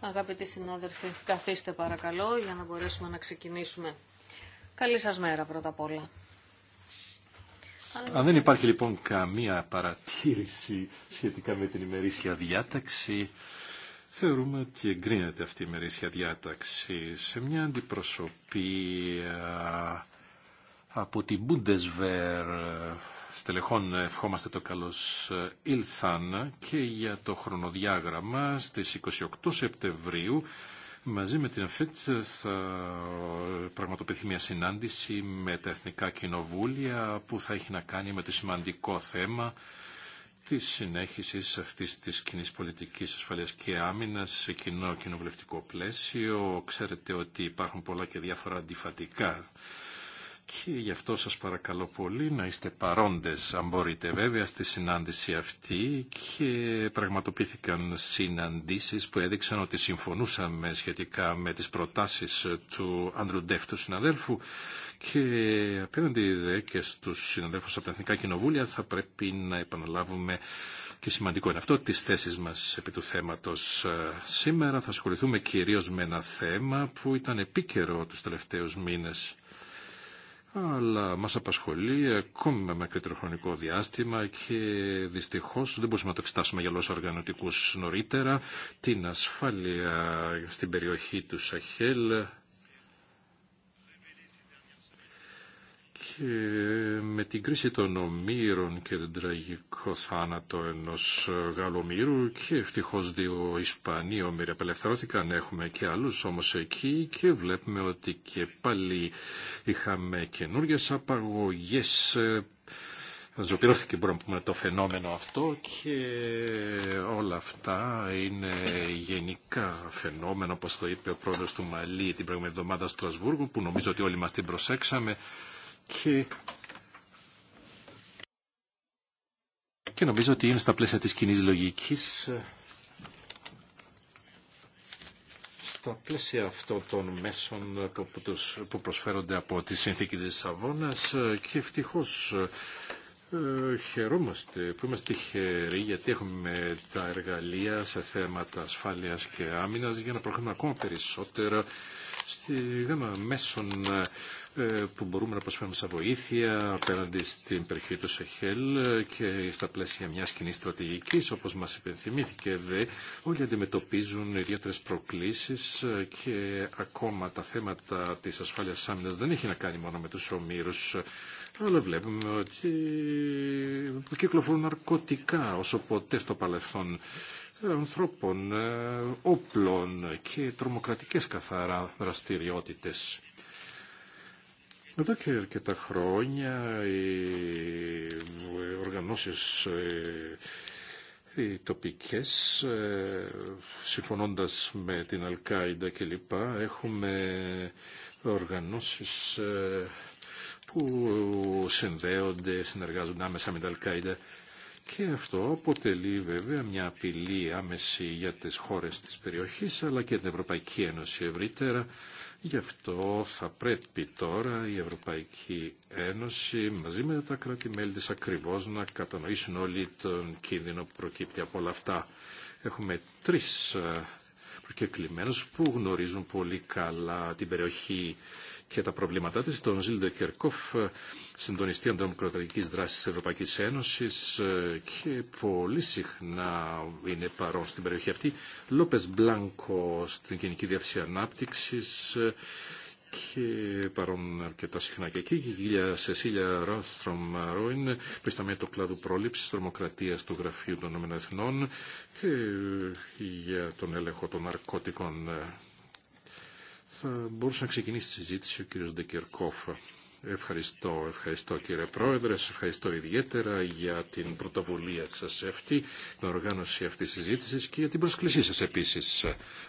Αγαπητοί συνάδελφοι, καθίστε παρακαλώ για να μπορέσουμε να ξεκινήσουμε. Καλή σας μέρα πρώτα απ' όλα. Αν δεν υπάρχει λοιπόν καμία παρατήρηση σχετικά με την ημερήσια διάταξη, θεωρούμε ότι εγκρίνεται αυτή η ημερήσια διάταξη σε μια αντιπροσωπεία από την Bundeswehr. Ε, στελεχών ε, ευχόμαστε το καλώς ε, ήλθαν και για το χρονοδιάγραμμα στις 28 Σεπτεμβρίου Μαζί με την ΕΦΕΤ θα πραγματοποιηθεί μια συνάντηση με τα Εθνικά Κοινοβούλια που θα έχει να κάνει με το σημαντικό θέμα της συνέχισης αυτής της κοινή πολιτικής ασφαλείας και άμυνας σε κοινό κοινοβουλευτικό πλαίσιο. Ξέρετε ότι υπάρχουν πολλά και διάφορα αντιφατικά και γι' αυτό σας παρακαλώ πολύ να είστε παρόντες αν μπορείτε βέβαια στη συνάντηση αυτή και πραγματοποιήθηκαν συναντήσεις που έδειξαν ότι συμφωνούσαμε σχετικά με τις προτάσεις του Άντρου του συναδέλφου και απέναντι δε και στους συναδέλφους από τα Εθνικά Κοινοβούλια θα πρέπει να επαναλάβουμε και σημαντικό είναι αυτό, τις θέσεις μας επί του θέματος. Σήμερα θα ασχοληθούμε κυρίως με ένα θέμα που ήταν επίκαιρο του τελευταίους μήνες αλλά μας απασχολεί ακόμη με μακρύτερο χρονικό διάστημα και δυστυχώς δεν μπορούμε να το εξετάσουμε για λόγους οργανωτικούς νωρίτερα την ασφάλεια στην περιοχή του Σαχέλ και ε, με την κρίση των ομήρων και τον τραγικό θάνατο ενός ε, Γαλλομήρου και ευτυχώς δύο Ισπανοί ομήροι απελευθερώθηκαν, έχουμε και άλλους όμως εκεί και βλέπουμε ότι και πάλι είχαμε καινούριε απαγωγές ζωπηρώθηκε ε, μπορούμε να πούμε το φαινόμενο αυτό και όλα αυτά είναι γενικά φαινόμενα όπως το είπε ο πρόεδρος του Μαλή την προηγούμενη εβδομάδα στο που νομίζω ότι όλοι μας την προσέξαμε και... νομίζω ότι είναι στα πλαίσια της κοινή λογικής ε, στα πλαίσια αυτών των μέσων που, προσφέρονται από τη συνθήκη της Σαββόνας ε, και ευτυχώς ε, ε, χαιρόμαστε που είμαστε χαίροι γιατί έχουμε τα εργαλεία σε θέματα ασφάλειας και άμυνας για να προχωρήσουμε ακόμα περισσότερα γάμα μέσων ε, που μπορούμε να προσφέρουμε σαν βοήθεια απέναντι στην περιοχή του Σεχέλ και στα πλαίσια μιας κοινή στρατηγικής, όπως μας υπενθυμήθηκε δε, όλοι αντιμετωπίζουν ιδιαίτερε προκλήσεις και ακόμα τα θέματα της ασφάλειας άμυνας δεν έχει να κάνει μόνο με τους ομήρους αλλά βλέπουμε ότι κυκλοφορούν ναρκωτικά όσο ποτέ στο παρελθόν ανθρώπων, ε, όπλων και τρομοκρατικές καθαρά δραστηριότητες. Εδώ και αρκετά χρόνια οι οργανώσεις ε, οι τοπικές, ε, συμφωνώντας με την Αλκάιντα κλπ. Έχουμε οργανώσεις που συνδέονται, συνεργάζονται άμεσα με την Αλκάιντα και αυτό αποτελεί βέβαια μια απειλή άμεση για τις χώρες της περιοχής αλλά και την Ευρωπαϊκή Ένωση ευρύτερα. Γι' αυτό θα πρέπει τώρα η Ευρωπαϊκή Ένωση μαζί με τα κράτη-μέλη της ακριβώς να κατανοήσουν όλοι τον κίνδυνο που προκύπτει από όλα αυτά. Έχουμε τρεις ε, προκεκλημένους που γνωρίζουν πολύ καλά την περιοχή και τα προβλήματά της, τον Ζίλντερ Κερκόφ, συντονιστή αντιδημοκρατικής δράσης της Ευρωπαϊκής Ένωσης ε, και πολύ συχνά είναι παρόν στην περιοχή αυτή. Λόπες Μπλάνκο στην Κοινική Διεύθυνση Ανάπτυξης ε, και παρόν αρκετά συχνά και εκεί. Η κυρία Σεσίλια Ρόστρομ Ρόιν, πεσταμένη του κλάδου πρόληψη τρομοκρατία του Γραφείου των Ηνωμένων Εθνών και για τον έλεγχο των ναρκωτικών ε, θα μπορούσε να ξεκινήσει τη συζήτηση ο κύριος Ντεκερκόφ. Ευχαριστώ, ευχαριστώ κύριε Πρόεδρε, σας ευχαριστώ ιδιαίτερα για την πρωτοβουλία σας αυτή, την οργάνωση αυτής της συζήτησης και για την προσκλησή σας επίσης.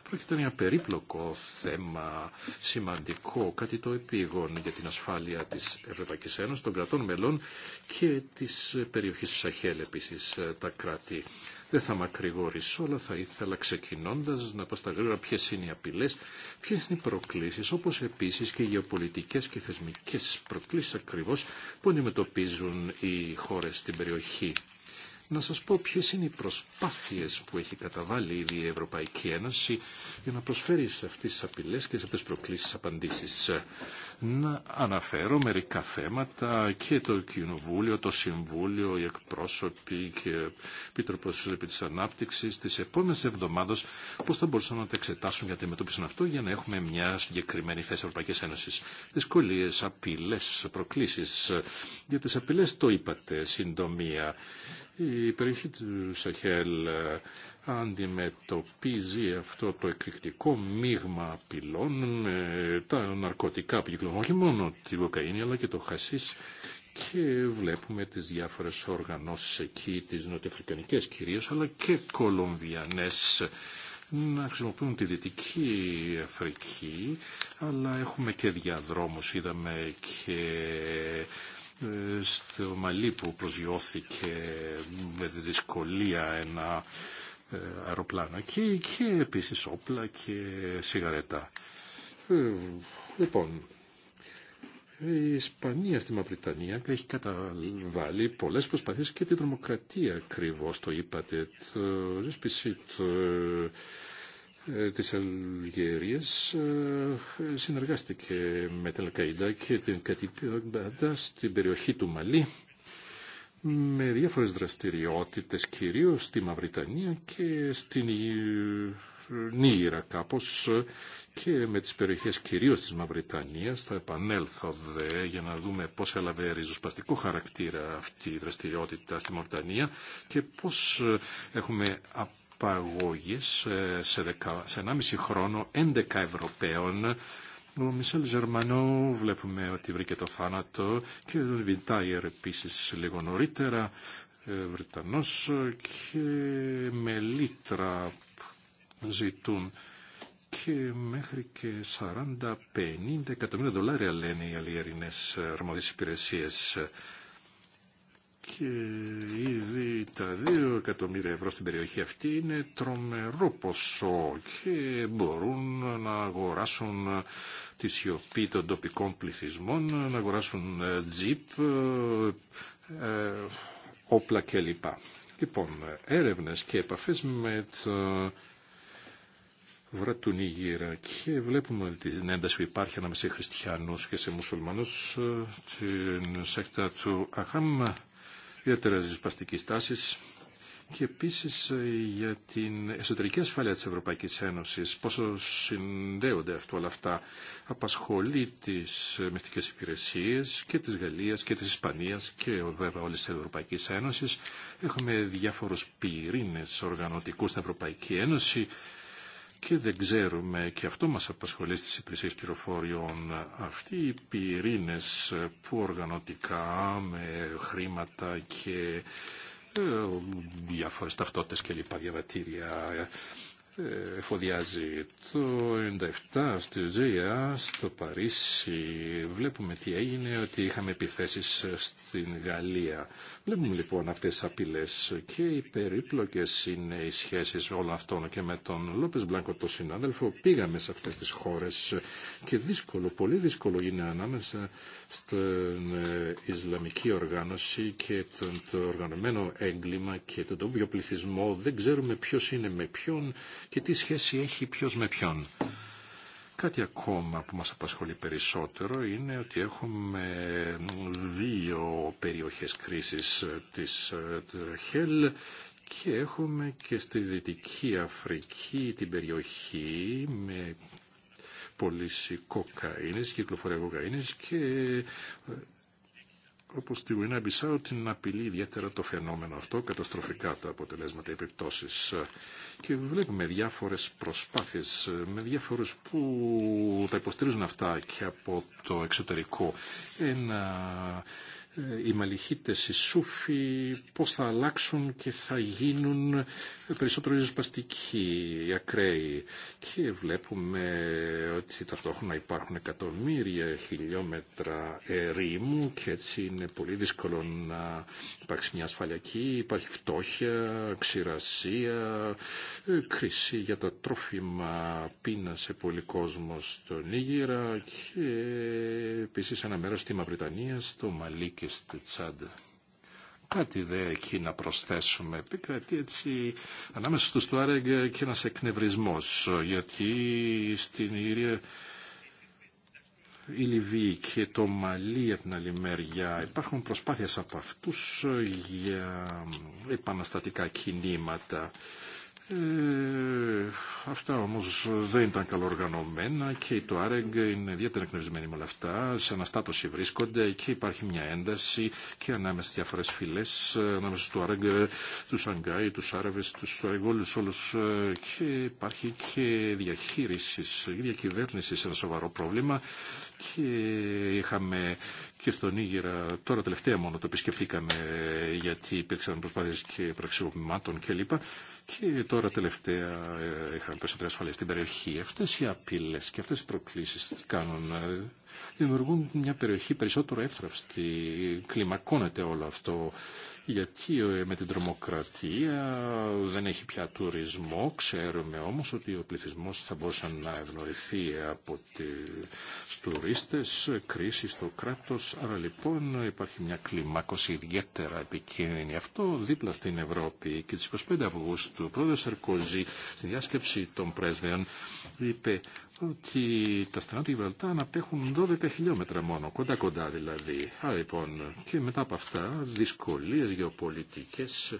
Πρόκειται για ένα περίπλοκο θέμα, σημαντικό, κάτι το επίγον για την ασφάλεια της Ευρωπαϊκής Ένωσης, των κρατών μελών και της περιοχής του Σαχέλ επίσης, τα κράτη δεν θα μακρηγορήσω, αλλά θα ήθελα ξεκινώντας να πω στα γρήγορα ποιες είναι οι απειλές, ποιες είναι οι προκλήσεις, όπως επίσης και οι γεωπολιτικές και θεσμικές προκλήσεις ακριβώς που αντιμετωπίζουν οι χώρες στην περιοχή να σας πω ποιες είναι οι προσπάθειες που έχει καταβάλει η Ευρωπαϊκή Ένωση για να προσφέρει σε αυτές τις απειλές και σε αυτές τις προκλήσεις απαντήσεις. Να αναφέρω μερικά θέματα και το Κοινοβούλιο, το Συμβούλιο, οι εκπρόσωποι και ο Επίτροπος επί της Ανάπτυξης τις επόμενες εβδομάδες πώς θα μπορούσαν να τα εξετάσουν για την αυτό για να έχουμε μια συγκεκριμένη θέση Ευρωπαϊκής Ένωσης. Δυσκολίες, απειλές, προκλήσεις. Για τις απειλές το είπατε, συντομία. Η περιοχή του Σαχέλ ε, αντιμετωπίζει αυτό το εκρηκτικό μείγμα απειλών με τα ναρκωτικά που κυκλοφορούν, όχι μόνο τη βοκαίνη αλλά και το χασίς και βλέπουμε τις διάφορες οργανώσεις εκεί, τις νοτιοαφρικανικές κυρίως, αλλά και κολομβιανές να χρησιμοποιούν τη Δυτική Αφρική, αλλά έχουμε και διαδρόμους, είδαμε και ε, στο Μαλί που προσγειώθηκε με δυσκολία ένα ε, αεροπλάνο και και επίσης όπλα και σιγαρέτα. Ε, λοιπόν, η Ισπανία στη Μαυριτανία έχει καταβάλει πολλές προσπαθήσεις και τη τρομοκρατία ακριβώ το είπατε, το ε, της Αλγερίας ε, συνεργάστηκε με την Αλκαϊντά και την Κατυπιόντα στην περιοχή του Μαλή με διάφορες δραστηριότητες κυρίως στη Μαυριτανία και στην Νίγηρα κάπως και με τις περιοχές κυρίως της Μαυριτανίας. Θα επανέλθω δε για να δούμε πώς έλαβε ριζοσπαστικό χαρακτήρα αυτή η δραστηριότητα στη Μαυριτανία και πώς ε, έχουμε παγώγης ε, σε 1,5 χρόνο 11 Ευρωπαίων. Ο Μισελ Ζερμανό βλέπουμε ότι βρήκε το θάνατο και ο Βιντάιερ επίσης λίγο νωρίτερα, ε, Βρετανός και με λίτρα ζητούν και μέχρι και 40-50 εκατομμύρια δολάρια λένε οι αλλιερινές ε, αρμόδιες υπηρεσίες και ήδη τα δύο εκατομμύρια ευρώ στην περιοχή αυτή είναι τρομερό ποσό και μπορούν να αγοράσουν τη σιωπή των τοπικών πληθυσμών, να αγοράσουν ε, τζιπ, ε, ε, όπλα κλπ. Λοιπόν, έρευνες και επαφές με το βρατούν και βλέπουμε την ένταση που υπάρχει ανάμεσα σε χριστιανούς και σε μουσουλμανούς, την σέκτα του Αχάμ ιδιαίτερα ζησπαστικής τάση και επίση ε, για την εσωτερική ασφάλεια τη Ευρωπαϊκή Ένωσης, πόσο συνδέονται αυτό όλα αυτά, απασχολεί τι ε, μυστικέ υπηρεσίε και της Γαλλία και της Ισπανία και ε, βέβαια όλη τη Ευρωπαϊκή Ένωσης. Έχουμε διάφορου πυρήνε οργανωτικού στην Ευρωπαϊκή Ένωση και δεν ξέρουμε, και αυτό μας απασχολεί στις υπηρεσίες πληροφοριών, αυτοί οι πυρήνες που οργανωτικά με χρήματα και ε, διάφορες ταυτότητες και λοιπά διαβατήρια εφοδιάζει. Το 97 στη ΓΕΑ στο Παρίσι, βλέπουμε τι έγινε, ότι είχαμε επιθέσεις στην Γαλλία. Βλέπουμε λοιπόν αυτές τις απειλές και οι περίπλοκες είναι οι σχέσεις όλων αυτών και με τον Λόπες Μπλάνκο, τον συνάδελφο, πήγαμε σε αυτές τις χώρες και δύσκολο, πολύ δύσκολο είναι ανάμεσα στην ε, Ισλαμική οργάνωση και τον, το οργανωμένο έγκλημα και τον τόπιο πληθυσμό. Δεν ξέρουμε ποιος είναι με ποιον και τι σχέση έχει ποιος με ποιον. Κάτι ακόμα που μας απασχολεί περισσότερο είναι ότι έχουμε δύο περιοχές κρίσης της ε, ΧΕΛ και έχουμε και στη Δυτική Αφρική την περιοχή με πωλήση κοκαίνες, κυκλοφορία κοκαίνες και ε, όπως στη Γουινέα Μπισάου την απειλεί ιδιαίτερα το φαινόμενο αυτό, καταστροφικά τα αποτελέσματα επιπτώσεις. Και βλέπουμε διάφορες προσπάθειες με διάφορους που τα υποστηρίζουν αυτά και από το εξωτερικό. Ένα ε, οι μαλιχίτες, οι σούφοι, πώς θα αλλάξουν και θα γίνουν περισσότερο ριζοσπαστικοί, οι ακραίοι. Και βλέπουμε ότι ταυτόχρονα υπάρχουν εκατομμύρια χιλιόμετρα ερήμου και έτσι είναι πολύ δύσκολο να υπάρξει μια ασφαλιακή. Υπάρχει φτώχεια, ξηρασία, ε, κρίση για τα τρόφιμα, πείνα σε πολύ κόσμο στον Νίγηρα και επίσης ένα μέρος στη Μαυριτανία, στο Μαλίκη και Κάτι δε εκεί να προσθέσουμε. Επικρατεί έτσι ανάμεσα στους Άρεγκ και ένας εκνευρισμός, γιατί στην Ήρια η Λιβύη και το Μαλί από την άλλη μεριά υπάρχουν προσπάθειες από αυτούς για επαναστατικά κινήματα. Ε, αυτά όμως δεν ήταν καλοργανωμένα και το ΆΡΕΓ είναι ιδιαίτερα εκνευρισμένοι με όλα αυτά. Σε αναστάτωση βρίσκονται και υπάρχει μια ένταση και ανάμεσα στις διάφορες φυλές, ανάμεσα στο ΆΡΕΓ, τους Σανγκάι, τους Άραβες, του Αρεγόλους όλους ε, και υπάρχει και διαχείρισης, διακυβέρνηση σε ένα σοβαρό πρόβλημα και είχαμε και στον Ήγερα, τώρα τελευταία μόνο το επισκεφθήκαμε γιατί υπήρξαν προσπάθειες και και κλπ. Και τώρα τελευταία ε, είχαμε περισσότερη ασφαλεία στην περιοχή. Αυτές οι απειλές και αυτές οι προκλήσεις κάνουν, ε, δημιουργούν μια περιοχή περισσότερο εύθραυστη, κλιμακώνεται όλο αυτό γιατί ε, με την τρομοκρατία ε, δεν έχει πια τουρισμό. Ξέρουμε όμως ότι ο πληθυσμός θα μπορούσε να ευνοηθεί από τις τουρίστες, κρίση στο κράτος. Άρα λοιπόν υπάρχει μια κλιμάκωση ιδιαίτερα επικίνδυνη. Αυτό δίπλα στην Ευρώπη και τις 25 Αυγούστου ο πρόεδρος Σαρκοζή στη διάσκεψη των πρέσβεων είπε ότι τα στενά του Γιβραλτά αναπέχουν 12 χιλιόμετρα μόνο, κοντά κοντά δηλαδή. Άρα λοιπόν και μετά από αυτά δυσκολίες γεωπολιτικές.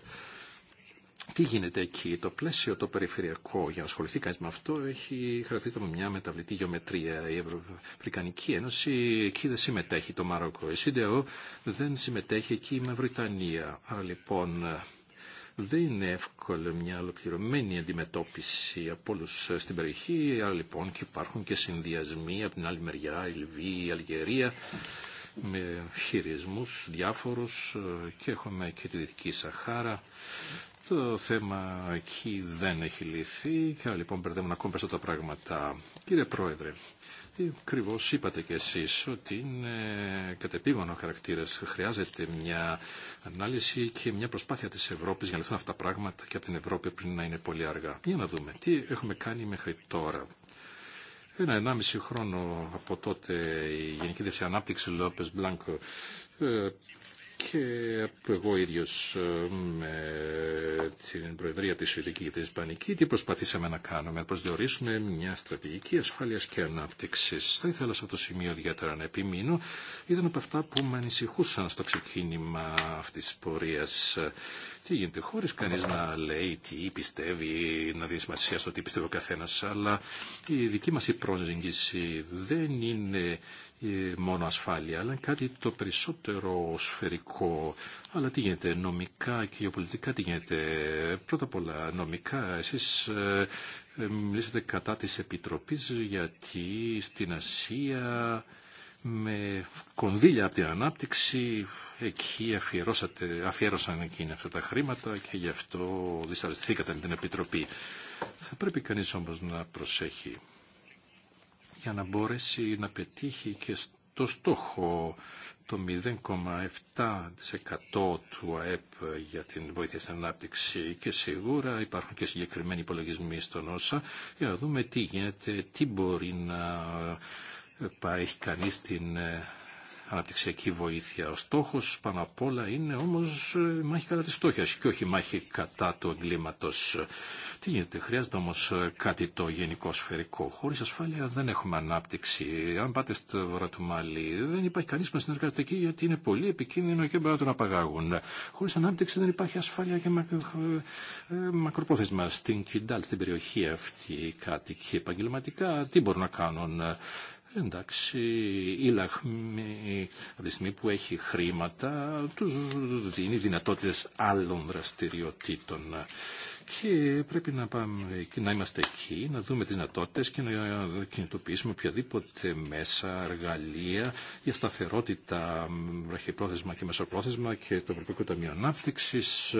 Τι γίνεται εκεί, το πλαίσιο το περιφερειακό για να ασχοληθεί κανεί με αυτό έχει χαρακτηριστεί με μια μεταβλητή γεωμετρία. Η Ευρωπαϊκή Ένωση εκεί δεν συμμετέχει το Μαρόκο. Η ΣΥΝΤΕΟ δεν συμμετέχει εκεί η Μαυριτανία. Άρα λοιπόν δεν είναι εύκολο μια ολοκληρωμένη αντιμετώπιση από όλου στην περιοχή. Άρα λοιπόν και υπάρχουν και συνδυασμοί από την άλλη μεριά, η Λιβύη, η Αλγερία με χειρισμούς διάφορους ε, και έχουμε και τη Δυτική Σαχάρα. Το θέμα εκεί δεν έχει λυθεί και λοιπόν μπερδεύουν ακόμα περισσότερα πράγματα. Κύριε Πρόεδρε, Ακριβώ είπατε κι εσείς ότι είναι κατεπήγον ο χαρακτήρας. Χρειάζεται μια ανάλυση και μια προσπάθεια της Ευρώπης για να λυθούν αυτά τα πράγματα και από την Ευρώπη πριν να είναι πολύ αργά. Για να δούμε τι έχουμε κάνει μέχρι τώρα ένα ενάμιση χρόνο από τότε η Γενική Διευθυνσία Ανάπτυξη Λόπες Μπλάνκο ε, και εγώ ίδιος ε, με την Προεδρία της Σουηδική και την Ισπανική τι προσπαθήσαμε να κάνουμε, να προσδιορίσουμε μια στρατηγική ασφάλειας και ανάπτυξης. Θα ήθελα σε αυτό το σημείο ιδιαίτερα να επιμείνω. Ήταν από αυτά που με ανησυχούσαν στο ξεκίνημα αυτής της πορείας τι γίνεται, χωρίς κανείς να λέει τι πιστεύει, να δίνει σημασία στο τι πιστεύει ο καθένας, αλλά η δική μας η δεν είναι ε, μόνο ασφάλεια, αλλά κάτι το περισσότερο σφαιρικό. Αλλά τι γίνεται, νομικά και γεωπολιτικά τι γίνεται. Πρώτα απ' όλα, νομικά, εσείς ε, ε, μιλήσατε κατά της Επιτροπής, γιατί στην Ασία με κονδύλια από την ανάπτυξη εκεί αφιέρωσαν εκείνη αυτά τα χρήματα και γι' αυτό δυσαρεστηθήκατε με την Επιτροπή. Θα πρέπει κανείς όμως να προσέχει για να μπορέσει να πετύχει και στο στόχο το 0,7% του ΑΕΠ για την βοήθεια στην ανάπτυξη και σίγουρα υπάρχουν και συγκεκριμένοι υπολογισμοί στον ΩΣΑ για να δούμε τι γίνεται, τι μπορεί να έχει κανεί την ε, αναπτυξιακή βοήθεια. Ο στόχο πάνω απ' όλα είναι όμω ε, η μάχη κατά τη φτώχεια και όχι η μάχη κατά του εγκλήματο. Τι γίνεται, χρειάζεται όμω ε, κάτι το γενικό σφαιρικό. Χωρί ασφάλεια δεν έχουμε ανάπτυξη. Αν πάτε στο βορρά του Μαλή δεν υπάρχει κανεί που να συνεργάζεται εκεί γιατί είναι πολύ επικίνδυνο και μπορεί να τον απαγάγουν. Χωρίς ανάπτυξη δεν υπάρχει ασφάλεια και μακροπρόθεσμα. Στην Κιντάλ, στην περιοχή αυτή οι κάτοικοι επαγγελματικά τι μπορούν να κάνουν Εντάξει, η λαχμή από τη στιγμή που έχει χρήματα τους δίνει δυνατότητες άλλων δραστηριοτήτων και πρέπει να, πάμε, να είμαστε εκεί, να δούμε τις δυνατότητες και να κινητοποιήσουμε οποιαδήποτε μέσα, εργαλεία για σταθερότητα βραχυπρόθεσμα και μεσοπρόθεσμα και το Ευρωπαϊκό Ταμείο Ανάπτυξης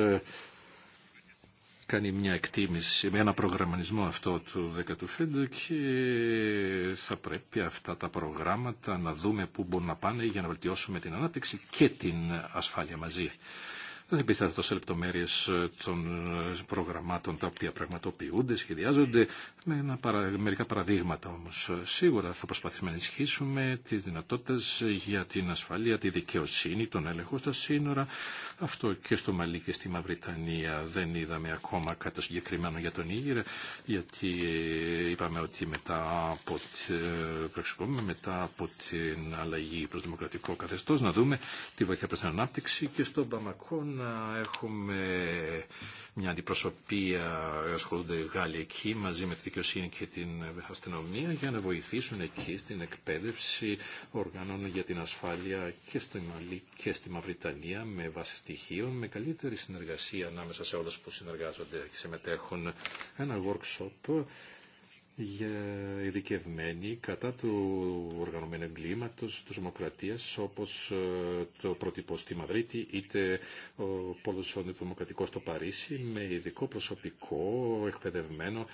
κάνει μια εκτίμηση, με ένα προγραμματισμό αυτό του 15ου και θα πρέπει αυτά τα προγράμματα να δούμε πού μπορούν να πάνε για να βελτιώσουμε την ανάπτυξη και την ασφάλεια μαζί. Δεν επιθέτω σε λεπτομέρειε των προγραμμάτων τα οποία πραγματοποιούνται, σχεδιάζονται. Με ένα παρα... μερικά παραδείγματα όμως. Σίγουρα θα προσπαθήσουμε να ενισχύσουμε τις δυνατότητες για την ασφαλεία, τη δικαιοσύνη, τον έλεγχο στα σύνορα. Αυτό και στο Μαλί και στη Μαυριτανία δεν είδαμε ακόμα κάτι συγκεκριμένο για τον Ήγηρε, γιατί ε, είπαμε ότι μετά από, την... Ε, μετά από την αλλαγή προς δημοκρατικό καθεστώς να δούμε τη βοήθεια προς την ανάπτυξη και στον Μπαμακό να ε, έχουμε μια αντιπροσωπεία, ασχολούνται οι Γάλλοι εκεί μαζί με τη δικαιοσύνη και την αστυνομία για να βοηθήσουν εκεί στην εκπαίδευση οργάνων για την ασφάλεια και στη Μαλή και στη Μαυριτανία με βάση στοιχείων, με καλύτερη συνεργασία ανάμεσα σε όλους που συνεργάζονται και συμμετέχουν. Ένα workshop για ειδικευμένοι κατά του οργανωμένου εγκλήματος, της δημοκρατίας, όπως ε, το πρότυπο στη Μαδρίτη, είτε ο Πόλος Δημοκρατικό στο Παρίσι, με ειδικό προσωπικό εκπαιδευμένο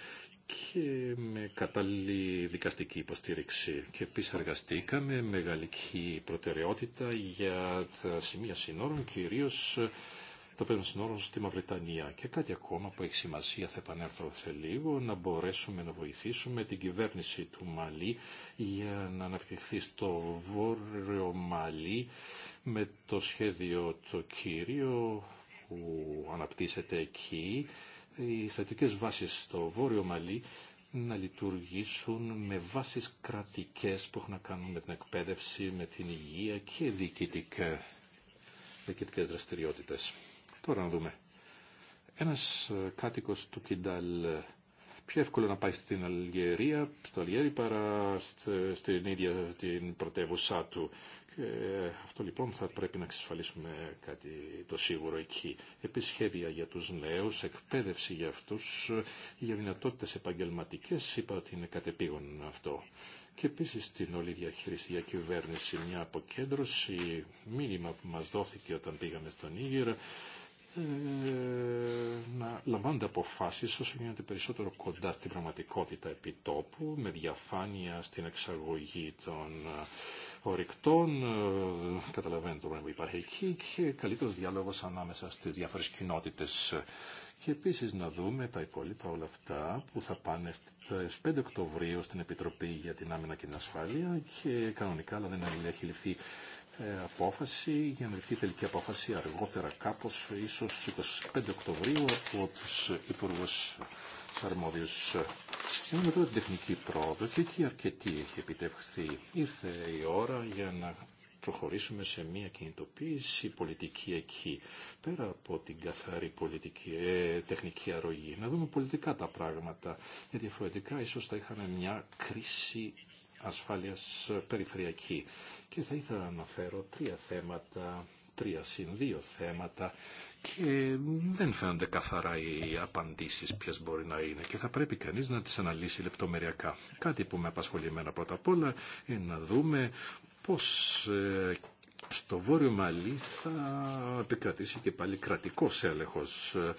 και με κατάλληλη δικαστική υποστήριξη. Και επίση εργαστήκαμε με γαλλική προτεραιότητα για τα σημεία συνόρων, κυρίως το πέραν συνόρων στη Μαυριτανία. Και κάτι ακόμα που έχει σημασία, θα επανέλθω σε λίγο, να μπορέσουμε να βοηθήσουμε την κυβέρνηση του Μαλή για να αναπτυχθεί στο βόρειο Μαλή με το σχέδιο το κύριο που αναπτύσσεται εκεί οι στατικές βάσεις στο Βόρειο Μαλί να λειτουργήσουν με βάσεις κρατικές που έχουν να κάνουν με την εκπαίδευση, με την υγεία και διοικητικά, διοικητικές δραστηριότητες. Τώρα να δούμε. Ένας ε, κάτοικος του Κιντάλ ε, πιο εύκολο να πάει στην Αλγερία, στο Αλγέρι παρά στην ίδια την πρωτεύουσά του. Ε, αυτό λοιπόν θα πρέπει να εξασφαλίσουμε κάτι το σίγουρο εκεί. Επισχέδια για τους νέους, εκπαίδευση για αυτούς, για δυνατότητες επαγγελματικές, είπα ότι είναι κατεπήγον αυτό. Και επίσης την όλη διαχείριση διακυβέρνηση, μια αποκέντρωση, μήνυμα που μας δόθηκε όταν πήγαμε στον Ήγηρα, ε, να λαμβάνονται αποφάσεις όσο γίνεται περισσότερο κοντά στην πραγματικότητα επιτόπου, με διαφάνεια στην εξαγωγή των ε, ορεικτών ε, καταλαβαίνετε το πρόβλημα που υπάρχει εκεί και καλύτερος διάλογος ανάμεσα στις διάφορες κοινότητες. Και επίσης να δούμε τα υπόλοιπα όλα αυτά που θα πάνε στις 5 Οκτωβρίου στην Επιτροπή για την Άμυνα και την Ασφάλεια και κανονικά, αλλά δεν έχει ληφθεί ε, απόφαση για να ληφθεί τελική απόφαση αργότερα κάπως ίσως 25 Οκτωβρίου από τους Υπουργούς Αρμόδιους. Έχουμε τώρα την τεχνική πρόοδο και εκεί αρκετή έχει επιτευχθεί. Ήρθε η ώρα για να προχωρήσουμε σε μια κινητοποίηση πολιτική εκεί, πέρα από την καθαρή πολιτική, ε, τεχνική αρρωγή. Να δούμε πολιτικά τα πράγματα, γιατί διαφορετικά ίσως θα είχαμε μια κρίση ασφάλειας περιφερειακή και θα ήθελα να αναφέρω τρία θέματα, τρία συν δύο θέματα και δεν φαίνονται καθαρά οι απαντήσεις ποιες μπορεί να είναι και θα πρέπει κανείς να τις αναλύσει λεπτομεριακά. Κάτι που με απασχολεί εμένα πρώτα απ' όλα είναι να δούμε πώς ε, στο Βόρειο μαλή θα επικρατήσει και πάλι κρατικός έλεγχος ε,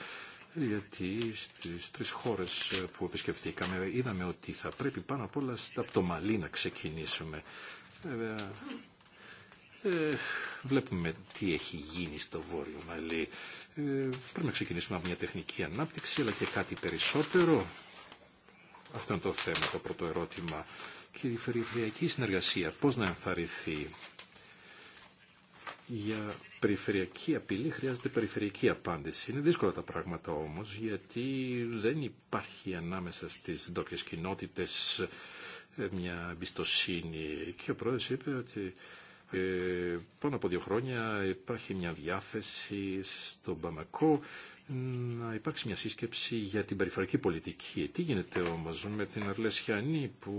γιατί στις τρεις χώρες ε, που επισκεφτήκαμε είδαμε ότι θα πρέπει πάνω απ' όλα από το Μαλή να ξεκινήσουμε. Βέβαια, ε, βλέπουμε τι έχει γίνει στο Βόρειο Μαλή. Ε, πρέπει να ξεκινήσουμε από μια τεχνική ανάπτυξη, αλλά και κάτι περισσότερο. Αυτό είναι το θέμα, το πρώτο ερώτημα. Και η περιφερειακή συνεργασία, πώς να ενθαρρυνθεί. Για περιφερειακή απειλή χρειάζεται περιφερειακή απάντηση. Είναι δύσκολα τα πράγματα όμως, γιατί δεν υπάρχει ανάμεσα στις ντόπιες κοινότητες μια εμπιστοσύνη. Και ο πρόεδρος είπε ότι ε, πάνω από δύο χρόνια υπάρχει μια διάθεση στον Παμακό να υπάρξει μια σύσκεψη για την περιφερειακή πολιτική. Τι γίνεται όμως με την Αρλεσιανή, που,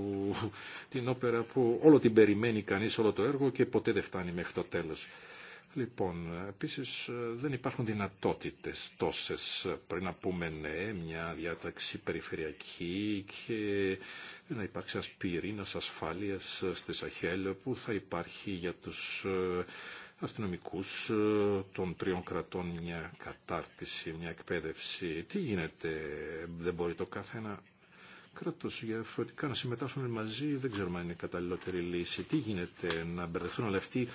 την όπερα που όλο την περιμένει κανείς όλο το έργο και ποτέ δεν φτάνει μέχρι το τέλος. Λοιπόν, επίσης ε, δεν υπάρχουν δυνατότητες τόσες. Ε, πριν να πούμε ναι, μια διάταξη περιφερειακή και να υπάρξει ένας πυρήνας ασφάλειας ε, στη Σαχέλ που θα υπάρχει για τους αστυνομικούς των τριών κρατών μια κατάρτιση, μια εκπαίδευση. Τι γίνεται, δεν μπορεί το κάθε ένα κράτος για φορτικά να συμμετάσχουν μαζί, δεν ξέρουμε αν είναι η καταλληλότερη λύση. Τι γίνεται, να μπερδευτούν όλοι αυτοί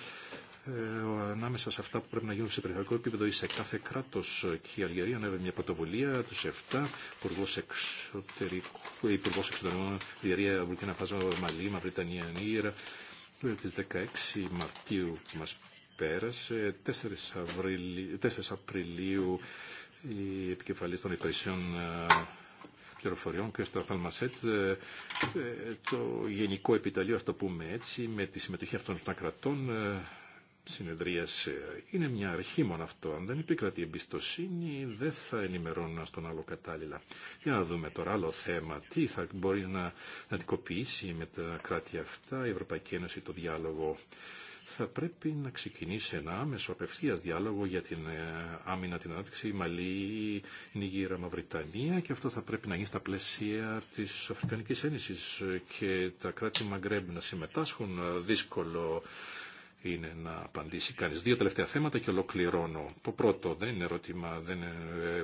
ε, ανάμεσα σε αυτά που πρέπει να γίνουν σε περιφερειακό επίπεδο ή σε κάθε κράτο. Και η Αλγερία ανέβη μια πρωτοβουλία του 7, υπουργό εξωτερικών, Αλγερία, Βουλκίνα Φάζα, Μαλή, Μαυριτανία, Μαυριτανία-Νίγηρα ε, τη 16 Μαρτίου που μα πέρασε, 4, Απριλίου η επικεφαλή των υπηρεσιών ε, πληροφοριών και στο το γενικό επιταλείο, ας το πούμε έτσι, με τη συμμετοχή αυτών των κρατών συνεδρίασε. Είναι μια αρχή μόνο αυτό. Αν δεν επικρατεί εμπιστοσύνη, δεν θα ενημερώνουν στον άλλο κατάλληλα. Για να δούμε τώρα άλλο θέμα. Τι θα μπορεί να αντικοποιήσει με τα κράτη αυτά η Ευρωπαϊκή Ένωση το διάλογο. Θα πρέπει να ξεκινήσει ένα άμεσο απευθεία διάλογο για την ε, άμυνα, την ανάπτυξη Μαλή, Νιγήρα, Μαυριτανία και αυτό θα πρέπει να γίνει στα πλαίσια τη Αφρικανική Ένωση ε, και τα κράτη Μαγκρέμπ να συμμετάσχουν. Ε, δύσκολο είναι να απαντήσει κανεί Δύο τελευταία θέματα και ολοκληρώνω. Το πρώτο δεν είναι ερώτημα, δεν ε,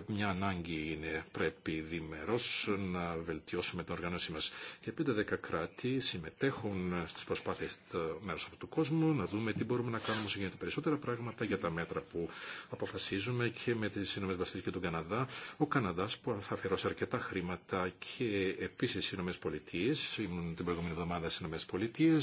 μια ανάγκη είναι πρέπει διμερός να βελτιώσουμε την οργάνωσή μα Και πέντε δέκα κράτη συμμετέχουν στι προσπάθειε μέρου αυτού του κόσμου, να δούμε τι μπορούμε να κάνουμε όσο γίνεται περισσότερα πράγματα για τα μέτρα που αποφασίζουμε και με τις ΗΠΑ και τον Καναδά. Ο Καναδά που θα αφιερώσει αρκετά χρήματα και επίση οι ΗΠΑ, ήμουν την προηγούμενη εβδομάδα στι ΗΠΑ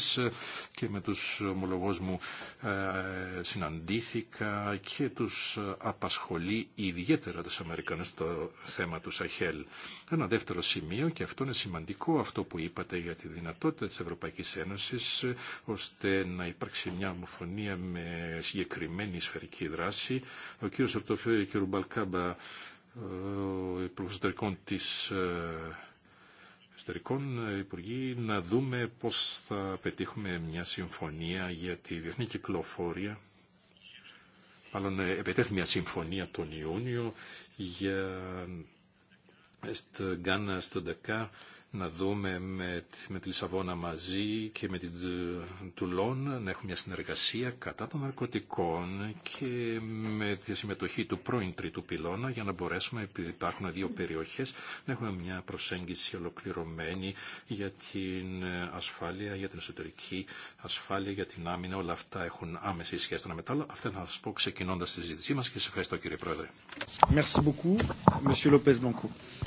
και με του ομολογούς μου ε, συναντήθηκα και τους απασχολεί ιδιαίτερα τους Αμερικανούς το θέμα του Σαχέλ. Ένα δεύτερο σημείο και αυτό είναι σημαντικό αυτό που είπατε για τη δυνατότητα της Ευρωπαϊκής Ένωσης ώστε να υπάρξει μια ομοφωνία με συγκεκριμένη σφαιρική δράση. Ο κύριος Ορτοφέη και ο κ. ο Υπουργός Εταιρικών της ε, Εξωτερικών ε, Υπουργοί να δούμε πώς θα πετύχουμε μια συμφωνία για τη διεθνή κυκλοφορία μάλλον ε, επιτέθη μια συμφωνία τον Ιούνιο για ε, στο Γκάνα, στο Ντακά να δούμε με, με τη Λισαβόνα μαζί και με την ε, Τουλόν να έχουμε μια συνεργασία κατά των ναρκωτικών και με τη συμμετοχή του πρώην τρίτου πυλώνα για να μπορέσουμε, επειδή υπάρχουν δύο περιοχές, να έχουμε μια προσέγγιση ολοκληρωμένη για την ασφάλεια, για την εσωτερική ασφάλεια, για την άμυνα. Όλα αυτά έχουν άμεση σχέση το Αυτά θα σας πω ξεκινώντας τη συζήτησή μας και σας ευχαριστώ κύριε Πρόεδρε.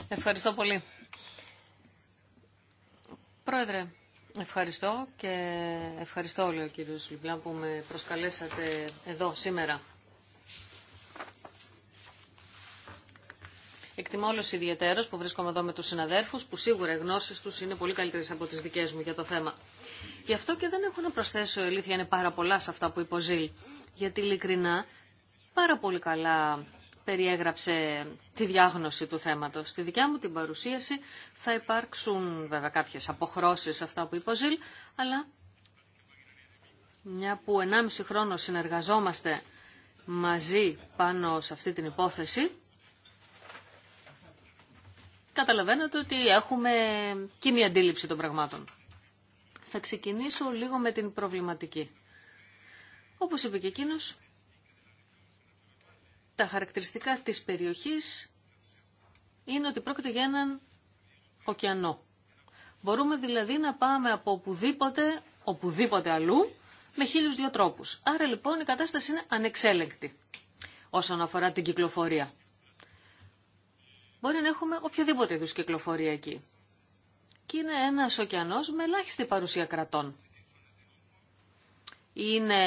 Ευχαριστώ πολύ. Πρόεδρε, ευχαριστώ και ευχαριστώ όλοι ο κύριος Λιμπλάν που με προσκαλέσατε εδώ σήμερα. Εκτιμώ όλου ιδιαίτερω που βρίσκομαι εδώ με του συναδέρφου, που σίγουρα οι γνώσει του είναι πολύ καλύτερε από τι δικέ μου για το θέμα. Γι' αυτό και δεν έχω να προσθέσω, η αλήθεια είναι πάρα πολλά σε αυτά που είπε ο Ζήλ. Γιατί ειλικρινά πάρα πολύ καλά περιέγραψε τη διάγνωση του θέματος. Στη δικιά μου την παρουσίαση θα υπάρξουν βέβαια κάποιες αποχρώσεις αυτά που είπε ο αλλά μια που 1,5 χρόνο συνεργαζόμαστε μαζί πάνω σε αυτή την υπόθεση, καταλαβαίνετε ότι έχουμε κοινή αντίληψη των πραγμάτων. Θα ξεκινήσω λίγο με την προβληματική. Όπως είπε και εκείνος, τα χαρακτηριστικά της περιοχής είναι ότι πρόκειται για έναν ωκεανό. Μπορούμε δηλαδή να πάμε από οπουδήποτε, οπουδήποτε αλλού, με χίλιους δυο τρόπους. Άρα λοιπόν η κατάσταση είναι ανεξέλεγκτη όσον αφορά την κυκλοφορία. Μπορεί να έχουμε οποιοδήποτε είδους κυκλοφορία εκεί. Και είναι ένας ωκεανός με ελάχιστη παρουσία κρατών. Είναι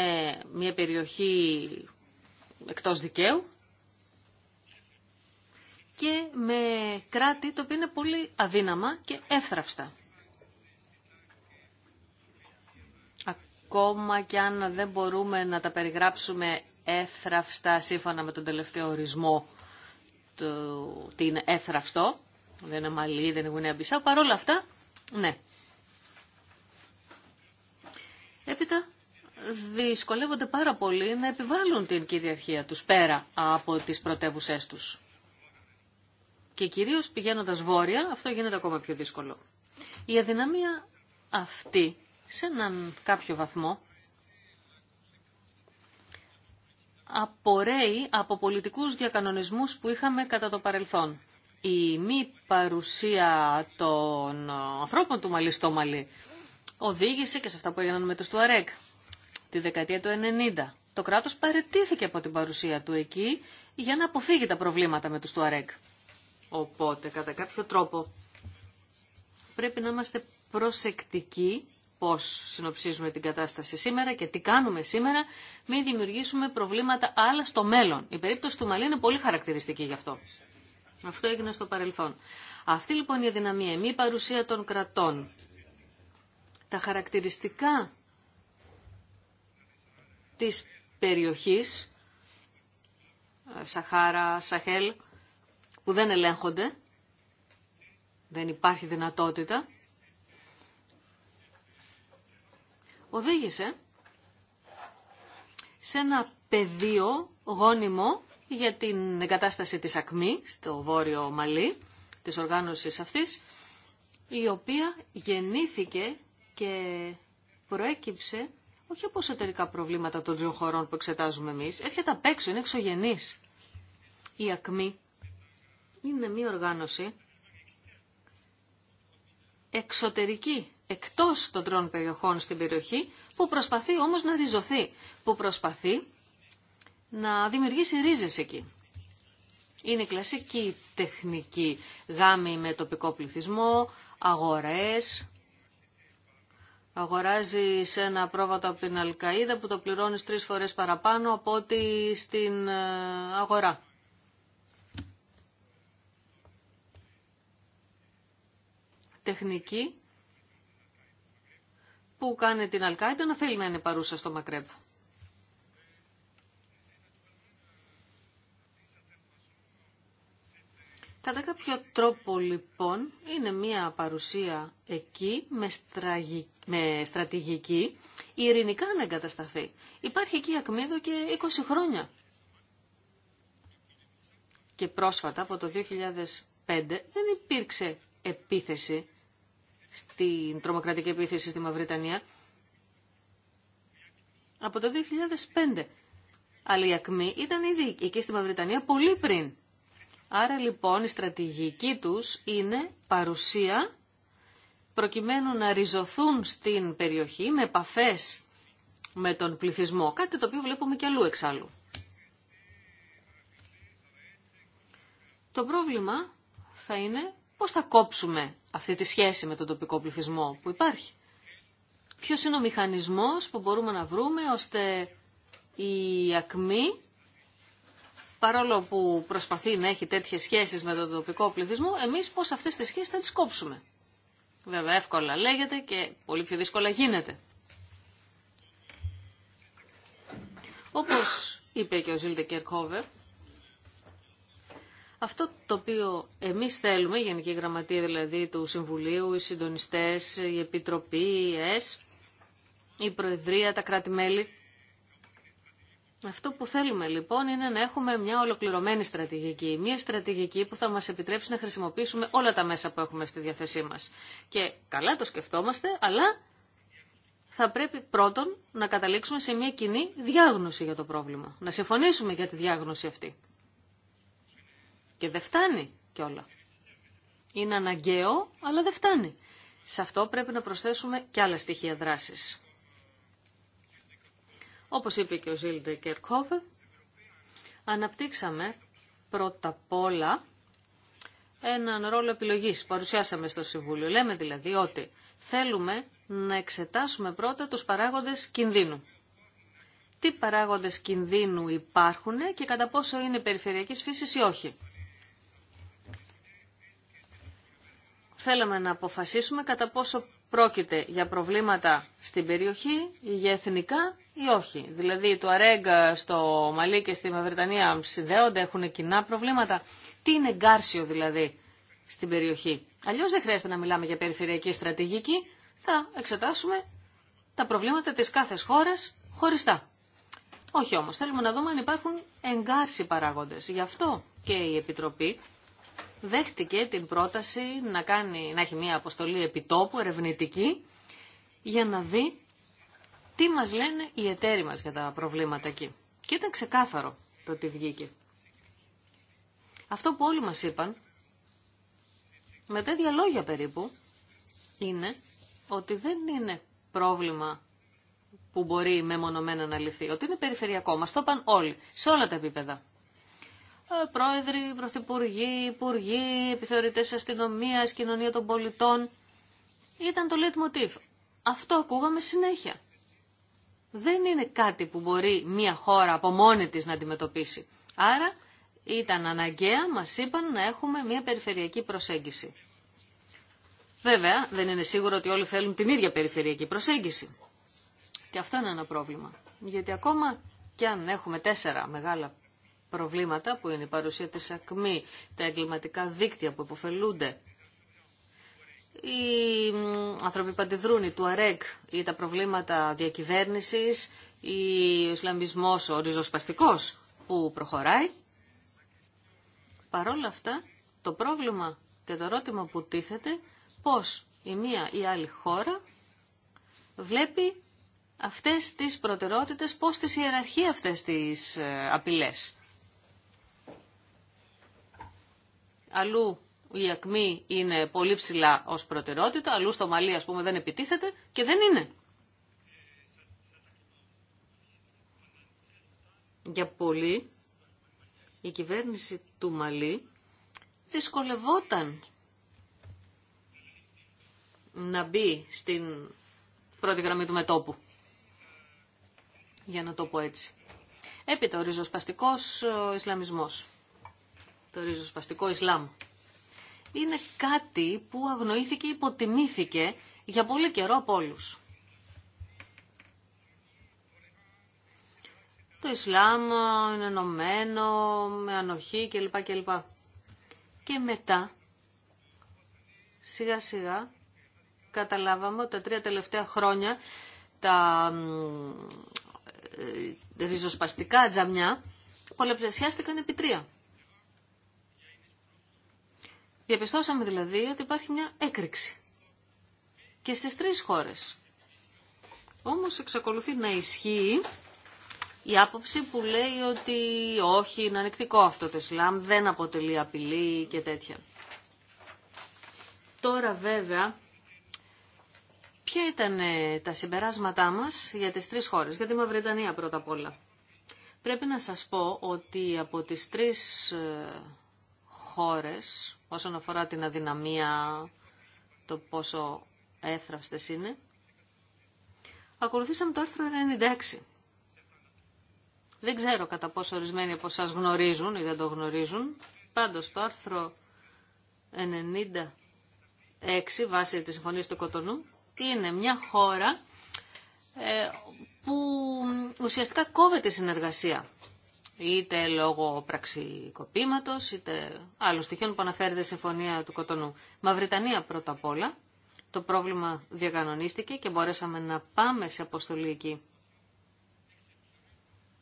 μια περιοχή εκτός δικαίου, και με κράτη το οποίο είναι πολύ αδύναμα και εύθραυστα. Ακόμα και αν δεν μπορούμε να τα περιγράψουμε εύθραυστα σύμφωνα με τον τελευταίο ορισμό του τι είναι εύθραυστο, δεν είναι μαλλί, δεν είναι γουνέα μπισά, παρόλα αυτά, ναι. Έπειτα, δυσκολεύονται πάρα πολύ να επιβάλλουν την κυριαρχία τους πέρα από τις πρωτεύουσές τους. Και κυρίως πηγαίνοντας βόρεια, αυτό γίνεται ακόμα πιο δύσκολο. Η αδυναμία αυτή, σε έναν κάποιο βαθμό, απορρέει από πολιτικούς διακανονισμούς που είχαμε κατά το παρελθόν. Η μη παρουσία των ανθρώπων του Μαλή στο Μαλή οδήγησε και σε αυτά που έγιναν με του ΑΡΕΚ τη δεκαετία του 90. Το κράτος παρετήθηκε από την παρουσία του εκεί για να αποφύγει τα προβλήματα με το Στουαρέκ. Οπότε, κατά κάποιο τρόπο, πρέπει να είμαστε προσεκτικοί πώς συνοψίζουμε την κατάσταση σήμερα και τι κάνουμε σήμερα, μην δημιουργήσουμε προβλήματα άλλα στο μέλλον. Η περίπτωση του Μαλή είναι πολύ χαρακτηριστική γι' αυτό. Αυτό έγινε στο παρελθόν. Αυτή λοιπόν η αδυναμία, η μη παρουσία των κρατών, τα χαρακτηριστικά της περιοχής, Σαχάρα, Σαχέλ, που δεν ελέγχονται, δεν υπάρχει δυνατότητα, οδήγησε σε ένα πεδίο γόνιμο για την εγκατάσταση της ΑΚΜΗ στο βόρειο Μαλή, της οργάνωσης αυτής, η οποία γεννήθηκε και προέκυψε όχι από εσωτερικά προβλήματα των δύο χωρών που εξετάζουμε εμείς, έρχεται απ' έξω, είναι εξωγενής. Η ΑΚΜΗ είναι μια οργάνωση εξωτερική, εκτός των τρών περιοχών στην περιοχή, που προσπαθεί όμως να ριζωθεί, που προσπαθεί να δημιουργήσει ρίζες εκεί. Είναι κλασική τεχνική γάμη με τοπικό πληθυσμό, αγορές, Αγοράζει ένα πρόβατο από την Αλκαίδα που το πληρώνεις τρεις φορές παραπάνω από ό,τι στην ε, αγορά. τεχνική που κάνει την Αλκάιντα να θέλει να είναι παρούσα στο Μακρέβ. Κατά κάποιο τρόπο λοιπόν είναι μια παρουσία εκεί με, στρατηγική η ειρηνικά να εγκατασταθεί. Υπάρχει εκεί ακμίδο και 20 χρόνια. Και πρόσφατα από το 2005 δεν υπήρξε επίθεση στην τρομοκρατική επίθεση στη Μαυριτανία. Από το 2005. Αλλά η ΑΚΜΗ ήταν ήδη εκεί στη Μαυριτανία πολύ πριν. Άρα λοιπόν η στρατηγική τους είναι παρουσία προκειμένου να ριζωθούν στην περιοχή με επαφές με τον πληθυσμό, κάτι το οποίο βλέπουμε και αλλού εξάλλου. Το πρόβλημα θα είναι Πώς θα κόψουμε αυτή τη σχέση με τον τοπικό πληθυσμό που υπάρχει. Ποιος είναι ο μηχανισμός που μπορούμε να βρούμε ώστε η ακμή, παρόλο που προσπαθεί να έχει τέτοιες σχέσεις με τον τοπικό πληθυσμό, εμείς πώς αυτές τις σχέσεις θα τις κόψουμε. Βέβαια εύκολα λέγεται και πολύ πιο δύσκολα γίνεται. Όπως είπε και ο Ζήλτε Κερκόβερ, αυτό το οποίο εμείς θέλουμε, η Γενική Γραμματεία δηλαδή του Συμβουλίου, οι συντονιστές, η Επιτροπή, η ΕΣ, η Προεδρία, τα κράτη-μέλη, αυτό που θέλουμε λοιπόν είναι να έχουμε μια ολοκληρωμένη στρατηγική. Μια στρατηγική που θα μας επιτρέψει να χρησιμοποιήσουμε όλα τα μέσα που έχουμε στη διάθεσή μας. Και καλά το σκεφτόμαστε, αλλά θα πρέπει πρώτον να καταλήξουμε σε μια κοινή διάγνωση για το πρόβλημα. Να συμφωνήσουμε για τη διάγνωση αυτή. Και δεν φτάνει κιόλα. Είναι αναγκαίο, αλλά δεν φτάνει. Σε αυτό πρέπει να προσθέσουμε και άλλα στοιχεία δράσης. Όπως είπε και ο Ζίλντε Κερκόβε, αναπτύξαμε πρώτα απ' όλα έναν ρόλο επιλογής. Παρουσιάσαμε στο Συμβούλιο. Λέμε δηλαδή ότι θέλουμε να εξετάσουμε πρώτα τους παράγοντες κινδύνου. Τι παράγοντες κινδύνου υπάρχουν και κατά πόσο είναι περιφερειακής φύσης ή όχι. θέλαμε να αποφασίσουμε κατά πόσο πρόκειται για προβλήματα στην περιοχή, για εθνικά ή όχι. Δηλαδή το Αρέγκα στο Μαλί και στη Μαυριτανία συνδέονται, έχουν κοινά προβλήματα. Τι είναι γκάρσιο δηλαδή στην περιοχή. Αλλιώς δεν χρειάζεται να μιλάμε για περιφερειακή στρατηγική, θα εξετάσουμε τα προβλήματα τη κάθε χώρα χωριστά. Όχι όμω. θέλουμε να δούμε αν υπάρχουν εγκάρσιοι παράγοντες. Γι' αυτό και η Επιτροπή δέχτηκε την πρόταση να, κάνει, να έχει μια αποστολή επιτόπου ερευνητική για να δει τι μας λένε οι εταίροι μας για τα προβλήματα εκεί. Και ήταν ξεκάθαρο το ότι βγήκε. Αυτό που όλοι μας είπαν, με τέτοια λόγια περίπου, είναι ότι δεν είναι πρόβλημα που μπορεί μεμονωμένα να λυθεί, ότι είναι περιφερειακό. Μας το είπαν όλοι, σε όλα τα επίπεδα. Ε, πρόεδροι, πρωθυπουργοί, υπουργοί, επιθεωρητές αστυνομίας, κοινωνία των πολιτών. Ήταν το leitmotiv. Αυτό ακούγαμε συνέχεια. Δεν είναι κάτι που μπορεί μία χώρα από μόνη της να αντιμετωπίσει. Άρα ήταν αναγκαία, μας είπαν, να έχουμε μία περιφερειακή προσέγγιση. Βέβαια, δεν είναι σίγουρο ότι όλοι θέλουν την ίδια περιφερειακή προσέγγιση. Και αυτό είναι ένα πρόβλημα. Γιατί ακόμα και αν έχουμε τέσσερα μεγάλα προβλήματα που είναι η παρουσία της ακμή, τα εγκληματικά δίκτυα που υποφελούνται, οι άνθρωποι που αντιδρούν, η Τουαρέκ ή τα προβλήματα διακυβέρνησης, ο Ισλαμισμός ο ριζοσπαστικός που προχωράει. Παρόλα αυτά, το πρόβλημα και το ερώτημα που τίθεται, πώς η μία ή άλλη χώρα βλέπει αυτές τις προτεραιότητες, πώς τις ιεραρχεί αυτές τις ε, απειλές. αλλού η ακμή είναι πολύ ψηλά ως προτεραιότητα, αλλού στο Μαλί α πούμε δεν επιτίθεται και δεν είναι. Για πολύ η κυβέρνηση του Μαλί δυσκολευόταν να μπει στην πρώτη γραμμή του μετόπου. Για να το πω έτσι. Έπειτα ο ριζοσπαστικός Ισλαμισμός το ριζοσπαστικό Ισλάμ. Είναι κάτι που αγνοήθηκε, υποτιμήθηκε για πολύ καιρό από όλους. Το Ισλάμ ε, είναι ενωμένο, με ανοχή κλπ. κλπ. Και μετά, σιγά σιγά, καταλάβαμε ότι τα τρία τελευταία χρόνια τα ε, ριζοσπαστικά τζαμιά πολλαπλασιάστηκαν επί τρία. Διαπιστώσαμε δηλαδή ότι υπάρχει μια έκρηξη και στις τρεις χώρες. Όμως εξακολουθεί να ισχύει η άποψη που λέει ότι όχι, είναι ανεκτικό αυτό το Ισλάμ, δεν αποτελεί απειλή και τέτοια. Τώρα βέβαια, ποια ήταν ε, τα συμπεράσματά μας για τις τρεις χώρες, για τη Μαυρετανία πρώτα απ' όλα. Πρέπει να σας πω ότι από τις τρεις ε, χώρες όσον αφορά την αδυναμία, το πόσο έθραυστες είναι. Ακολουθήσαμε το άρθρο 96. Δεν ξέρω κατά πόσο ορισμένοι από σας γνωρίζουν ή δεν το γνωρίζουν. Πάντως το άρθρο 96 βάσει της Συμφωνίας του Κοτονού είναι μια χώρα ε, που ουσιαστικά κόβεται η συνεργασία είτε λόγω πραξικοπήματος, είτε άλλων στοιχείων που αναφέρεται σε φωνία του Κοτονού. Μαυριτανία πρώτα απ' όλα. Το πρόβλημα διακανονίστηκε και μπορέσαμε να πάμε σε αποστολή εκεί.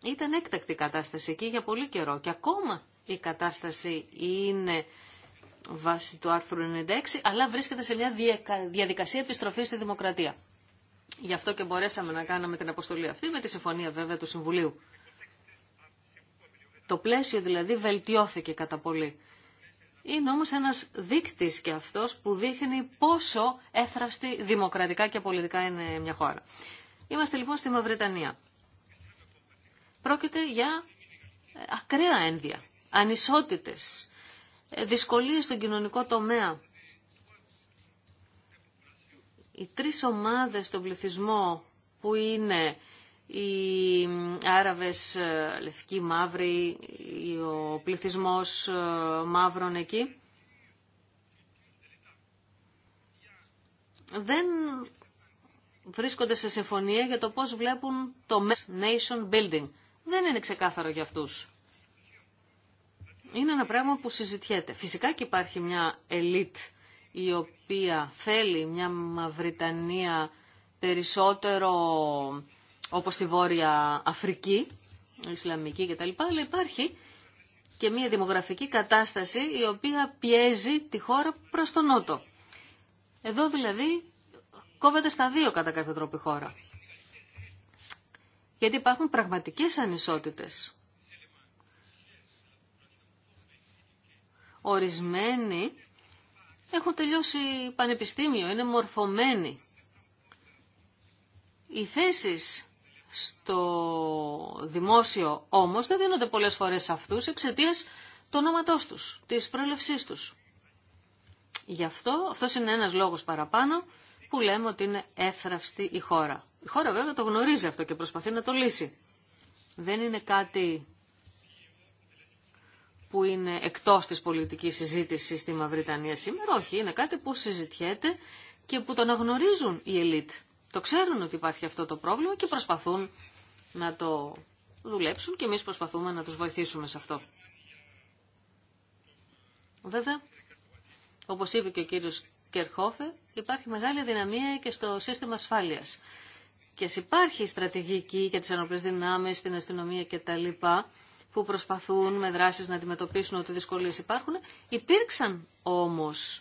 Ήταν έκτακτη η κατάσταση εκεί για πολύ καιρό και ακόμα η κατάσταση είναι βάση του άρθρου 96, αλλά βρίσκεται σε μια διαδικασία επιστροφής στη δημοκρατία. Γι' αυτό και μπορέσαμε να κάνουμε την αποστολή αυτή με τη συμφωνία βέβαια του Συμβουλίου. Το πλαίσιο δηλαδή βελτιώθηκε κατά πολύ. Είναι όμως ένας δείκτης και αυτός που δείχνει πόσο έθραυστη δημοκρατικά και πολιτικά είναι μια χώρα. Είμαστε λοιπόν στη Μαυρετανία. Πρόκειται για ε, ακραία ένδια, ανισότητες, ε, δυσκολίες στον κοινωνικό τομέα. Οι τρεις ομάδες στον πληθυσμό που είναι οι Άραβες ε, λευκοί, μαύροι, ο πληθυσμός ε, μαύρων εκεί. Δεν βρίσκονται σε συμφωνία για το πώς βλέπουν το nation building. Δεν είναι ξεκάθαρο για αυτούς. Είναι ένα πράγμα που συζητιέται. Φυσικά και υπάρχει μια ελίτ η οποία θέλει μια Μαυριτανία περισσότερο όπως στη Βόρεια Αφρική, Ισλαμική κτλ. Αλλά υπάρχει και μια δημογραφική κατάσταση η οποία πιέζει τη χώρα προς τον νότο. Εδώ δηλαδή κόβεται στα δύο κατά κάποιο τρόπο η χώρα. Γιατί υπάρχουν πραγματικές ανισότητες. Ορισμένοι έχουν τελειώσει πανεπιστήμιο, είναι μορφωμένοι. Οι θέσεις στο δημόσιο όμως δεν δίνονται πολλές φορές σε αυτούς εξαιτία του ονόματός τους, της πρόλευσής τους. Γι' αυτό, αυτός είναι ένας λόγος παραπάνω που λέμε ότι είναι έφραυστη η χώρα. Η χώρα βέβαια το γνωρίζει αυτό και προσπαθεί να το λύσει. Δεν είναι κάτι που είναι εκτός της πολιτικής συζήτησης στη Μαυριτανία σήμερα, όχι, είναι κάτι που συζητιέται και που τον αναγνωρίζουν οι ελίτ. Το ξέρουν ότι υπάρχει αυτό το πρόβλημα και προσπαθούν να το δουλέψουν και εμείς προσπαθούμε να τους βοηθήσουμε σε αυτό. Βέβαια, όπως είπε και ο κύριος Κερχόφε, υπάρχει μεγάλη δυναμία και στο σύστημα ασφάλειας. Και ας υπάρχει στρατηγική για τις ανοπλές δυνάμεις, την αστυνομία κτλ που προσπαθούν με δράσεις να αντιμετωπίσουν ότι δυσκολίες υπάρχουν. Υπήρξαν όμως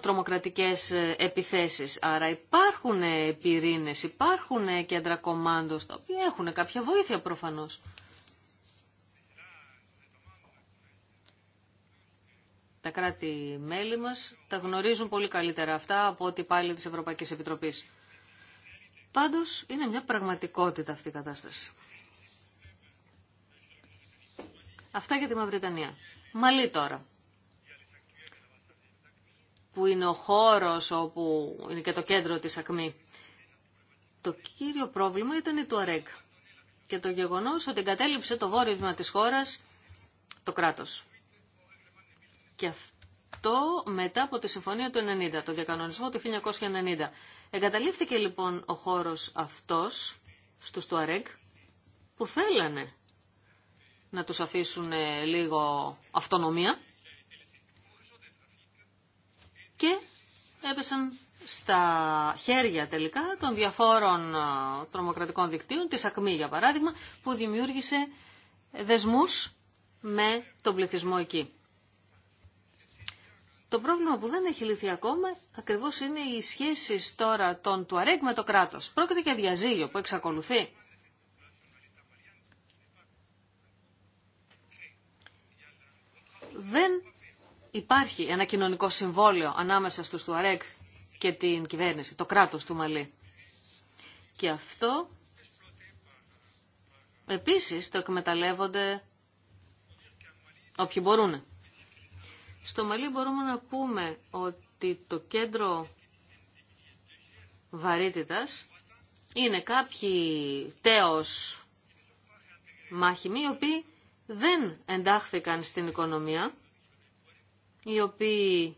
τρομοκρατικές ε, επιθέσεις. Άρα υπάρχουν ε, πυρήνες, υπάρχουν ε, κέντρα κομμάντος, τα οποία έχουν κάποια βοήθεια προφανώς. Τα κράτη-μέλη μας τα γνωρίζουν πολύ καλύτερα αυτά από ό,τι πάλι της Ευρωπαϊκής Επιτροπής. Πάντως είναι μια πραγματικότητα αυτή η κατάσταση. Αυτά για τη Μαυριτανία. Μαλή τώρα που είναι ο χώρος όπου είναι και το κέντρο της ΑΚΜΗ. Το κύριο πρόβλημα ήταν η του ΑΡΕΚ και το γεγονός ότι εγκατέλειψε το βόρειο βήμα της χώρας το κράτος. Και αυτό μετά από τη Συμφωνία του 90, το διακανονισμό του 1990. Εγκαταλείφθηκε λοιπόν ο χώρος αυτός στους του ΑΡΕΚ που θέλανε να τους αφήσουν ε, λίγο αυτονομία και έπεσαν στα χέρια τελικά των διαφόρων τρομοκρατικών δικτύων, της ΑΚΜΗ για παράδειγμα, που δημιούργησε δεσμούς με τον πληθυσμό εκεί. Το πρόβλημα που δεν έχει λυθεί ακόμα ακριβώς είναι οι σχέσεις τώρα των του με το κράτος. Πρόκειται για διαζύγιο που εξακολουθεί. Δεν υπάρχει ένα κοινωνικό συμβόλαιο ανάμεσα στους Τουαρέκ και την κυβέρνηση, το κράτος του Μαλή. Και αυτό επίσης το εκμεταλλεύονται όποιοι μπορούν. Στο Μαλή μπορούμε να πούμε ότι το κέντρο βαρύτητας είναι κάποιοι τέος μάχημοι οι οποίοι δεν εντάχθηκαν στην οικονομία οι οποίοι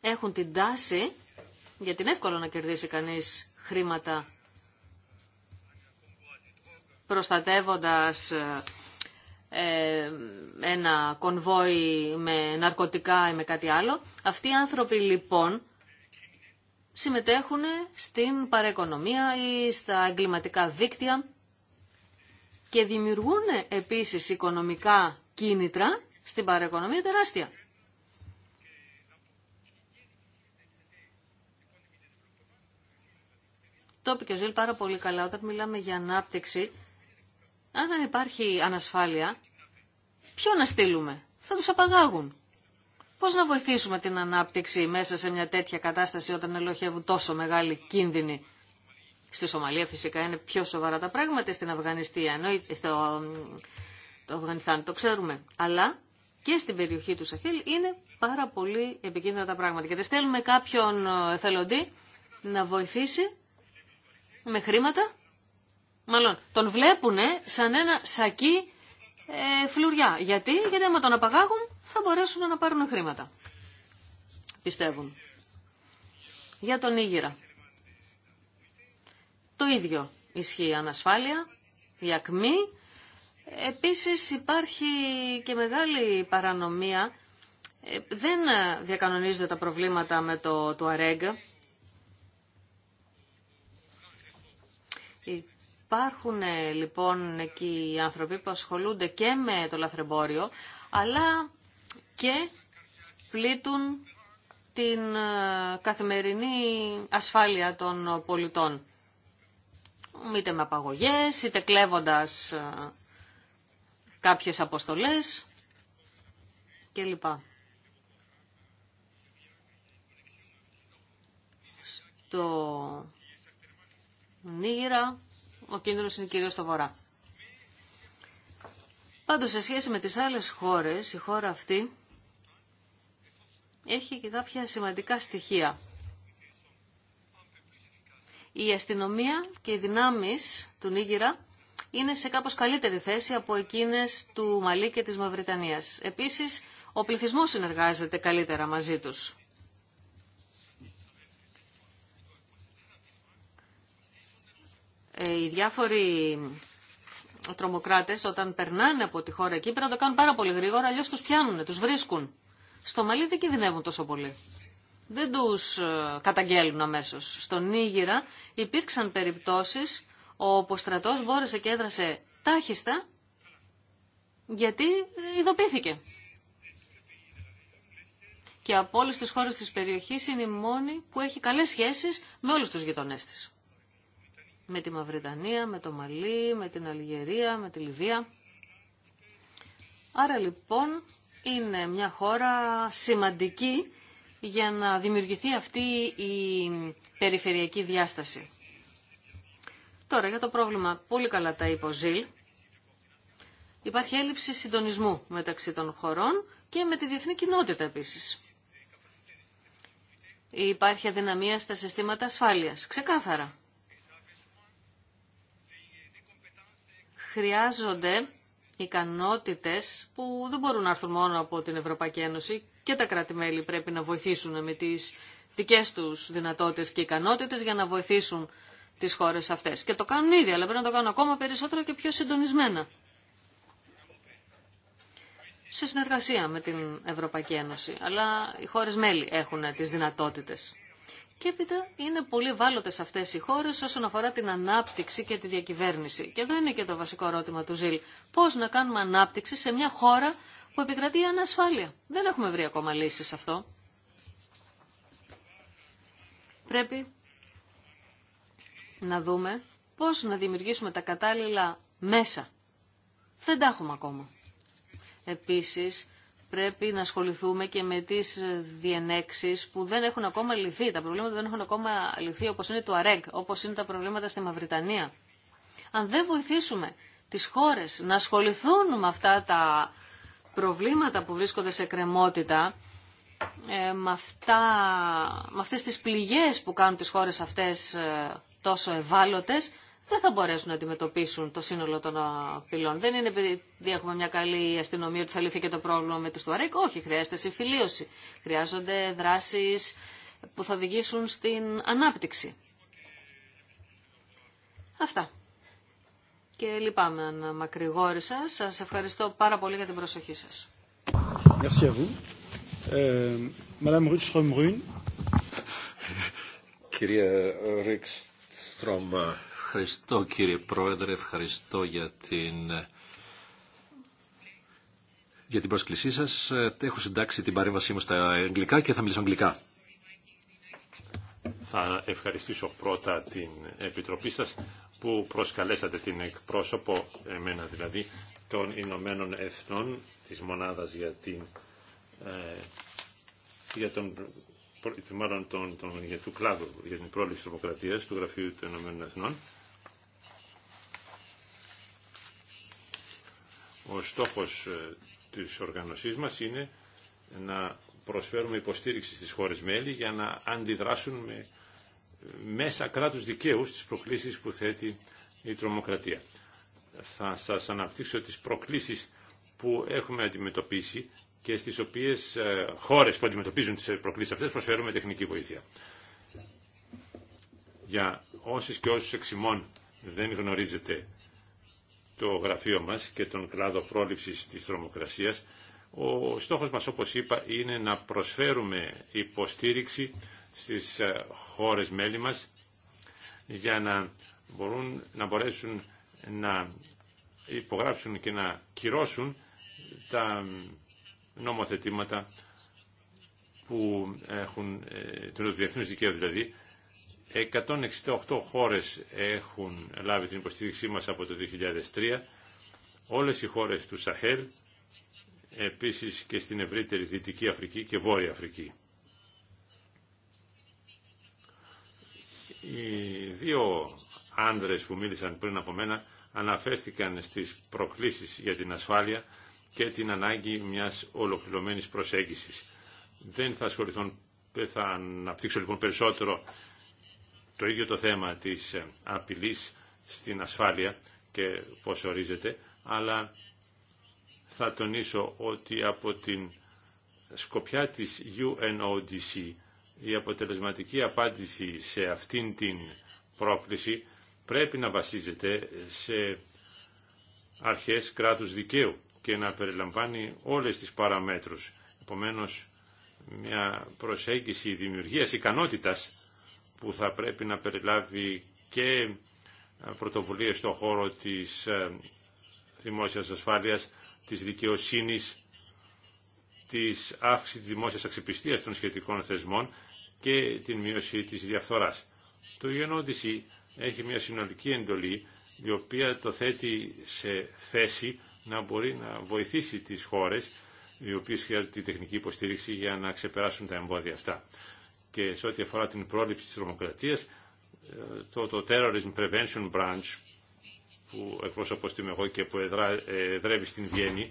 έχουν την τάση, γιατί είναι εύκολο να κερδίσει κανείς χρήματα προστατεύοντας ε, ένα κονβόι με ναρκωτικά ή με κάτι άλλο. Αυτοί οι άνθρωποι λοιπόν συμμετέχουν στην παραοικονομία ή στα εγκληματικά δίκτυα και δημιουργούν επίσης οικονομικά κίνητρα στην παραοικονομία τεράστια. Το είπε και ο Ζήλ πάρα πολύ καλά όταν μιλάμε για ανάπτυξη. Αν δεν υπάρχει ανασφάλεια, ποιο να στείλουμε. Θα τους απαγάγουν. Πώς να βοηθήσουμε την ανάπτυξη μέσα σε μια τέτοια κατάσταση όταν ελοχεύουν τόσο μεγάλη κίνδυνη. Στη Σομαλία φυσικά είναι πιο σοβαρά τα πράγματα, στην Αφγανιστία, ενώ στο το Αφγανιστάν, το ξέρουμε. Αλλά και στην περιοχή του Σαχέλ είναι πάρα πολύ επικίνδυνα τα πράγματα. δεν στέλνουμε κάποιον εθελοντή να βοηθήσει με χρήματα. Μάλλον, τον βλέπουν σαν ένα σακί ε, φλουριά. Γιατί, γιατί άμα τον απαγάγουν θα μπορέσουν να πάρουν χρήματα. Πιστεύουν. Για τον Ήγηρα. Το ίδιο ισχύει η ανασφάλεια, η ακμή Επίσης υπάρχει και μεγάλη παρανομία. Ε, δεν διακανονίζονται τα προβλήματα με το, το ΑΡΕΓ. Υπάρχουν ε, λοιπόν εκεί οι άνθρωποι που ασχολούνται και με το λαθρεμπόριο, αλλά και πλήττουν την ε, καθημερινή ασφάλεια των πολιτών. Είτε με απαγωγές, είτε κλέβοντας κάποιες αποστολές κλπ. Στο Νίγηρα ο κίνδυνος είναι κυρίως στο βορρά. Πάντως σε σχέση με τις άλλες χώρες, η χώρα αυτή έχει και κάποια σημαντικά στοιχεία. Η αστυνομία και οι δυνάμεις του Νίγηρα είναι σε κάπως καλύτερη θέση από εκείνες του Μαλή και της Μαυριτανίας. Επίσης, ο πληθυσμός συνεργάζεται καλύτερα μαζί τους. Ε, οι διάφοροι τρομοκράτες όταν περνάνε από τη χώρα εκεί πρέπει να το κάνουν πάρα πολύ γρήγορα, αλλιώς τους πιάνουν, τους βρίσκουν. Στο Μαλή δεν κινδυνεύουν τόσο πολύ. Δεν τους ε, καταγγέλουν αμέσως. Στον Νίγηρα υπήρξαν περιπτώσεις όπου ο στρατός μπόρεσε και έδρασε τάχιστα γιατί ειδοποιήθηκε. Και από όλες τις χώρες της περιοχής είναι η μόνη που έχει καλές σχέσεις με όλους τους γειτονές της. Με τη Μαυριτανία, με το Μαλί, με την Αλγερία, με τη Λιβύα. Άρα λοιπόν είναι μια χώρα σημαντική για να δημιουργηθεί αυτή η περιφερειακή διάσταση. Τώρα για το πρόβλημα. Πολύ καλά τα είπε ο Υπάρχει έλλειψη συντονισμού μεταξύ των χωρών και με τη διεθνή κοινότητα επίσης. Υπάρχει αδυναμία στα συστήματα ασφάλειας. Ξεκάθαρα. Χρειάζονται ικανότητες που δεν μπορούν να έρθουν μόνο από την Ευρωπαϊκή Ένωση και τα κράτη-μέλη πρέπει να βοηθήσουν με τις δικές τους δυνατότητες και ικανότητες για να βοηθήσουν τις χώρες αυτές. Και το κάνουν ήδη, αλλά πρέπει να το κάνουν ακόμα περισσότερο και πιο συντονισμένα. Σε συνεργασία με την Ευρωπαϊκή Ένωση. Αλλά οι χώρες μέλη έχουν τις δυνατότητες. Και έπειτα είναι πολύ βάλλοντε αυτές οι χώρες όσον αφορά την ανάπτυξη και τη διακυβέρνηση. Και εδώ είναι και το βασικό ερώτημα του Ζήλ. Πώ να κάνουμε ανάπτυξη σε μια χώρα που επικρατεί η ανασφάλεια. Δεν έχουμε βρει ακόμα λύσει σε αυτό. Πρέπει να δούμε πώς να δημιουργήσουμε τα κατάλληλα μέσα. Δεν τα έχουμε ακόμα. Επίσης, πρέπει να ασχοληθούμε και με τις διενέξεις που δεν έχουν ακόμα λυθεί. Τα προβλήματα δεν έχουν ακόμα λυθεί όπως είναι το ΑΡΕΚ, όπως είναι τα προβλήματα στη Μαυριτανία. Αν δεν βοηθήσουμε τις χώρες να ασχοληθούν με αυτά τα προβλήματα που βρίσκονται σε κρεμότητα, ε, με, αυτά, με αυτές τις πληγές που κάνουν τις χώρες αυτές ε, τόσο ευάλωτες, δεν θα μπορέσουν να αντιμετωπίσουν το σύνολο των απειλών. Δεν είναι επειδή έχουμε μια καλή αστυνομία ότι θα λυθεί και το πρόβλημα με του Τουαρέκ. Όχι, χρειάζεται συμφιλίωση. Χρειάζονται δράσει που θα οδηγήσουν στην ανάπτυξη. Αυτά. Και λυπάμαι αν μακρηγόρησα. Σας ευχαριστώ πάρα πολύ για την προσοχή σας. Merci à vous. Ε, Κυρία Uh, ευχαριστώ κύριε Πρόεδρε, ευχαριστώ για την, για την πρόσκλησή σας. Ε, έχω συντάξει την παρέμβασή μου στα αγγλικά και θα μιλήσω αγγλικά. Θα ευχαριστήσω πρώτα την Επιτροπή σας που προσκαλέσατε την εκπρόσωπο, εμένα δηλαδή, των Ηνωμένων Εθνών, της Μονάδας για, την, ε, για τον μάλλον τον, τον, για του κλάδου για την πρόληψη τρομοκρατίας του Γραφείου των Ηνωμένων Εθνών. Ο στόχος ε, της οργανωσής μας είναι να προσφέρουμε υποστήριξη στις χώρες μέλη για να αντιδράσουν με ε, μέσα κράτους δικαίου στις προκλήσεις που θέτει η τρομοκρατία. Θα σας αναπτύξω τις προκλήσεις που έχουμε αντιμετωπίσει και στις οποίες ε, χώρες που αντιμετωπίζουν τις προκλήσεις αυτές προσφέρουμε τεχνική βοήθεια. Για όσες και όσους εξημών δεν γνωρίζετε το γραφείο μας και τον κλάδο πρόληψης της θρομοκρασίας, ο στόχος μας, όπως είπα, είναι να προσφέρουμε υποστήριξη στις ε, χώρες μέλη μας για να, μπορούν, να μπορέσουν να υπογράψουν και να κυρώσουν τα νομοθετήματα που έχουν, ε, το διεθνούς δικαίου δηλαδή, 168 χώρες έχουν λάβει την υποστήριξή μας από το 2003, όλες οι χώρες του Σαχέλ, επίσης και στην ευρύτερη Δυτική Αφρική και Βόρεια Αφρική. Οι δύο άνδρες που μίλησαν πριν από μένα αναφέρθηκαν στις προκλήσεις για την ασφάλεια και την ανάγκη μιας ολοκληρωμένης προσέγγισης. Δεν θα ασχοληθώ, θα αναπτύξω λοιπόν περισσότερο το ίδιο το θέμα της ε, απειλής στην ασφάλεια και πώς ορίζεται, αλλά θα τονίσω ότι από την σκοπιά της UNODC η αποτελεσματική απάντηση σε αυτήν την πρόκληση πρέπει να βασίζεται σε αρχές κράτους δικαίου και να περιλαμβάνει όλες τις παραμέτρους. Επομένως, μια προσέγγιση δημιουργίας ικανότητας που θα πρέπει να περιλάβει και ε, πρωτοβουλίες στον χώρο της ε, δημόσιας ασφάλειας, της δικαιοσύνης, της αύξησης της δημόσιας αξιπιστίας των σχετικών θεσμών και την μείωση της διαφθοράς. Το UNODC έχει μια συνολική εντολή η οποία το θέτει σε θέση να μπορεί να βοηθήσει τις χώρες οι οποίες χρειάζονται τη τεχνική υποστήριξη για να ξεπεράσουν τα εμπόδια αυτά. Και σε ό,τι αφορά την πρόληψη της τρομοκρατίας, ε, το, το Terrorism Prevention Branch που εκπρόσωπος είμαι εγώ και που εδρεύει στην Βιέννη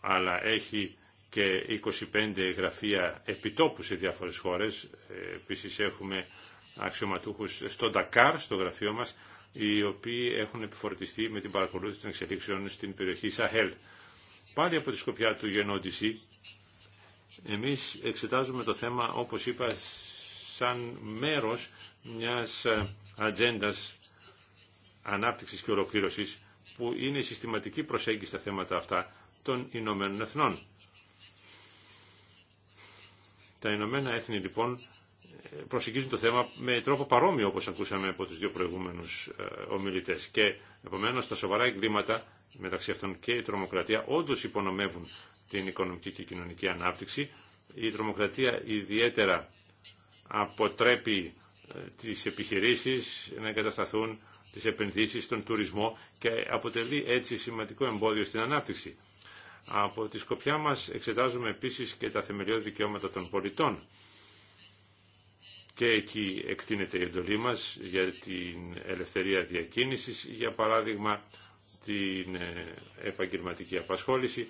αλλά έχει και 25 γραφεία επιτόπου σε διάφορες χώρες. Ε, επίσης έχουμε αξιωματούχους στο Ντακάρ, στο γραφείο μας, οι οποίοι έχουν επιφορτιστεί με την παρακολούθηση των εξελίξεων στην περιοχή Σαχέλ. Πάλι από τη σκοπιά του γενόντιση, εμείς εξετάζουμε το θέμα, όπως είπα, σαν μέρος μιας ε, ατζέντα ανάπτυξης και ολοκλήρωσης που είναι συστηματική προσέγγιση στα θέματα αυτά των Ηνωμένων Εθνών. Τα Ηνωμένα Έθνη λοιπόν προσεγγίζουν το θέμα με τρόπο παρόμοιο όπως ακούσαμε από τους δύο προηγούμενους ε, ομιλητές και επομένως τα σοβαρά εγκλήματα μεταξύ αυτών και η τρομοκρατία όντως υπονομεύουν την οικονομική και κοινωνική ανάπτυξη. Η τρομοκρατία ιδιαίτερα αποτρέπει ε, τις επιχειρήσεις να εγκατασταθούν τις επενδύσεις τον τουρισμό και αποτελεί έτσι σημαντικό εμπόδιο στην ανάπτυξη. Από τη σκοπιά μας εξετάζουμε επίσης και τα θεμελιώδη δικαιώματα των πολιτών και εκεί εκτείνεται η εντολή μας για την ελευθερία διακίνησης, για παράδειγμα την ε, επαγγελματική απασχόληση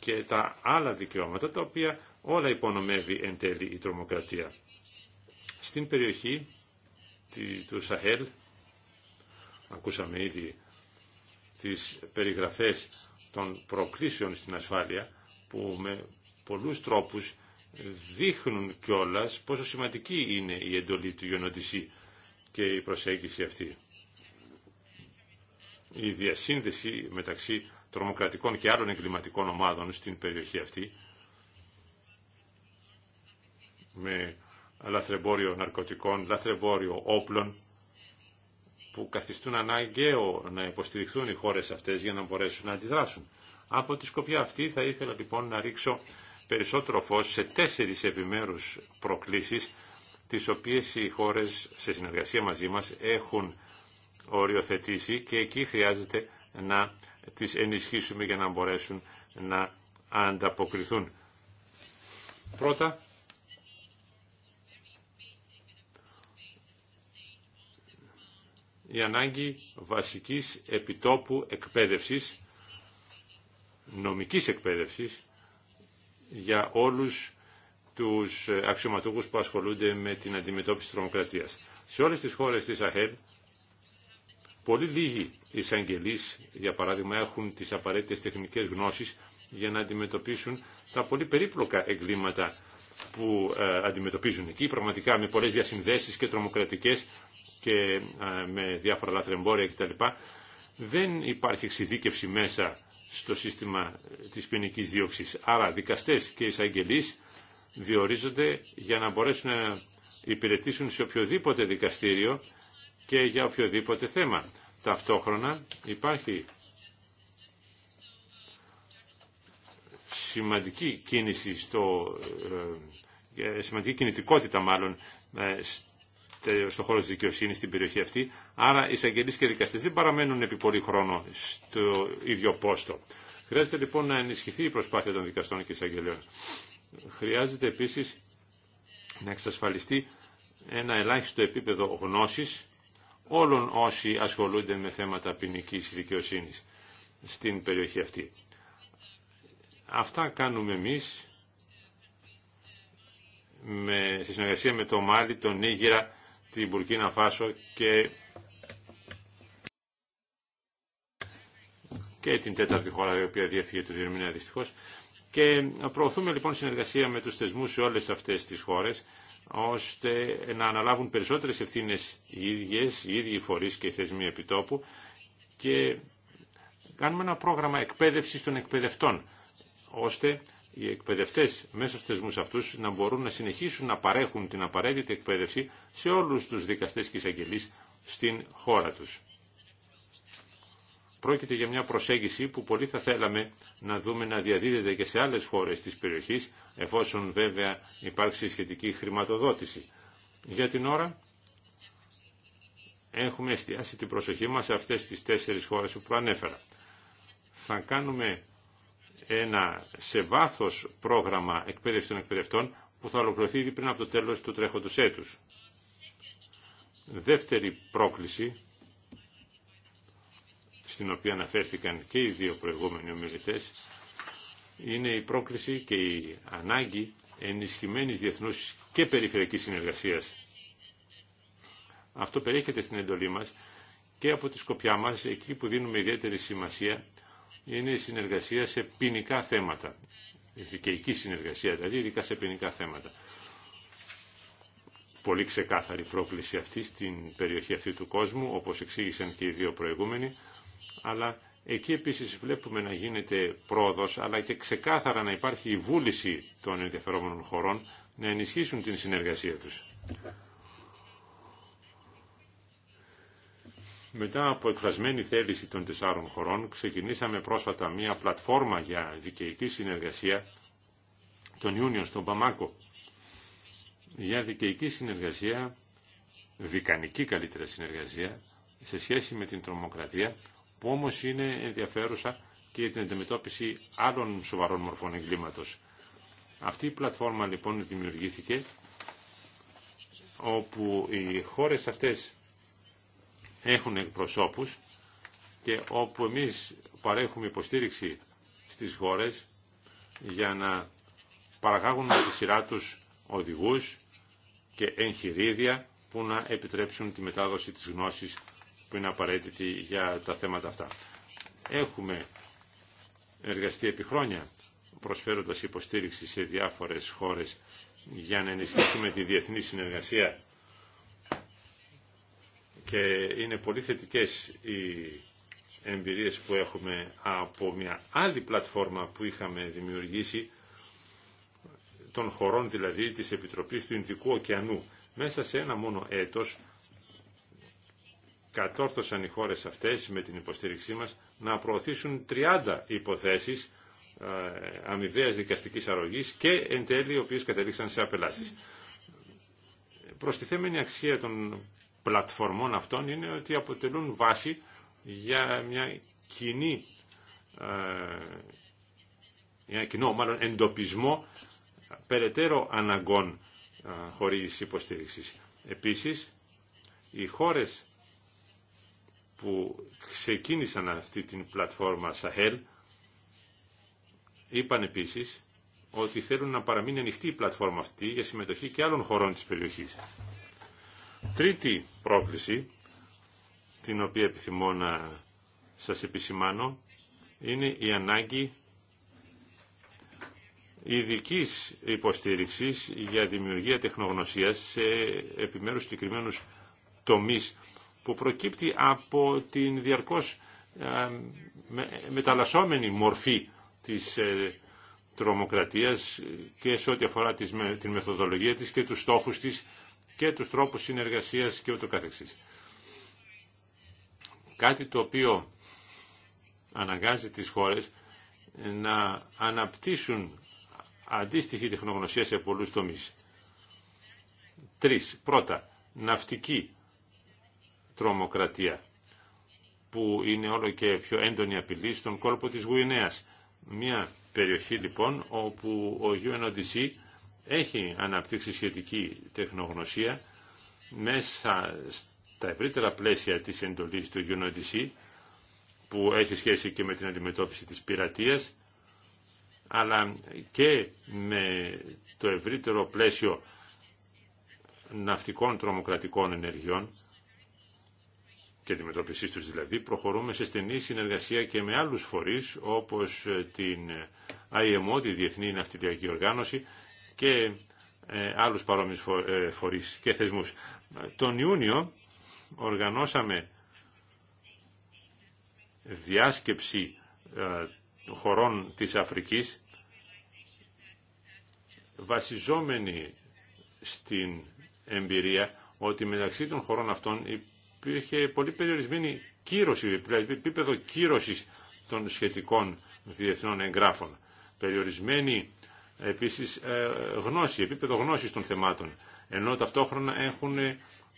και τα άλλα δικαιώματα τα οποία όλα υπονομεύει εν τέλει η τρομοκρατία. Στην περιοχή του Σαχέλ ακούσαμε ήδη τις περιγραφές των προκλήσεων στην ασφάλεια που με πολλούς τρόπους δείχνουν κιόλα πόσο σημαντική είναι η εντολή του Ιωνοντισή και η προσέγγιση αυτή. Η διασύνδεση μεταξύ τρομοκρατικών και άλλων εγκληματικών ομάδων στην περιοχή αυτή με λαθρεμπόριο ναρκωτικών, λαθρεμπόριο όπλων που καθιστούν αναγκαίο να υποστηριχθούν οι χώρες αυτές για να μπορέσουν να αντιδράσουν. Από τη σκοπιά αυτή θα ήθελα λοιπόν να ρίξω περισσότερο φως σε τέσσερις επιμέρους προκλήσεις, τις οποίες οι χώρες σε συνεργασία μαζί μας έχουν οριοθετήσει και εκεί χρειάζεται να τις ενισχύσουμε για να μπορέσουν να ανταποκριθούν. Πρώτα, η ανάγκη βασικής επιτόπου εκπαίδευσης, νομικής εκπαίδευσης, για όλους τους αξιωματούχους που ασχολούνται με την αντιμετώπιση της τρομοκρατίας. Σε όλες τις χώρες της ΑΧΕΛ, πολύ λίγοι εισαγγελείς, για παράδειγμα, έχουν τις απαραίτητες τεχνικές γνώσεις για να αντιμετωπίσουν τα πολύ περίπλοκα εγκλήματα που ε, αντιμετωπίζουν εκεί, πραγματικά με πολλές διασυνδέσεις και τρομοκρατικές και ε, με διάφορα εμπόρια κτλ. Δεν υπάρχει εξειδίκευση μέσα στο σύστημα της ποινική δίωξης. Άρα δικαστές και εισαγγελείς διορίζονται για να μπορέσουν να υπηρετήσουν σε οποιοδήποτε δικαστήριο και για οποιοδήποτε θέμα. Ταυτόχρονα υπάρχει σημαντική κίνηση στο, ε, ε, σημαντική κινητικότητα μάλλον ε, ε, στον χώρο τη δικαιοσύνη στην περιοχή αυτή. Άρα οι εισαγγελεί και δικαστέ δεν παραμένουν επί πολύ χρόνο στο ίδιο πόστο. Χρειάζεται λοιπόν να ενισχυθεί η προσπάθεια των δικαστών και εισαγγελέων. Χρειάζεται επίση να εξασφαλιστεί ένα ελάχιστο επίπεδο γνώσης όλων όσοι ασχολούνται με θέματα ποινική δικαιοσύνη στην περιοχή αυτή. Αυτά κάνουμε εμείς με, στη συνεργασία με το Μάλι, τον Νίγηρα την Μπουρκίνα Φάσο και, και την τέταρτη χώρα η οποία διέφυγε του Διερμηνέα δυστυχώ. Και προωθούμε λοιπόν συνεργασία με τους θεσμούς σε όλες αυτές τις χώρες ώστε να αναλάβουν περισσότερες ευθύνες οι ίδιες, οι ίδιοι φορείς και οι θεσμοί επιτόπου και κάνουμε ένα πρόγραμμα εκπαίδευσης των εκπαιδευτών ώστε οι εκπαιδευτέ μέσω στους θεσμού αυτούς να μπορούν να συνεχίσουν να παρέχουν την απαραίτητη εκπαίδευση σε όλους τους δικαστές και εισαγγελεί στην χώρα τους. Πρόκειται για μια προσέγγιση που πολύ θα θέλαμε να δούμε να διαδίδεται και σε άλλες χώρες της περιοχής, εφόσον βέβαια υπάρξει σχετική χρηματοδότηση. Για την ώρα έχουμε εστιάσει την προσοχή μας σε αυτές τις τέσσερις χώρες που προανέφερα. Θα κάνουμε ένα σε βάθος πρόγραμμα εκπαίδευση των εκπαιδευτών που θα ολοκληρωθεί ήδη πριν από το τέλος του τρέχοντος έτους. Δεύτερη πρόκληση, στην οποία αναφέρθηκαν και οι δύο προηγούμενοι ομιλητές, είναι η πρόκληση και η ανάγκη ενισχυμένης διεθνούς και περιφερειακής συνεργασίας. Αυτό περιέχεται στην εντολή μας και από τη σκοπιά μας, εκεί που δίνουμε ιδιαίτερη σημασία είναι η συνεργασία σε ποινικά θέματα. Η δικαιική συνεργασία δηλαδή, ειδικά σε ποινικά θέματα. Πολύ ξεκάθαρη πρόκληση αυτή στην περιοχή αυτή του κόσμου, όπως εξήγησαν και οι δύο προηγούμενοι, αλλά εκεί επίσης βλέπουμε να γίνεται πρόοδος, αλλά και ξεκάθαρα να υπάρχει η βούληση των ενδιαφερόμενων χωρών να ενισχύσουν την συνεργασία τους. Μετά από εκφρασμένη θέληση των τεσσάρων χωρών, ξεκινήσαμε πρόσφατα μια πλατφόρμα για δικαιική συνεργασία τον Ιούνιο στον Παμάκο. Για δικαιική συνεργασία, δικανική καλύτερα συνεργασία, σε σχέση με την τρομοκρατία, που όμως είναι ενδιαφέρουσα και για την αντιμετώπιση άλλων σοβαρών μορφών εγκλήματος. Αυτή η πλατφόρμα λοιπόν δημιουργήθηκε, όπου οι χώρες αυτές έχουν εκπροσώπους και όπου εμείς παρέχουμε υποστήριξη στις χώρες για να παραγάγουν με τη σειρά τους οδηγούς και εγχειρίδια που να επιτρέψουν τη μετάδοση της γνώσης που είναι απαραίτητη για τα θέματα αυτά. Έχουμε εργαστεί επί χρόνια προσφέροντας υποστήριξη σε διάφορες χώρες για να ενισχύσουμε τη διεθνή συνεργασία και είναι πολύ θετικές οι εμπειρίες που έχουμε από μια άλλη πλατφόρμα που είχαμε δημιουργήσει των χωρών δηλαδή της Επιτροπής του Ινδικού Ωκεανού. Μέσα σε ένα μόνο έτος κατόρθωσαν οι χώρες αυτές με την υποστήριξή μας να προωθήσουν 30 υποθέσεις ε, αμοιβαία δικαστικής αρρωγής και εν τέλει οι οποίες κατελήξαν σε απελάσεις. Προστιθέμενη αξία των πλατφορμών αυτών είναι ότι αποτελούν βάση για μια κοινή, ένα ε, κοινό μάλλον εντοπισμό περαιτέρω αναγκών ε, χωρίς υποστήριξης. Επίσης, οι χώρες που ξεκίνησαν αυτή την πλατφόρμα Σαχέλ είπαν επίσης ότι θέλουν να παραμείνει ανοιχτή η πλατφόρμα αυτή για συμμετοχή και άλλων χωρών της περιοχής. Τρίτη πρόκληση, την οποία επιθυμώ να σας επισημάνω, είναι η ανάγκη ειδική υποστήριξης για δημιουργία τεχνογνωσίας σε επιμέρους συγκεκριμένου τομείς που προκύπτει από την διαρκώς ε, μεταλλασσόμενη μορφή της ε, τρομοκρατίας και σε ό,τι αφορά την μεθοδολογία της και τους στόχους της και τους τρόπους συνεργασίας και ούτω καθεξής. Κάτι το οποίο αναγκάζει τις χώρες να αναπτύσσουν αντίστοιχη τεχνογνωσία σε πολλούς τομείς. Τρεις. Πρώτα, ναυτική τρομοκρατία που είναι όλο και πιο έντονη απειλή στον κόλπο της Γουινέας. Μια περιοχή λοιπόν όπου ο UNODC έχει αναπτύξει σχετική τεχνογνωσία μέσα στα ευρύτερα πλαίσια της εντολής του UNODC που έχει σχέση και με την αντιμετώπιση της πειρατείας αλλά και με το ευρύτερο πλαίσιο ναυτικών τρομοκρατικών ενεργειών και αντιμετώπιση τους δηλαδή, προχωρούμε σε στενή συνεργασία και με άλλους φορείς όπως την IMO, τη Διεθνή Ναυτιλιακή Οργάνωση και ε, άλλους παρόμοιους ε, φορείς και θεσμούς. Τον Ιούνιο οργανώσαμε διάσκεψη ε, χωρών της Αφρικής βασιζόμενη στην εμπειρία ότι μεταξύ των χωρών αυτών υπήρχε πολύ περιορισμένη κύρωση, δηλαδή επίπεδο κύρωσης των σχετικών διεθνών εγγράφων. Περιορισμένη επίσης ε, γνώση, επίπεδο γνώσης των θεμάτων, ενώ ταυτόχρονα έχουν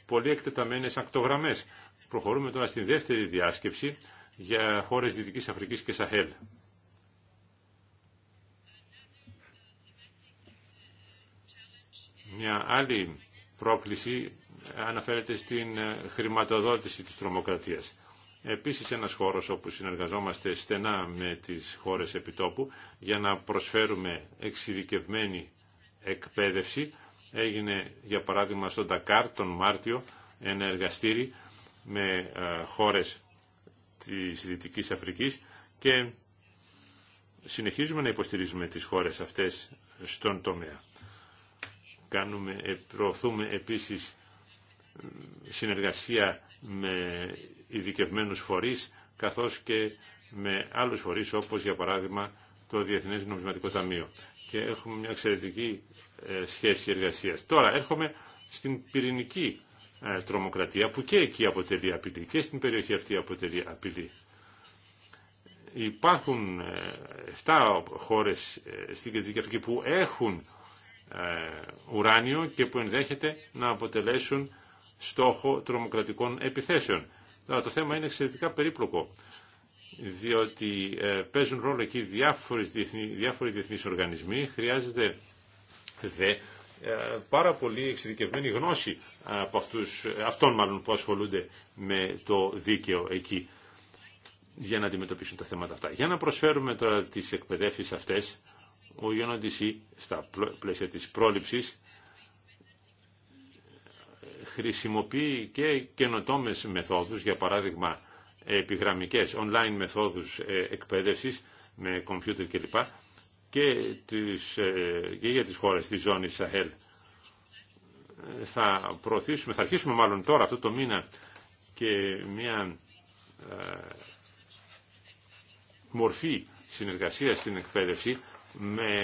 πολύ εκτεταμένες ακτογραμμές. Προχωρούμε τώρα στην δεύτερη διάσκεψη για χώρες Δυτικής Αφρικής και Σαχέλ. Μια άλλη πρόκληση αναφέρεται στην χρηματοδότηση της τρομοκρατίας. Επίσης ένας χώρος όπου συνεργαζόμαστε στενά με τις χώρες επιτόπου για να προσφέρουμε εξειδικευμένη εκπαίδευση. Έγινε για παράδειγμα στον Τακάρ τον Μάρτιο ένα εργαστήρι με ε, χώρες της Δυτικής Αφρικής και συνεχίζουμε να υποστηρίζουμε τις χώρες αυτές στον τομέα. Κάνουμε, ε, προωθούμε επίσης ε, συνεργασία με ειδικευμένους φορείς, καθώς και με άλλους φορείς, όπως για παράδειγμα το Διεθνές Νομισματικό Ταμείο. Και έχουμε μια εξαιρετική ε, σχέση εργασίας. Τώρα έρχομαι στην πυρηνική ε, τρομοκρατία, που και εκεί αποτελεί απειλή, και στην περιοχή αυτή αποτελεί απειλή. Υπάρχουν 7 ε, χώρες στην Κεντρική Αφρική που έχουν ουράνιο και που ενδέχεται να αποτελέσουν στόχο τρομοκρατικών επιθέσεων. Τώρα το θέμα είναι εξαιρετικά περίπλοκο, διότι ε, παίζουν ρόλο εκεί διάφορες διεθνή, διάφοροι διεθνείς οργανισμοί, χρειάζεται δε ε, πάρα πολύ εξειδικευμένη γνώση από αυτούς, αυτών μάλλον που ασχολούνται με το δίκαιο εκεί για να αντιμετωπίσουν τα θέματα αυτά. Για να προσφέρουμε τώρα τις εκπαιδεύσεις αυτές, ο Γιάννοντισή στα πλαίσια της πρόληψης χρησιμοποιεί και καινοτόμες μεθόδους, για παράδειγμα επιγραμμικές online μεθόδους ε, εκπαίδευσης με κομπιούτερ κλπ. Και, τις, ε, και για τις χώρες της ζώνης Σαχέλ. Ε, θα προωθήσουμε, θα αρχίσουμε μάλλον τώρα αυτό το μήνα και μια μορφή συνεργασίας στην εκπαίδευση με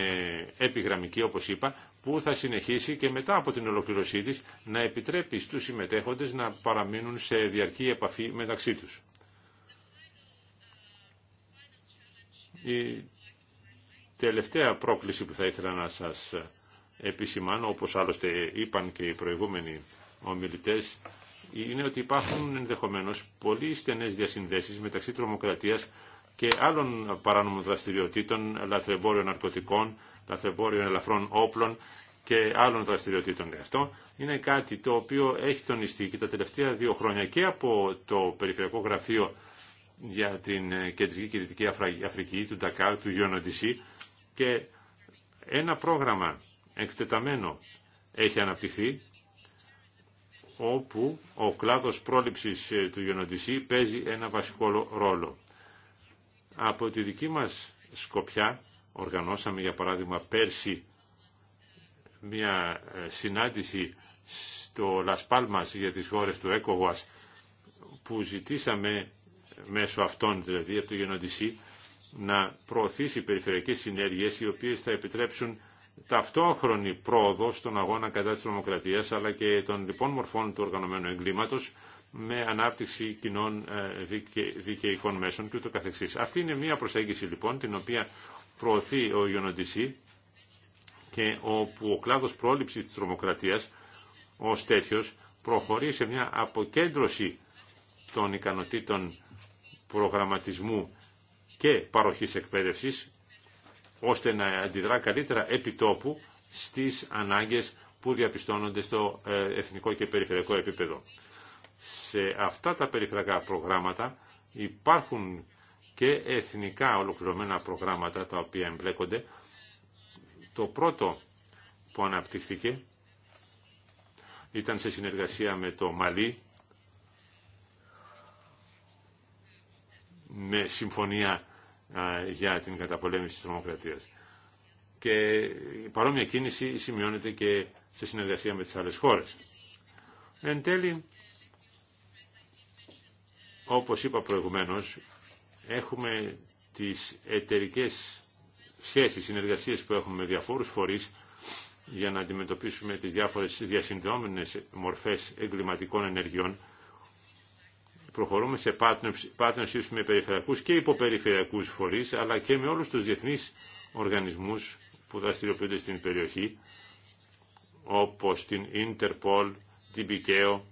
επιγραμμική όπως είπα που θα συνεχίσει και μετά από την ολοκληρωσή της να επιτρέπει στους συμμετέχοντες να παραμείνουν σε διαρκή επαφή μεταξύ τους. Η τελευταία πρόκληση που θα ήθελα να σας επισημάνω, όπως άλλωστε είπαν και οι προηγούμενοι ομιλητές, είναι ότι υπάρχουν ενδεχομένως πολύ στενές διασυνδέσεις μεταξύ τρομοκρατίας και άλλων παράνομων δραστηριοτήτων, λαθρεμπόριων ναρκωτικών, τα λαθρεμπόριων ελαφρών όπλων και άλλων δραστηριοτήτων. Αυτό είναι κάτι το οποίο έχει τονιστεί και τα τελευταία δύο χρόνια και από το Περιφερειακό Γραφείο για την Κεντρική και Δυτική Αφρική, του Ντακάρ, του Γιονοντισή και ένα πρόγραμμα εκτεταμένο έχει αναπτυχθεί όπου ο κλάδος πρόληψης ε, του Γιονοντισή παίζει ένα βασικό ρόλο. Από τη δική μας σκοπιά Οργανώσαμε για παράδειγμα πέρσι μια ε, συνάντηση στο Λασπάλμα για τις χώρες του Έκοβας που ζητήσαμε μέσω αυτών δηλαδή από το Γενοντισί να προωθήσει περιφερειακές συνέργειες οι οποίες θα επιτρέψουν ταυτόχρονη πρόοδο στον αγώνα κατά της τρομοκρατίας αλλά και των λοιπόν μορφών του οργανωμένου εγκλήματος με ανάπτυξη κοινών ε, δικαιικών μέσων και Αυτή είναι μια προσέγγιση λοιπόν την οποία προωθεί ο UNODC και όπου ο κλάδος πρόληψης της τρομοκρατίας ως τέτοιος προχωρεί σε μια αποκέντρωση των ικανοτήτων προγραμματισμού και παροχής εκπαίδευσης ώστε να αντιδρά καλύτερα επιτόπου στις ανάγκες που διαπιστώνονται στο ε, εθνικό και περιφερειακό επίπεδο. Σε αυτά τα περιφερειακά προγράμματα υπάρχουν και εθνικά ολοκληρωμένα προγράμματα τα οποία εμπλέκονται. Το πρώτο που αναπτύχθηκε ήταν σε συνεργασία με το Μαλί, με συμφωνία για την καταπολέμηση της τρομοκρατίας. Και η παρόμοια κίνηση σημειώνεται και σε συνεργασία με τις άλλες χώρες. Εν τέλει, όπως είπα προηγουμένως, Έχουμε τις εταιρικέ σχέσεις, συνεργασίες που έχουμε με διαφόρους φορείς για να αντιμετωπίσουμε τις διάφορες διασυνδεόμενες μορφές εγκληματικών ενεργειών. Προχωρούμε σε partnerships με περιφερειακούς και υποπεριφερειακούς φορείς, αλλά και με όλους τους διεθνείς οργανισμούς που δραστηριοποιούνται στην περιοχή, όπως την Interpol, την Πικαίο.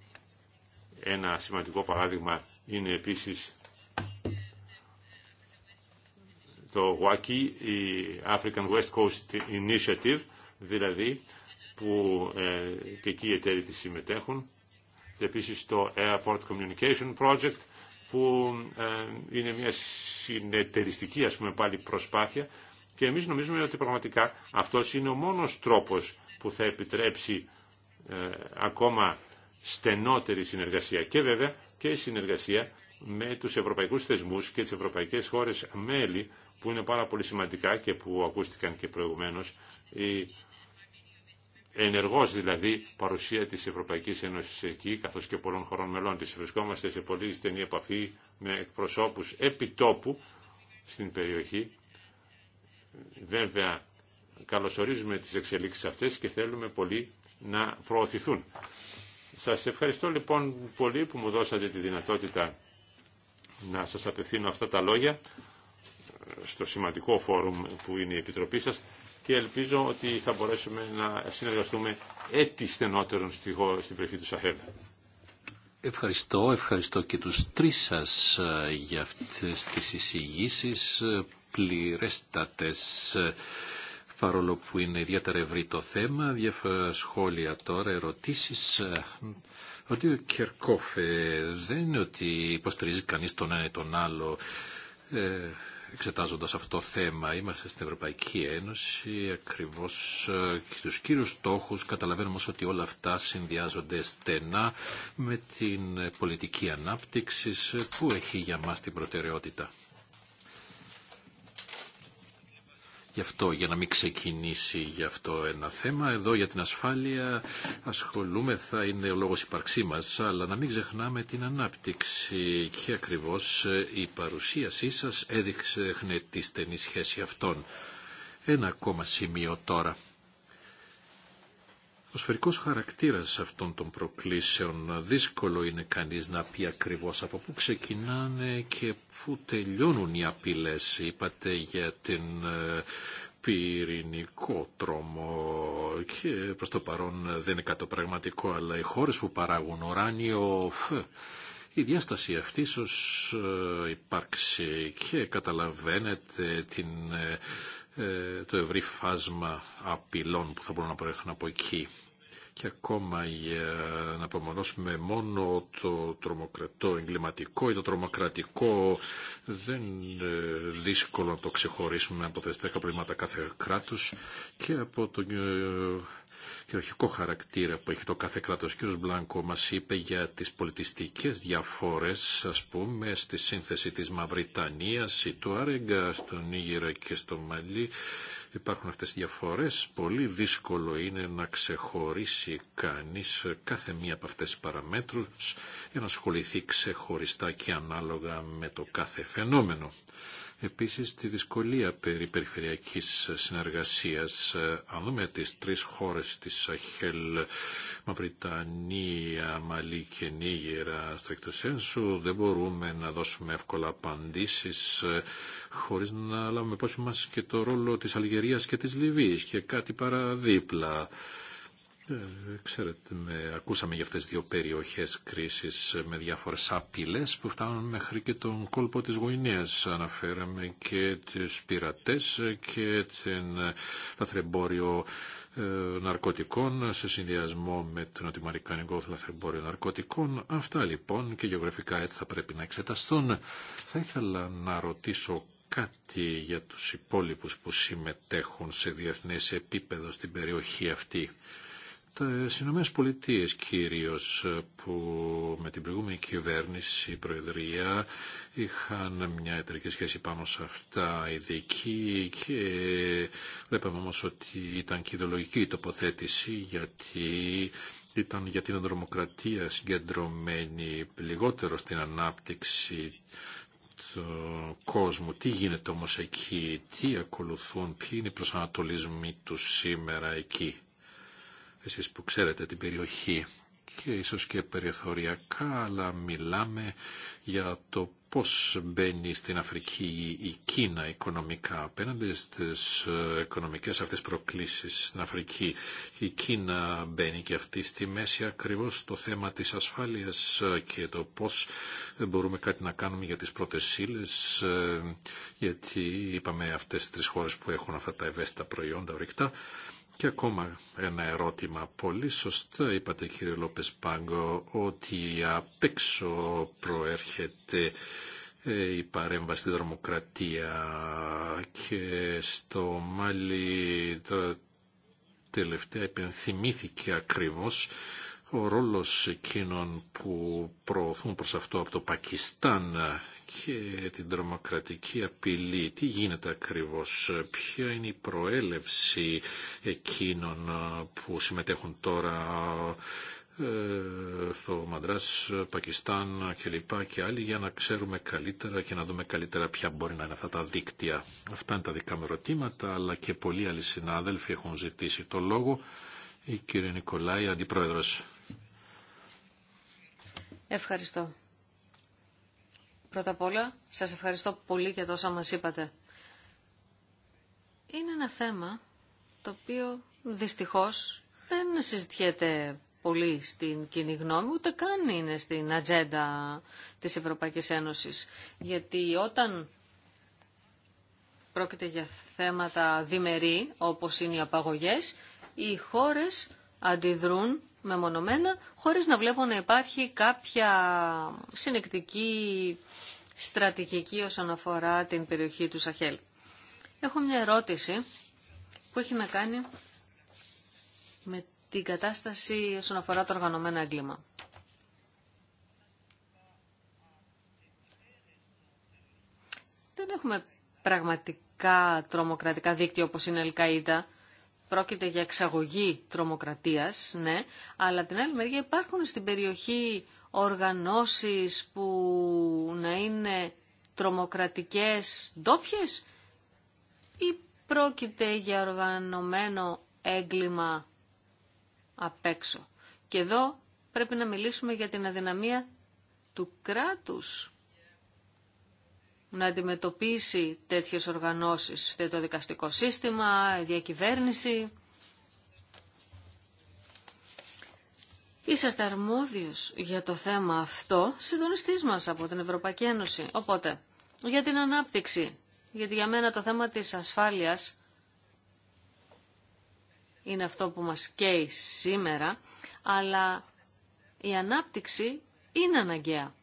Ένα σημαντικό παράδειγμα είναι επίσης το WACI, η African West Coast Initiative, δηλαδή που ε, και εκεί οι εταίροι της συμμετέχουν. Και επίσης το Airport Communication Project που ε, είναι μια συνεταιριστική ας πούμε πάλι προσπάθεια και εμείς νομίζουμε ότι πραγματικά αυτός είναι ο μόνος τρόπος που θα επιτρέψει ε, ακόμα στενότερη συνεργασία και βέβαια και συνεργασία με τους ευρωπαϊκούς θεσμούς και τις ευρωπαϊκές χώρες μέλη που είναι πάρα πολύ σημαντικά και που ακούστηκαν και προηγουμένως, η ενεργός δηλαδή παρουσία της Ευρωπαϊκής Ένωσης εκεί, καθώς και πολλών χωρών μελών της. Βρισκόμαστε σε πολύ στενή επαφή με εκπροσώπους επιτόπου στην περιοχή. Βέβαια, καλωσορίζουμε τις εξελίξεις αυτές και θέλουμε πολύ να προωθηθούν. Σας ευχαριστώ λοιπόν πολύ που μου δώσατε τη δυνατότητα να σας απευθύνω αυτά τα λόγια στο σημαντικό φόρουμ που είναι η Επιτροπή σας και ελπίζω ότι θα μπορέσουμε να συνεργαστούμε έτσι στενότερον στην περιοχή του Σαχέλ. Ευχαριστώ, ευχαριστώ και τους τρεις σας ε, για αυτές τις εισηγήσεις ε, πληρέστατες ε, παρόλο που είναι ιδιαίτερα ευρύ το θέμα. Διάφορα σχόλια τώρα, ερωτήσεις. Ότι ο Κερκόφε, δεν είναι ότι υποστηρίζει κανείς τον ένα ή τον άλλο εξετάζοντας αυτό το θέμα. Είμαστε στην Ευρωπαϊκή Ένωση, ακριβώς ε, και τους κύριους στόχους καταλαβαίνουμε ότι όλα αυτά συνδυάζονται στενά με την πολιτική ανάπτυξη ε, που έχει για μας την προτεραιότητα. Γι' αυτό, για να μην ξεκινήσει γι' αυτό ένα θέμα, εδώ για την ασφάλεια ασχολούμε, θα είναι ο λόγος υπαρξή μας, αλλά να μην ξεχνάμε την ανάπτυξη. Και ακριβώς ε, η παρουσίασή σας έδειξε τη στενή σχέση αυτών. Ένα ακόμα σημείο τώρα. Ο σφαιρικός χαρακτήρας αυτών των προκλήσεων δύσκολο είναι κανείς να πει ακριβώς από πού ξεκινάνε και πού τελειώνουν οι απειλές. Είπατε για την ε, πυρηνικό τρόμο και προς το παρόν δεν είναι το πραγματικό, αλλά οι χώρες που παράγουν ουράνιο η διάσταση αυτή ίσως ε, υπάρξει και καταλαβαίνετε την ε, ε, το ευρύ φάσμα απειλών που θα μπορούν να προέρχονται από εκεί. Και ακόμα για να απομονώσουμε μόνο το τρομοκρατό εγκληματικό ή το τρομοκρατικό δεν είναι δύσκολο να το ξεχωρίσουμε από τα 10 προβλήματα κάθε κράτους και από το ε, χειροχικό χαρακτήρα που έχει το κάθε κράτος. Ο κ. Μπλάνκο μας είπε για τις πολιτιστικές διαφορές, ας πούμε, στη σύνθεση της Μαυριτανίας ή του Άρεγκα στον Ήγηρα και στο Μαλί. Υπάρχουν αυτές οι διαφορές. Πολύ δύσκολο είναι να ξεχωρίσει κανείς κάθε μία από αυτές τις παραμέτρους για να ασχοληθεί ξεχωριστά και ανάλογα με το κάθε φαινόμενο. Επίσης τη δυσκολία περί περιφερειακής συνεργασίας. Αν δούμε τις τρεις χώρες της Σαχέλ, Μαυριτανία, Μαλή και Νίγερα, στο δεν μπορούμε να δώσουμε εύκολα απαντήσεις χωρίς να λάβουμε υπόψη μας και το ρόλο της Αλγερίας και της Λιβύης και κάτι παραδίπλα. Ε, ξέρετε, με, ακούσαμε για αυτές τις δύο περιοχές κρίσης με διάφορες απειλές που φτάνουν μέχρι και τον κόλπο της Γουινέας. Αναφέραμε και τις πειρατές και την ε, λαθρεμπόριο ε, ναρκωτικών σε συνδυασμό με τον νοτιμαρικανικό λαθρεμπόριο ναρκωτικών. Αυτά λοιπόν και γεωγραφικά έτσι θα πρέπει να εξεταστούν. Θα ήθελα να ρωτήσω κάτι για τους υπόλοιπους που συμμετέχουν σε διεθνές επίπεδο στην περιοχή αυτή. Τα Συνωμένε Πολιτείε κυρίως που με την προηγούμενη κυβέρνηση, η Προεδρία είχαν μια εταιρική σχέση πάνω σε αυτά ειδική και βλέπαμε όμως ότι ήταν και ιδεολογική η τοποθέτηση γιατί ήταν για την ανδρομοκρατία συγκεντρωμένη λιγότερο στην ανάπτυξη του κόσμου. Τι γίνεται όμως εκεί, τι ακολουθούν, ποιοι είναι οι προσανατολισμοί του σήμερα εκεί εσείς που ξέρετε την περιοχή και ίσως και περιθωριακά, αλλά μιλάμε για το πώς μπαίνει στην Αφρική η Κίνα οικονομικά απέναντι στις ε, οικονομικές αυτές προκλήσεις στην Αφρική. Η Κίνα μπαίνει και αυτή στη μέση ακριβώς το θέμα της ασφάλειας ε, και το πώς μπορούμε κάτι να κάνουμε για τις πρώτες σύλλες ε, γιατί είπαμε αυτές τις τρεις χώρες που έχουν αυτά τα ευαίσθητα προϊόντα ορυκτά, και ακόμα ένα ερώτημα. Πολύ σωστά είπατε κύριε Λόπες Πάγκο ότι απ' έξω προέρχεται ε, η παρέμβαση στην δρομοκρατία και στο Μάλι τελευταία υπενθυμήθηκε ακριβώς ο ρόλος εκείνων που προωθούν προς αυτό από το Πακιστάν και την τρομοκρατική απειλή. Τι γίνεται ακριβώς, ποια είναι η προέλευση εκείνων που συμμετέχουν τώρα ε, στο Μαντράς, Πακιστάν και λοιπά και άλλοι για να ξέρουμε καλύτερα και να δούμε καλύτερα ποια μπορεί να είναι αυτά τα δίκτυα. Αυτά είναι τα δικά μου ερωτήματα, αλλά και πολλοί άλλοι συνάδελφοι έχουν ζητήσει το λόγο. Η κυρία Νικολάη, αντιπρόεδρος. Ευχαριστώ. Πρώτα απ' όλα, σας ευχαριστώ πολύ για τόσα μας είπατε. Είναι ένα θέμα το οποίο δυστυχώς δεν συζητιέται πολύ στην κοινή γνώμη, ούτε καν είναι στην ατζέντα της Ευρωπαϊκής Ένωσης. Γιατί όταν πρόκειται για θέματα διμερεί, όπως είναι οι απαγωγές, οι χώρες αντιδρούν μεμονωμένα, χωρίς να βλέπω να υπάρχει κάποια συνεκτική στρατηγική όσον αφορά την περιοχή του Σαχέλ. Έχω μια ερώτηση που έχει να κάνει με την κατάσταση όσον αφορά το οργανωμένο έγκλημα. Δεν έχουμε πραγματικά τρομοκρατικά δίκτυα όπως είναι η Ελκαΐδα πρόκειται για εξαγωγή τρομοκρατίας, ναι, αλλά την άλλη μεριά υπάρχουν στην περιοχή οργανώσεις που να είναι τρομοκρατικές ντόπιε ή πρόκειται για οργανωμένο έγκλημα απ' έξω. Και εδώ πρέπει να μιλήσουμε για την αδυναμία του κράτους να αντιμετωπίσει τέτοιες οργανώσεις, είτε το δικαστικό σύστημα, η διακυβέρνηση. Είσαστε αρμόδιος για το θέμα αυτό, συντονιστής μας από την Ευρωπαϊκή Ένωση. Οπότε, για την ανάπτυξη, γιατί για μένα το θέμα της ασφάλειας είναι αυτό που μας καίει σήμερα, αλλά η ανάπτυξη είναι αναγκαία.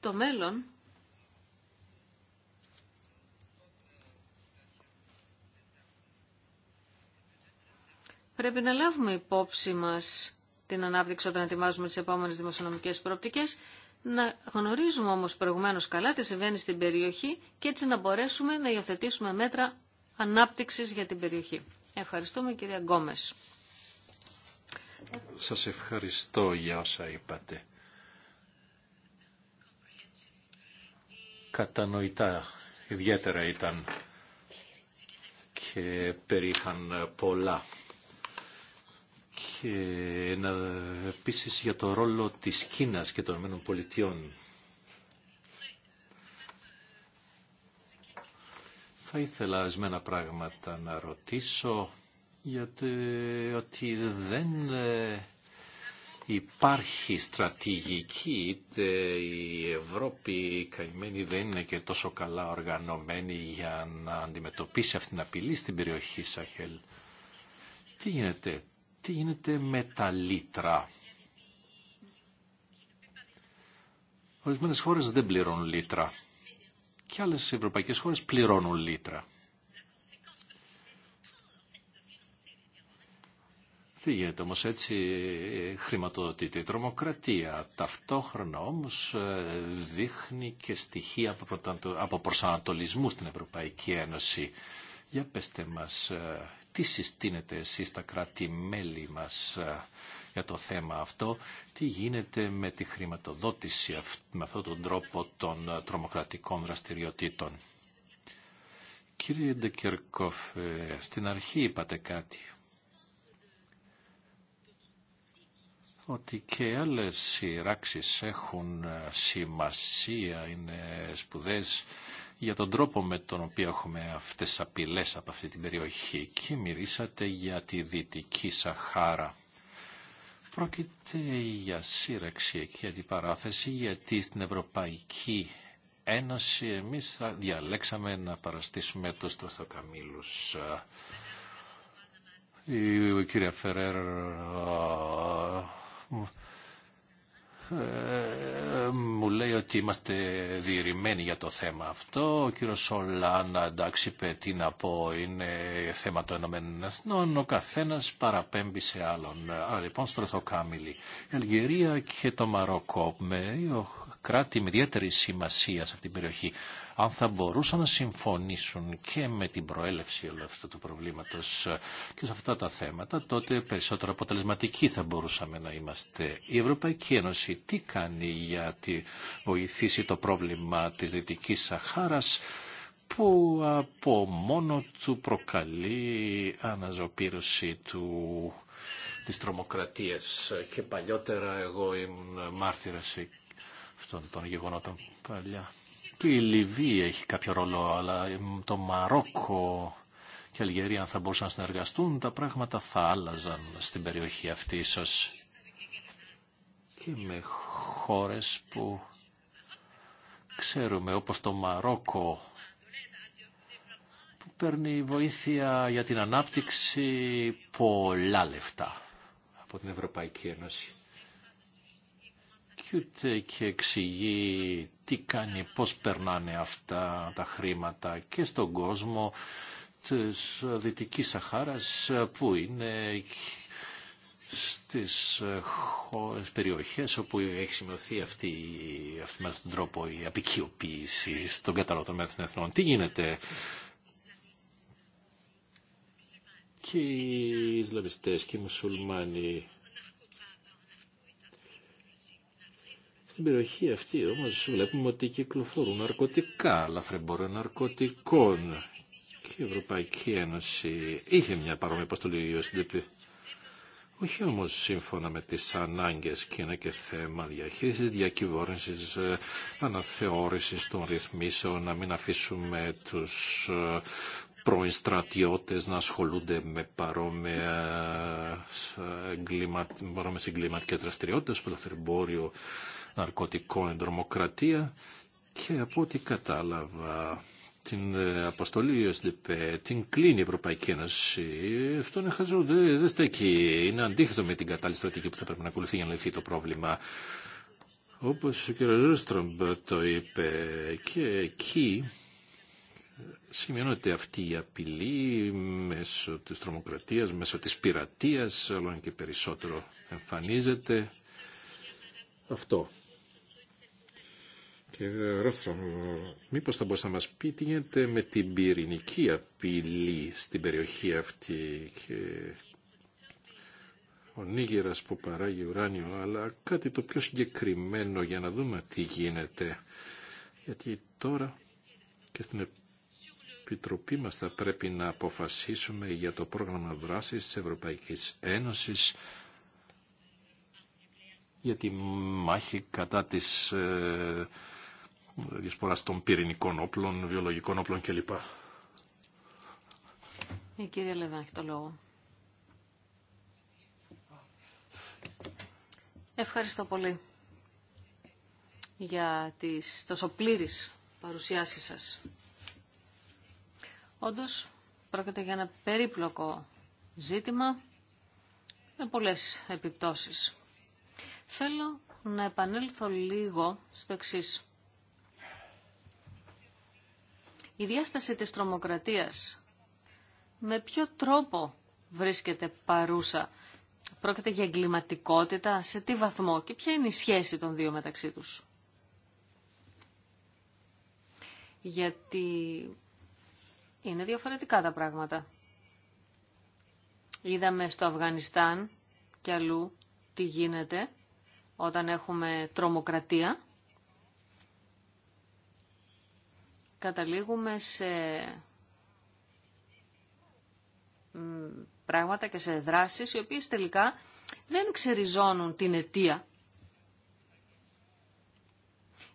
το μέλλον πρέπει να λάβουμε υπόψη μας την ανάπτυξη όταν ετοιμάζουμε τις επόμενες δημοσιονομικές προοπτικές, να γνωρίζουμε όμως προηγουμένως καλά τι συμβαίνει στην περιοχή και έτσι να μπορέσουμε να υιοθετήσουμε μέτρα ανάπτυξης για την περιοχή. Ευχαριστούμε κυρία Γκόμες. Σας ευχαριστώ για όσα είπατε. κατανοητά ιδιαίτερα ήταν και περίχαν πολλά. Και επίσης για το ρόλο της Κίνας και των ΗΠΑ. Θα ήθελα ορισμένα πράγματα να ρωτήσω, γιατί ότι δεν ε, υπάρχει στρατηγική, είτε η Ευρώπη καημένη δεν είναι και τόσο καλά οργανωμένη για να αντιμετωπίσει αυτήν την απειλή στην περιοχή Σαχέλ. Τι γίνεται, τι γίνεται με τα λίτρα. Ορισμένες χώρες δεν πληρώνουν λίτρα και άλλες ευρωπαϊκές χώρες πληρώνουν λίτρα. Τι γίνεται όμως έτσι χρηματοδοτείται η τρομοκρατία. Ταυτόχρονα όμως ε, δείχνει και στοιχεία από προσανατολισμού στην Ευρωπαϊκή Ένωση. Για πέστε μας, ε, τι συστήνετε εσείς τα κράτη-μέλη μας ε, για το θέμα αυτό, τι γίνεται με τη χρηματοδότηση με αυτόν τον τρόπο των τρομοκρατικών δραστηριοτήτων. Κύριε Ντεκερκόφ, στην αρχή είπατε κάτι ότι και άλλες σειράξεις έχουν ε, σημασία, είναι σπουδές για τον τρόπο με τον οποίο έχουμε αυτές τις απειλές από αυτή την περιοχή και μυρίσατε για τη Δυτική Σαχάρα. Πρόκειται για σύραξη και αντιπαράθεση γιατί στην Ευρωπαϊκή Ένωση εμείς θα διαλέξαμε να παραστήσουμε το στροθοκαμήλους ε, Η κυρία Φερέρ μου λέει ότι είμαστε διηρημένοι για το θέμα αυτό. Ο κύριο Σολάνα, εντάξει, είπε τι να πω, είναι θέμα των Ηνωμένων Ο καθένα παραπέμπει σε άλλον. Άρα λοιπόν, στρωθοκάμιλοι. Η Αλγερία και το Μαρόκο με κράτη με ιδιαίτερη σημασία σε αυτή την περιοχή αν θα μπορούσαν να συμφωνήσουν και με την προέλευση όλου αυτού του προβλήματος ε, και σε αυτά τα θέματα, τότε περισσότερο αποτελεσματικοί θα μπορούσαμε να είμαστε. Η Ευρωπαϊκή Ένωση τι κάνει για τη βοηθήσει το πρόβλημα της Δυτικής Σαχάρας, που από μόνο του προκαλεί αναζωπήρωση του, της τρομοκρατίας. Και παλιότερα εγώ ήμουν μάρτυρας αυτών των γεγονότων παλιά η Λιβύη έχει κάποιο ρόλο, αλλά το Μαρόκο και η Αλγερία αν θα μπορούσαν να συνεργαστούν, τα πράγματα θα άλλαζαν στην περιοχή αυτή ίσως. Και με χώρες που ξέρουμε, όπως το Μαρόκο, που παίρνει βοήθεια για την ανάπτυξη πολλά λεφτά από την Ευρωπαϊκή Ένωση. Και ούτε και εξηγεί τι κάνει, πώς περνάνε αυτά τα χρήματα και στον κόσμο της Δυτικής Σαχάρας που είναι στις περιοχές όπου έχει σημειωθεί αυτή, αυτή με τον τρόπο η απεικιοποίηση στον κατάλογο των εθνών. Τι γίνεται και οι Ισλαμιστές και οι Μουσουλμάνοι Στην περιοχή αυτή όμως βλέπουμε ότι κυκλοφορούν ναρκωτικά, λαφρεμπόρο ναρκωτικών. Και η Ευρωπαϊκή Ένωση είχε μια παρόμοια αποστολή USDP. Όχι όμως σύμφωνα με τις ανάγκες και είναι και θέμα διαχείρισης, διακυβόρυνσης, ε, αναθεώρησης των ρυθμίσεων, να μην αφήσουμε τους ε, πρώην να ασχολούνται με ε, παρόμοιες εγκληματικές δραστηριότητες, που το ναρκωτικών, εντρομοκρατία και από ό,τι κατάλαβα την ε, αποστολή SDP την κλείνει η Ευρωπαϊκή Ένωση. Αυτό είναι χαζό, δεν, στέκει. Είναι αντίθετο με την κατάλληλη στρατηγική που θα πρέπει να ακολουθεί για να λυθεί το πρόβλημα. Όπω ο κ. Ρούστρομ το είπε και εκεί σημειώνεται αυτή η απειλή μέσω της τρομοκρατίας, μέσω της πειρατείας, όλο και περισσότερο εμφανίζεται αυτό και μήπως θα μπορούσα να μας πει τι γίνεται με την πυρηνική απειλή στην περιοχή αυτή και ο που παράγει ουράνιο, αλλά κάτι το πιο συγκεκριμένο για να δούμε τι γίνεται. Γιατί τώρα και στην Επιτροπή μας θα πρέπει να αποφασίσουμε για το πρόγραμμα δράσης της Ευρωπαϊκής Ένωσης για τη μάχη κατά της ε, διασποράς των πυρηνικών όπλων, βιολογικών όπλων κλπ. Η κυρία Λεβά έχει το λόγο. Ευχαριστώ πολύ για τις τόσο πλήρεις παρουσιάσεις σας. Όντως, πρόκειται για ένα περίπλοκο ζήτημα με πολλές επιπτώσεις. Θέλω να επανέλθω λίγο στο εξής. Η διάσταση της τρομοκρατίας με ποιο τρόπο βρίσκεται παρούσα. Πρόκειται για εγκληματικότητα, σε τι βαθμό και ποια είναι η σχέση των δύο μεταξύ τους. Γιατί είναι διαφορετικά τα πράγματα. Είδαμε στο Αφγανιστάν και αλλού τι γίνεται όταν έχουμε τρομοκρατία καταλήγουμε σε πράγματα και σε δράσεις οι οποίες τελικά δεν ξεριζώνουν την αιτία.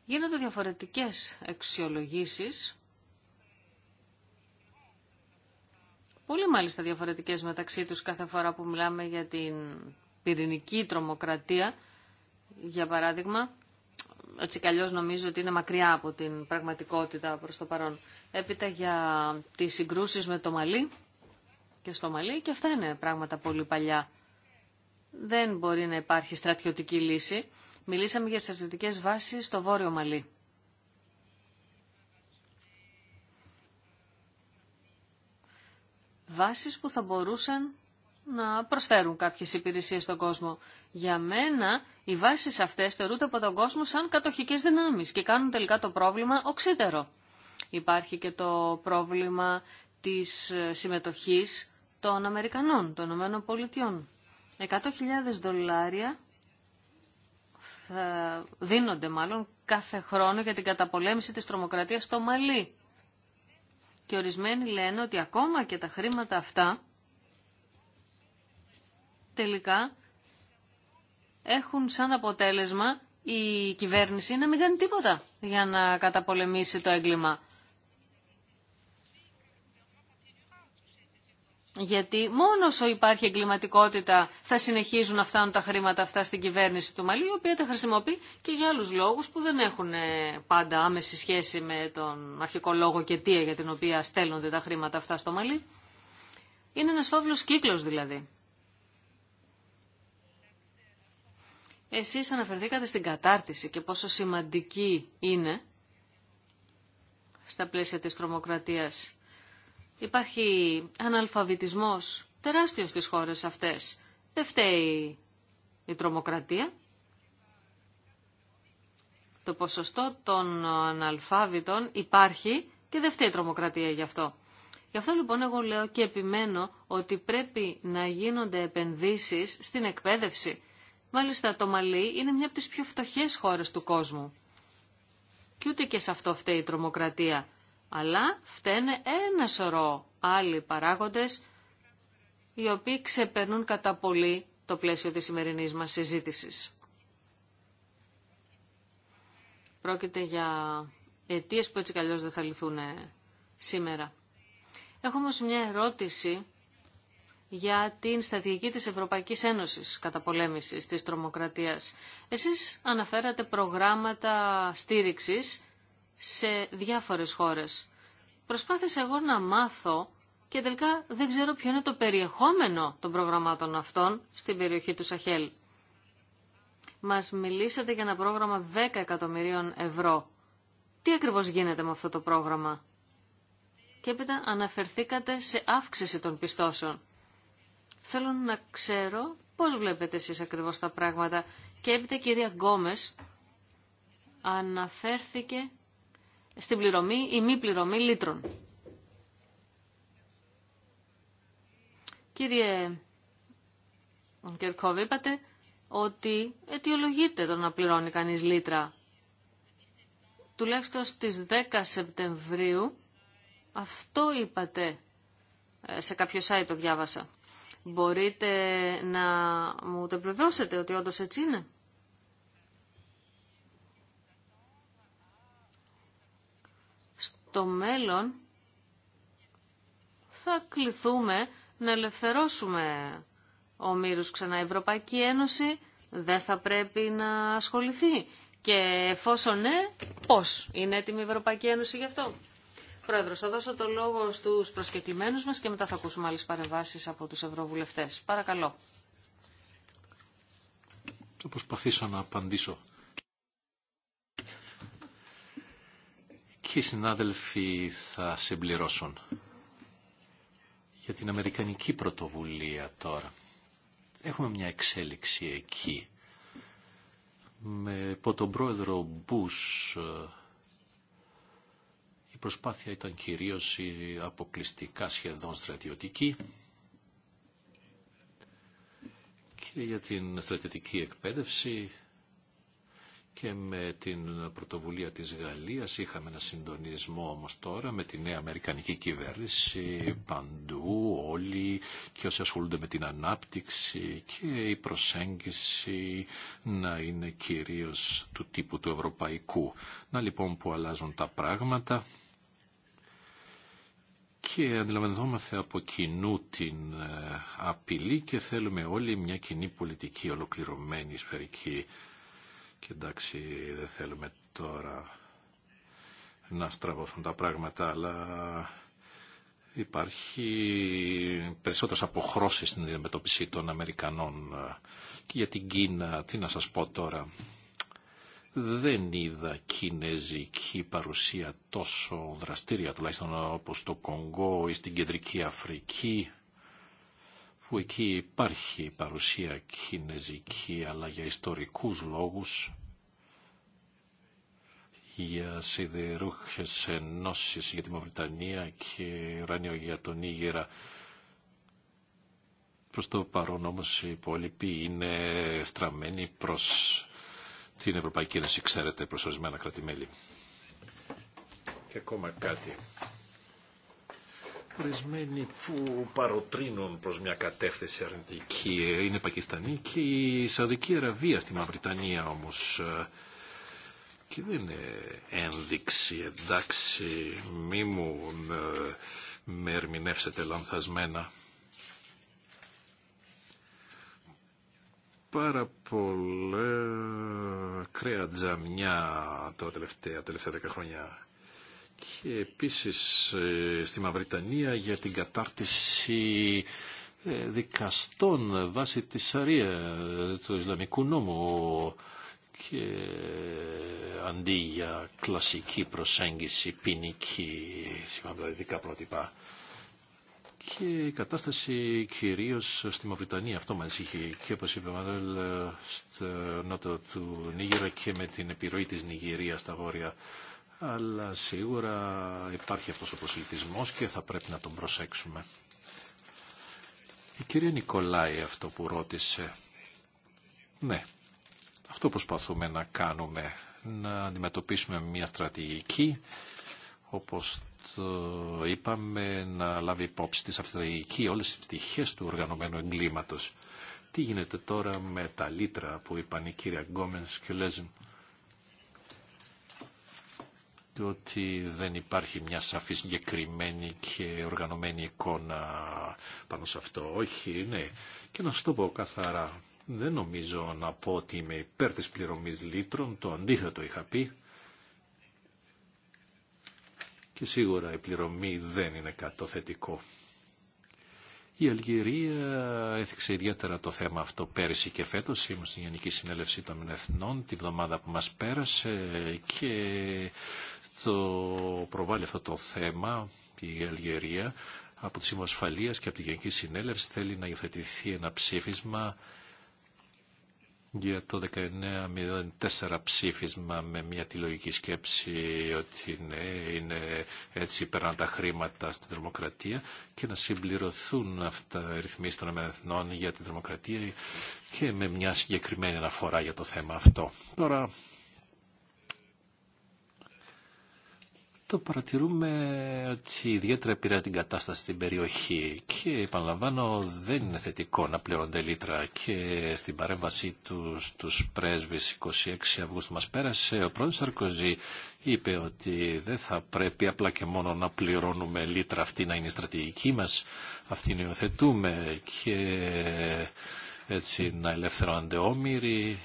Γίνονται διαφορετικές αξιολογήσεις, πολύ μάλιστα διαφορετικές μεταξύ τους κάθε φορά που μιλάμε για την πυρηνική τρομοκρατία, για παράδειγμα, έτσι κι νομίζω ότι είναι μακριά από την πραγματικότητα προς το παρόν. Έπειτα για τις συγκρούσεις με το Μαλί και στο Μαλί και αυτά είναι πράγματα πολύ παλιά. Δεν μπορεί να υπάρχει στρατιωτική λύση. Μιλήσαμε για στρατιωτικές βάσεις στο Βόρειο Μαλί. Βάσεις που θα μπορούσαν να προσφέρουν κάποιες υπηρεσίες στον κόσμο. Για μένα οι βάσεις αυτές θεωρούνται από τον κόσμο σαν κατοχικές δυνάμεις και κάνουν τελικά το πρόβλημα οξύτερο. Υπάρχει και το πρόβλημα της ε, συμμετοχής των Αμερικανών, των Ηνωμένων Πολιτειών. 100.000 δολάρια θα δίνονται μάλλον κάθε χρόνο για την καταπολέμηση της τρομοκρατίας στο Μαλί. Και ορισμένοι λένε ότι ακόμα και τα χρήματα αυτά τελικά έχουν σαν αποτέλεσμα η κυβέρνηση να μην κάνει τίποτα για να καταπολεμήσει το έγκλημα. Γιατί μόνο όσο υπάρχει εγκληματικότητα θα συνεχίζουν να φτάνουν τα χρήματα αυτά στην κυβέρνηση του Μαλή, η οποία τα χρησιμοποιεί και για άλλους λόγους που δεν έχουν ε, πάντα άμεση σχέση με τον αρχικό λόγο και αιτία για την οποία στέλνονται τα χρήματα αυτά στο Μαλή. Είναι ένας φαύλος κύκλος δηλαδή. Εσείς αναφερθήκατε στην κατάρτιση και πόσο σημαντική είναι στα πλαίσια της τρομοκρατίας. Υπάρχει αναλφαβητισμός τεράστιος στις χώρες αυτές. Δεν φταίει η τρομοκρατία. Το ποσοστό των αναλφάβητων υπάρχει και δεν φταίει η τρομοκρατία γι' αυτό. Γι' αυτό λοιπόν εγώ λέω και επιμένω ότι πρέπει να γίνονται επενδύσεις στην εκπαίδευση Μάλιστα το Μαλί είναι μια από τις πιο φτωχές χώρες του κόσμου. Και ούτε και σε αυτό φταίει η τρομοκρατία. Αλλά φταίνε ένα σωρό άλλοι παράγοντες οι οποίοι ξεπερνούν κατά πολύ το πλαίσιο της σημερινής μας συζήτησης. Πρόκειται για αιτίες που έτσι καλώ δεν θα λυθούν σήμερα. Έχω όμως μια ερώτηση για την στρατηγική της Ευρωπαϊκής Ένωσης καταπολέμησης της τρομοκρατίας. Εσείς αναφέρατε προγράμματα στήριξης σε διάφορες χώρες. Προσπάθησα εγώ να μάθω και τελικά δεν ξέρω ποιο είναι το περιεχόμενο των προγραμμάτων αυτών στην περιοχή του Σαχέλ. Μας μιλήσατε για ένα πρόγραμμα 10 εκατομμυρίων ευρώ. Τι ακριβώς γίνεται με αυτό το πρόγραμμα. Και έπειτα αναφερθήκατε σε αύξηση των πιστώσεων. Θέλω να ξέρω πώς βλέπετε εσείς ακριβώς τα πράγματα. Και έπειτα η κυρία Γκόμες αναφέρθηκε στην πληρωμή ή μη πληρωμή λίτρων. Κύριε Κερκόβ, είπατε ότι αιτιολογείται το να πληρώνει κανείς λίτρα. Τουλάχιστον στις 10 Σεπτεμβρίου, αυτό είπατε, ε, σε κάποιο site το διάβασα. Μπορείτε να μου το επιβεβαιώσετε ότι όντως έτσι είναι. Στο μέλλον θα κληθούμε να ελευθερώσουμε ο Μύρους ξανά. Η Ευρωπαϊκή Ένωση δεν θα πρέπει να ασχοληθεί. Και εφόσον ναι, πώς είναι έτοιμη η Ευρωπαϊκή Ένωση γι' αυτό. Πρόεδρος, θα δώσω το λόγο στους προσκεκλημένους μας και μετά θα ακούσουμε άλλες παρεμβάσεις από τους ευρωβουλευτές. Παρακαλώ. Θα προσπαθήσω να απαντήσω. Και οι συνάδελφοι θα συμπληρώσουν για την Αμερικανική πρωτοβουλία τώρα. Έχουμε μια εξέλιξη εκεί. Με, από τον πρόεδρο Μπούς ε, προσπάθεια ήταν κυρίως αποκλειστικά σχεδόν στρατιωτική και για την στρατιωτική εκπαίδευση και με την πρωτοβουλία της Γαλλίας είχαμε ένα συντονισμό όμως τώρα με τη νέα Αμερικανική κυβέρνηση παντού όλοι και όσοι ασχολούνται με την ανάπτυξη και η προσέγγιση να είναι κυρίως του τύπου του ευρωπαϊκού. Να λοιπόν που αλλάζουν τα πράγματα και αντιλαμβανόμαστε από κοινού την ε, απειλή και θέλουμε όλοι μια κοινή πολιτική ολοκληρωμένη, σφαιρική. Και εντάξει, δεν θέλουμε τώρα να στραβωθούν τα πράγματα, αλλά υπάρχει περισσότερες αποχρώσεις στην αντιμετώπιση των Αμερικανών ε, και για την Κίνα, τι να σας πω τώρα δεν είδα κινέζικη παρουσία τόσο δραστήρια, τουλάχιστον όπως στο Κονγκό ή στην Κεντρική Αφρική, που εκεί υπάρχει παρουσία κινέζικη, αλλά για ιστορικούς λόγους, για σιδερούχες ενώσεις για τη Μαυριτανία και ουράνιο για τον Ήγερα. Προς το παρόν όμως οι υπόλοιποι είναι στραμμένοι προς την Ευρωπαϊκή Ένωση, ξέρετε, προς ορισμένα κρατημέλη. Και ακόμα κάτι. Ορισμένοι που παροτρύνουν προς μια κατεύθυνση αρνητική ε, είναι Πακιστανοί και η Σαουδική Αραβία στη Μαυριτανία όμως. Ε, και δεν είναι ένδειξη, εντάξει, μη μου ε, με ερμηνεύσετε λανθασμένα. πάρα πολλά κρέα τζαμιά τα τελευταία, τελευταία δέκα χρόνια και επίσης ε, στη Μαυριτανία για την κατάρτιση ε, δικαστών βάσει της Σαρία ε, του Ισλαμικού νόμου και αντί για κλασική προσέγγιση ποινική σημαντικά πρότυπα και η κατάσταση κυρίω στη Μαυριτανία αυτό μα είχε και όπω είπε Μανουέλ στο νότο του Νίγηρα και με την επιρροή της Νιγηρίας στα βόρεια αλλά σίγουρα υπάρχει αυτό ο προσελκυσμό και θα πρέπει να τον προσέξουμε. Η κυρία Νικολάη αυτό που ρώτησε. Ναι, αυτό προσπαθούμε να κάνουμε, να αντιμετωπίσουμε μια στρατηγική όπως ε, είπαμε να λάβει υπόψη της αυτοδεγική όλες τις πτυχές του οργανωμένου εγκλήματος. Τι γίνεται τώρα με τα λίτρα που είπαν η κυρία Γκόμενς και Λέζιν ότι δεν υπάρχει μια σαφή συγκεκριμένη και οργανωμένη εικόνα πάνω σε αυτό. Όχι, ναι. Και να σου το πω καθαρά. Δεν νομίζω να πω ότι είμαι υπέρ της πληρωμής λίτρων, το αντίθετο είχα πει και σίγουρα η πληρωμή δεν είναι κάτι το θετικό. Η Αλγερία έθιξε ιδιαίτερα το θέμα αυτό πέρυσι και φέτος. Ήμουν στην Γενική Συνέλευση των Εθνών τη βδομάδα που μας πέρασε και το προβάλλει αυτό το θέμα η Αλγερία από τη Συμβοσφαλίας και από τη Γενική Συνέλευση θέλει να υιοθετηθεί ένα ψήφισμα για το 1904 ψήφισμα με μια τη σκέψη ότι ναι, είναι έτσι περνάνε τα χρήματα στην δημοκρατία και να συμπληρωθούν αυτά οι ρυθμίσεις των ΕΕ για την δημοκρατία και με μια συγκεκριμένη αναφορά για το θέμα αυτό. Τώρα παρατηρούμε ότι ιδιαίτερα επηρεάζει την κατάσταση στην περιοχή και επαναλαμβάνω δεν είναι θετικό να πληρώνονται λίτρα και στην παρέμβασή του στους πρέσβεις 26 Αυγούστου μας πέρασε ο πρόεδρος Σαρκοζή είπε ότι δεν θα πρέπει απλά και μόνο να πληρώνουμε λίτρα αυτή να είναι η στρατηγική μας αυτήν υιοθετούμε και έτσι να ελεύθερονται όμοιροι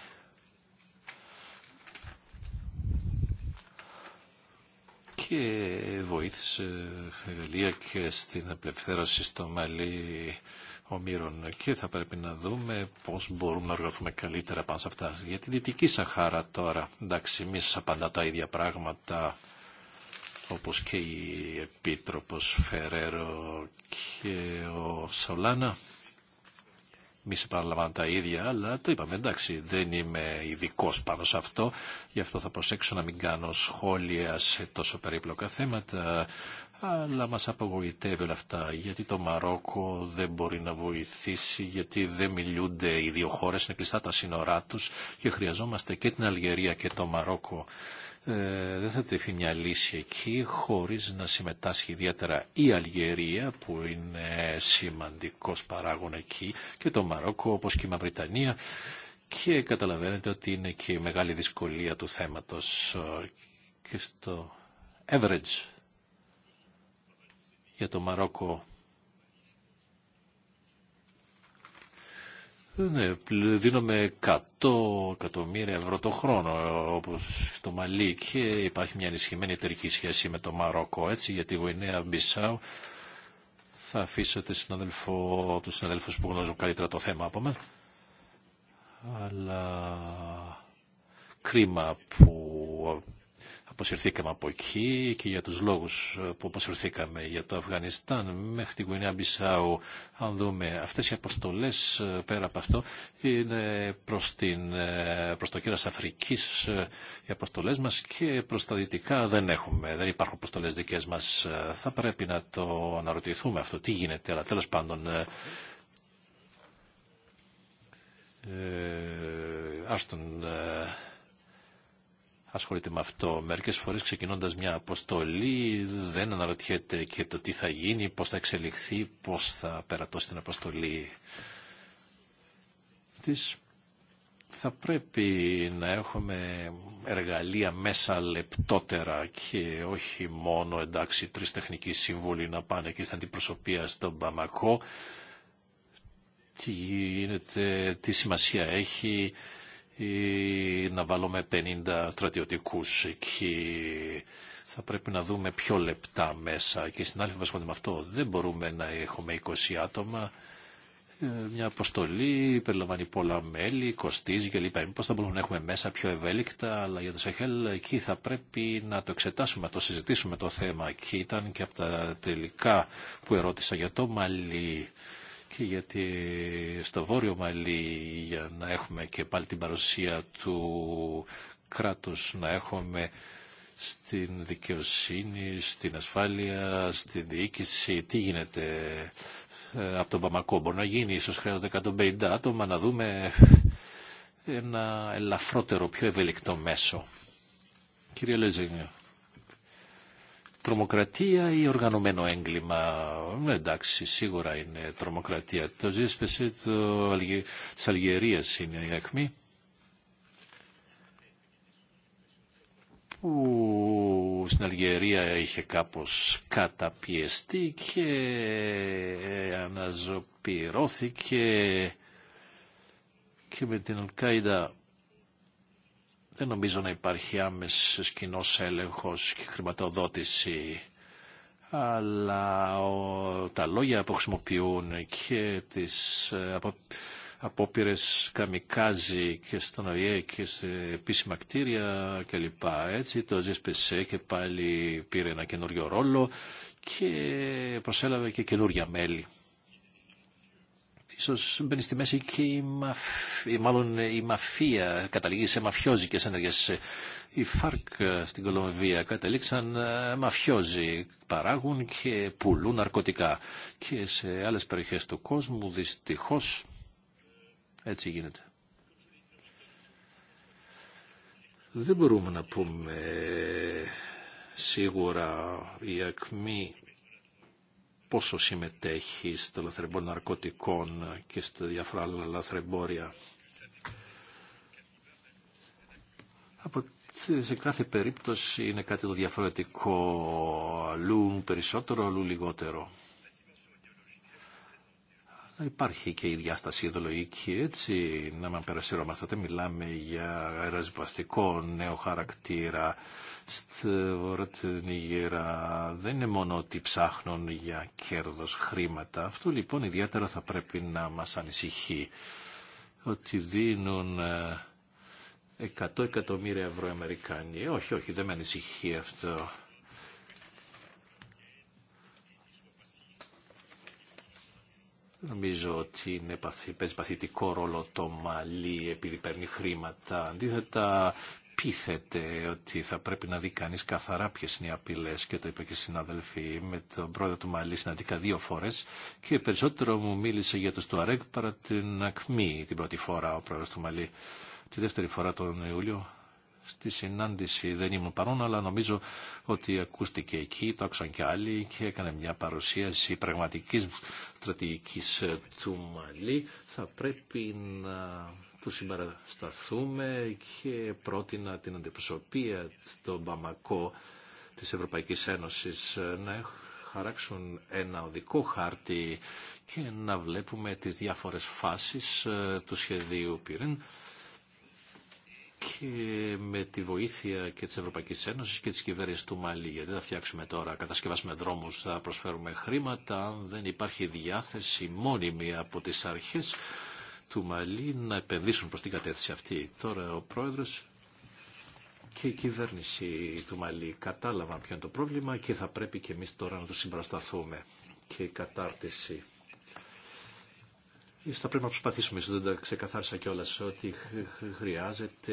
και βοήθησε φεβελία και στην απελευθέρωση στο Μαλί ομήρων και θα πρέπει να δούμε πώς μπορούμε να οργανωθούμε καλύτερα πάνω σε αυτά. Για τη Δυτική Σαχάρα τώρα, εντάξει, εμείς απαντά τα ίδια πράγματα όπως και η Επίτροπος Φερέρο και ο Σολάνα. Μη σε παραλαμβάνω τα ίδια, αλλά το είπαμε, εντάξει, δεν είμαι ειδικό πάνω σε αυτό, γι' αυτό θα προσέξω να μην κάνω σχόλια σε τόσο περίπλοκα θέματα, αλλά μας απογοητεύει όλα αυτά, γιατί το Μαρόκο δεν μπορεί να βοηθήσει, γιατί δεν μιλούνται οι δύο χώρες, είναι κλειστά τα σύνορά τους και χρειαζόμαστε και την Αλγερία και το Μαρόκο ε, δεν θα τεθεί μια λύση εκεί χωρίς να συμμετάσχει ιδιαίτερα η Αλγερία που είναι σημαντικός παράγων εκεί και το Μαρόκο όπως και η Μαυριτανία και καταλαβαίνετε ότι είναι και μεγάλη δυσκολία του θέματος ε, και στο average για το Μαρόκο Ναι, δίνουμε 100 εκατομμύρια ευρώ το χρόνο όπως στο Μαλί και υπάρχει μια ενισχυμένη εταιρική σχέση με το Μαρόκο έτσι γιατί η Γουινέα Μπισάου θα αφήσω τη συναδέλφου συναδέλφους που γνωρίζουν καλύτερα το θέμα από μένα αλλά κρίμα που αποσυρθήκαμε από εκεί και για τους λόγους ε, που αποσυρθήκαμε για το Αφγανιστάν μέχρι την Γουινέα Μπισάου, αν δούμε αυτές οι αποστολές ε, πέρα από αυτό είναι προς, την, ε, προς το κέρας Αφρικής οι αποστολές μας και προς τα δυτικά δεν έχουμε, δεν υπάρχουν αποστολές δικές μας. Θα πρέπει να το αναρωτηθούμε αυτό, τι γίνεται, αλλά τέλος πάντων Άστον, ασχολείται με αυτό. Μερικές φορές ξεκινώντας μια αποστολή δεν αναρωτιέται και το τι θα γίνει, πώς θα εξελιχθεί, πώς θα περατώσει την αποστολή της. Θα πρέπει να έχουμε εργαλεία μέσα λεπτότερα και όχι μόνο εντάξει τρεις τεχνικοί σύμβουλοι... να πάνε εκεί στην αντιπροσωπεία στον Παμακό. Τι γίνεται, τι σημασία έχει, ή να βάλουμε 50 στρατιωτικούς εκεί. Θα πρέπει να δούμε πιο λεπτά μέσα και στην άλλη βασικότητα με αυτό. Δεν μπορούμε να έχουμε 20 άτομα. Ε, μια αποστολή περιλαμβάνει πολλά μέλη, κοστίζει κλπ. Μήπως θα μπορούμε να έχουμε μέσα πιο ευέλικτα, αλλά για το ΣΕΧΕΛ εκεί θα πρέπει να το εξετάσουμε, να το συζητήσουμε το θέμα. Και ήταν και από τα τελικά που ερώτησα για το Μαλί γιατί στο Βόρειο Μαλί για να έχουμε και πάλι την παρουσία του κράτους, να έχουμε στην δικαιοσύνη, στην ασφάλεια, στην διοίκηση, τι γίνεται ε, από τον Παμακό. Μπορεί να γίνει, ίσως χρειάζονται 150 άτομα, να δούμε ένα ελαφρότερο, πιο ευελικτό μέσο. Κύριε Λεζένιο τρομοκρατία ή οργανωμένο έγκλημα. Ναι, εντάξει, σίγουρα είναι τρομοκρατία. Το ζήσπεση το... της Αλγερίας είναι η ακμή. που στην Αλγερία είχε κάπως καταπιεστεί και αναζωπηρώθηκε και με την Αλκάιδα δεν νομίζω να υπάρχει άμεση κοινό έλεγχο και χρηματοδότηση αλλά ο, τα λόγια που χρησιμοποιούν και τις ε, απόπειρε απόπειρες καμικάζι και στον ΟΗΕ και σε επίσημα κτίρια κλπ. Έτσι το GSPC και πάλι πήρε ένα καινούριο ρόλο και προσέλαβε και καινούρια μέλη ίσως μπαίνει στη μέση και η, μαφία, καταλήγει σε μαφιόζικες ενέργειες. Οι ΦΑΡΚ στην Κολομβία καταλήξαν ε, μαφιόζοι, παράγουν και πουλούν ναρκωτικά. Και σε άλλες περιοχές του κόσμου δυστυχώς έτσι γίνεται. Δεν μπορούμε να πούμε σίγουρα η ακμή πόσο συμμετέχει στο λαθρεμπόριο ναρκωτικών και στα διάφορα λαθρεμπόρια. Από σε κάθε περίπτωση είναι κάτι το διαφορετικό, αλλού περισσότερο, αλλού λιγότερο. Υπάρχει και η διάσταση ιδεολογική, έτσι, να μην περασυρώμαστε. Δεν μιλάμε για αερασβαστικό νέο χαρακτήρα στο Ιγέρα. Δεν είναι μόνο ότι ψάχνουν για κέρδος χρήματα. Αυτό λοιπόν ιδιαίτερα θα πρέπει να μας ανησυχεί. Ότι δίνουν 100 ε, εκατομμύρια ευρώ Αμερικάνοι. Ε, όχι, όχι, δεν με ανησυχεί αυτό. Νομίζω ότι είναι παίζει παθητικό ρόλο το Μαλί επειδή παίρνει χρήματα. Αντίθετα, πείθεται ότι θα πρέπει να δει κανεί καθαρά ποιε είναι οι απειλέ και το είπε και συναδελφοί. Με τον πρόεδρο του Μαλί συναντήκα δύο φορέ και περισσότερο μου μίλησε για το Στουαρέγ παρά την ΑΚΜΗ την πρώτη φορά ο πρόεδρο του Μαλί. Τη δεύτερη φορά τον Ιούλιο στη συνάντηση δεν ήμουν παρόν, αλλά νομίζω ότι ακούστηκε εκεί, το άκουσαν και άλλοι και έκανε μια παρουσίαση πραγματικής στρατηγικής ε, του Μαλή. Θα πρέπει να του συμπαρασταθούμε και πρότεινα την αντιπροσωπεία των Μπαμακό της Ευρωπαϊκής Ένωσης ε, να χαράξουν ένα οδικό χάρτη και να βλέπουμε τις διάφορες φάσεις ε, του σχεδίου Πυρήν και με τη βοήθεια και της Ευρωπαϊκής Ένωσης και της κυβέρνησης του Μαλή. Γιατί θα φτιάξουμε τώρα, κατασκευάσουμε δρόμους, θα προσφέρουμε χρήματα, αν δεν υπάρχει διάθεση μόνιμη από τις αρχές του Μαλή να επενδύσουν προς την κατεύθυνση αυτή. Τώρα ο πρόεδρος και η κυβέρνηση του Μαλή κατάλαβαν ποιο είναι το πρόβλημα και θα πρέπει και εμείς τώρα να το συμπρασταθούμε. Και η κατάρτιση θα πρέπει να προσπαθήσουμε, δεν τα ξεκαθάρισα κιόλα, ότι χρειάζεται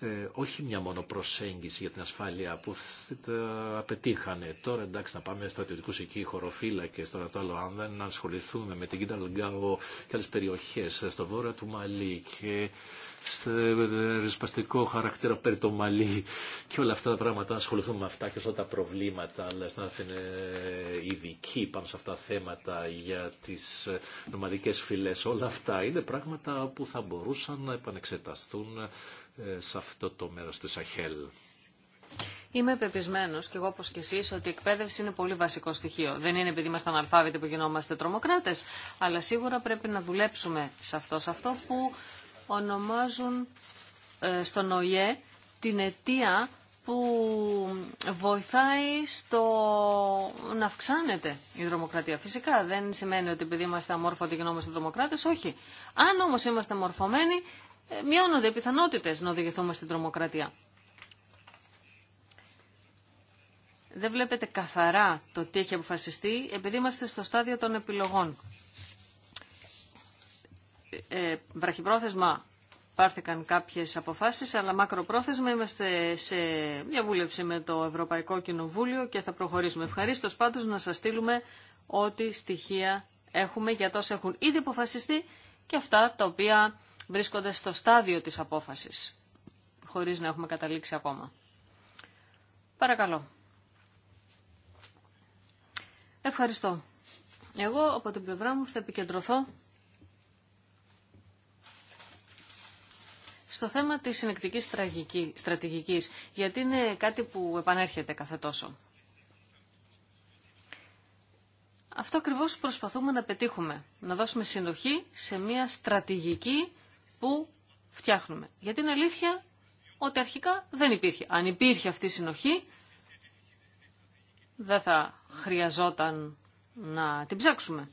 ε, όχι μια μόνο προσέγγιση για την ασφάλεια που τα απετύχανε. Τώρα εντάξει να πάμε στρατιωτικού εκεί χωροφύλακε, τώρα το άλλο αν δεν ασχοληθούμε με την Κίνταλγκάο και άλλε περιοχέ ε, στο βόρειο του Μαλί και στο ε, ρισπαστικό χαρακτήρα περί το Μαλί και όλα αυτά τα πράγματα να ασχοληθούμε με αυτά και όλα τα προβλήματα αλλά να είναι ειδικοί πάνω σε αυτά τα θέματα για τις ε, νομαδικές φυλές όλα αυτά είναι πράγματα που θα μπορούσαν να επανεξεταστούν ε, σε αυτό το μέρος του Σαχέλ. Είμαι πεπισμένο και εγώ όπως και εσείς ότι η εκπαίδευση είναι πολύ βασικό στοιχείο. Δεν είναι επειδή είμαστε αναλφάβητοι που γινόμαστε τρομοκράτες, αλλά σίγουρα πρέπει να δουλέψουμε σε αυτό, σε αυτό που ονομάζουν ε, στον ΟΗΕ την αιτία που βοηθάει στο να αυξάνεται η δρομοκρατία. Φυσικά δεν σημαίνει ότι επειδή είμαστε αμόρφωτοι γινόμαστε δρομοκράτες, όχι. Αν όμως είμαστε μορφωμένοι, ε, μειώνονται οι πιθανότητες να οδηγηθούμε στην τρομοκρατία. Δεν βλέπετε καθαρά το τι έχει αποφασιστεί επειδή είμαστε στο στάδιο των επιλογών. Ε, βραχυπρόθεσμα πάρθηκαν κάποιες αποφάσεις, αλλά μακροπρόθεσμα είμαστε σε μια βούλευση με το Ευρωπαϊκό Κοινοβούλιο και θα προχωρήσουμε. Ευχαρίστως πάντως να σας στείλουμε ό,τι στοιχεία έχουμε για τόσα έχουν ήδη αποφασιστεί και αυτά τα οποία βρίσκονται στο στάδιο της απόφασης, χωρίς να έχουμε καταλήξει ακόμα. Παρακαλώ. Ευχαριστώ. Εγώ από την πλευρά μου θα επικεντρωθώ στο θέμα της συνεκτικής στρατηγικής, γιατί είναι κάτι που επανέρχεται κάθε τόσο. Αυτό ακριβώ προσπαθούμε να πετύχουμε, να δώσουμε συνοχή σε μια στρατηγική που φτιάχνουμε. Γιατί είναι αλήθεια ότι αρχικά δεν υπήρχε. Αν υπήρχε αυτή η συνοχή, δεν θα χρειαζόταν να την ψάξουμε.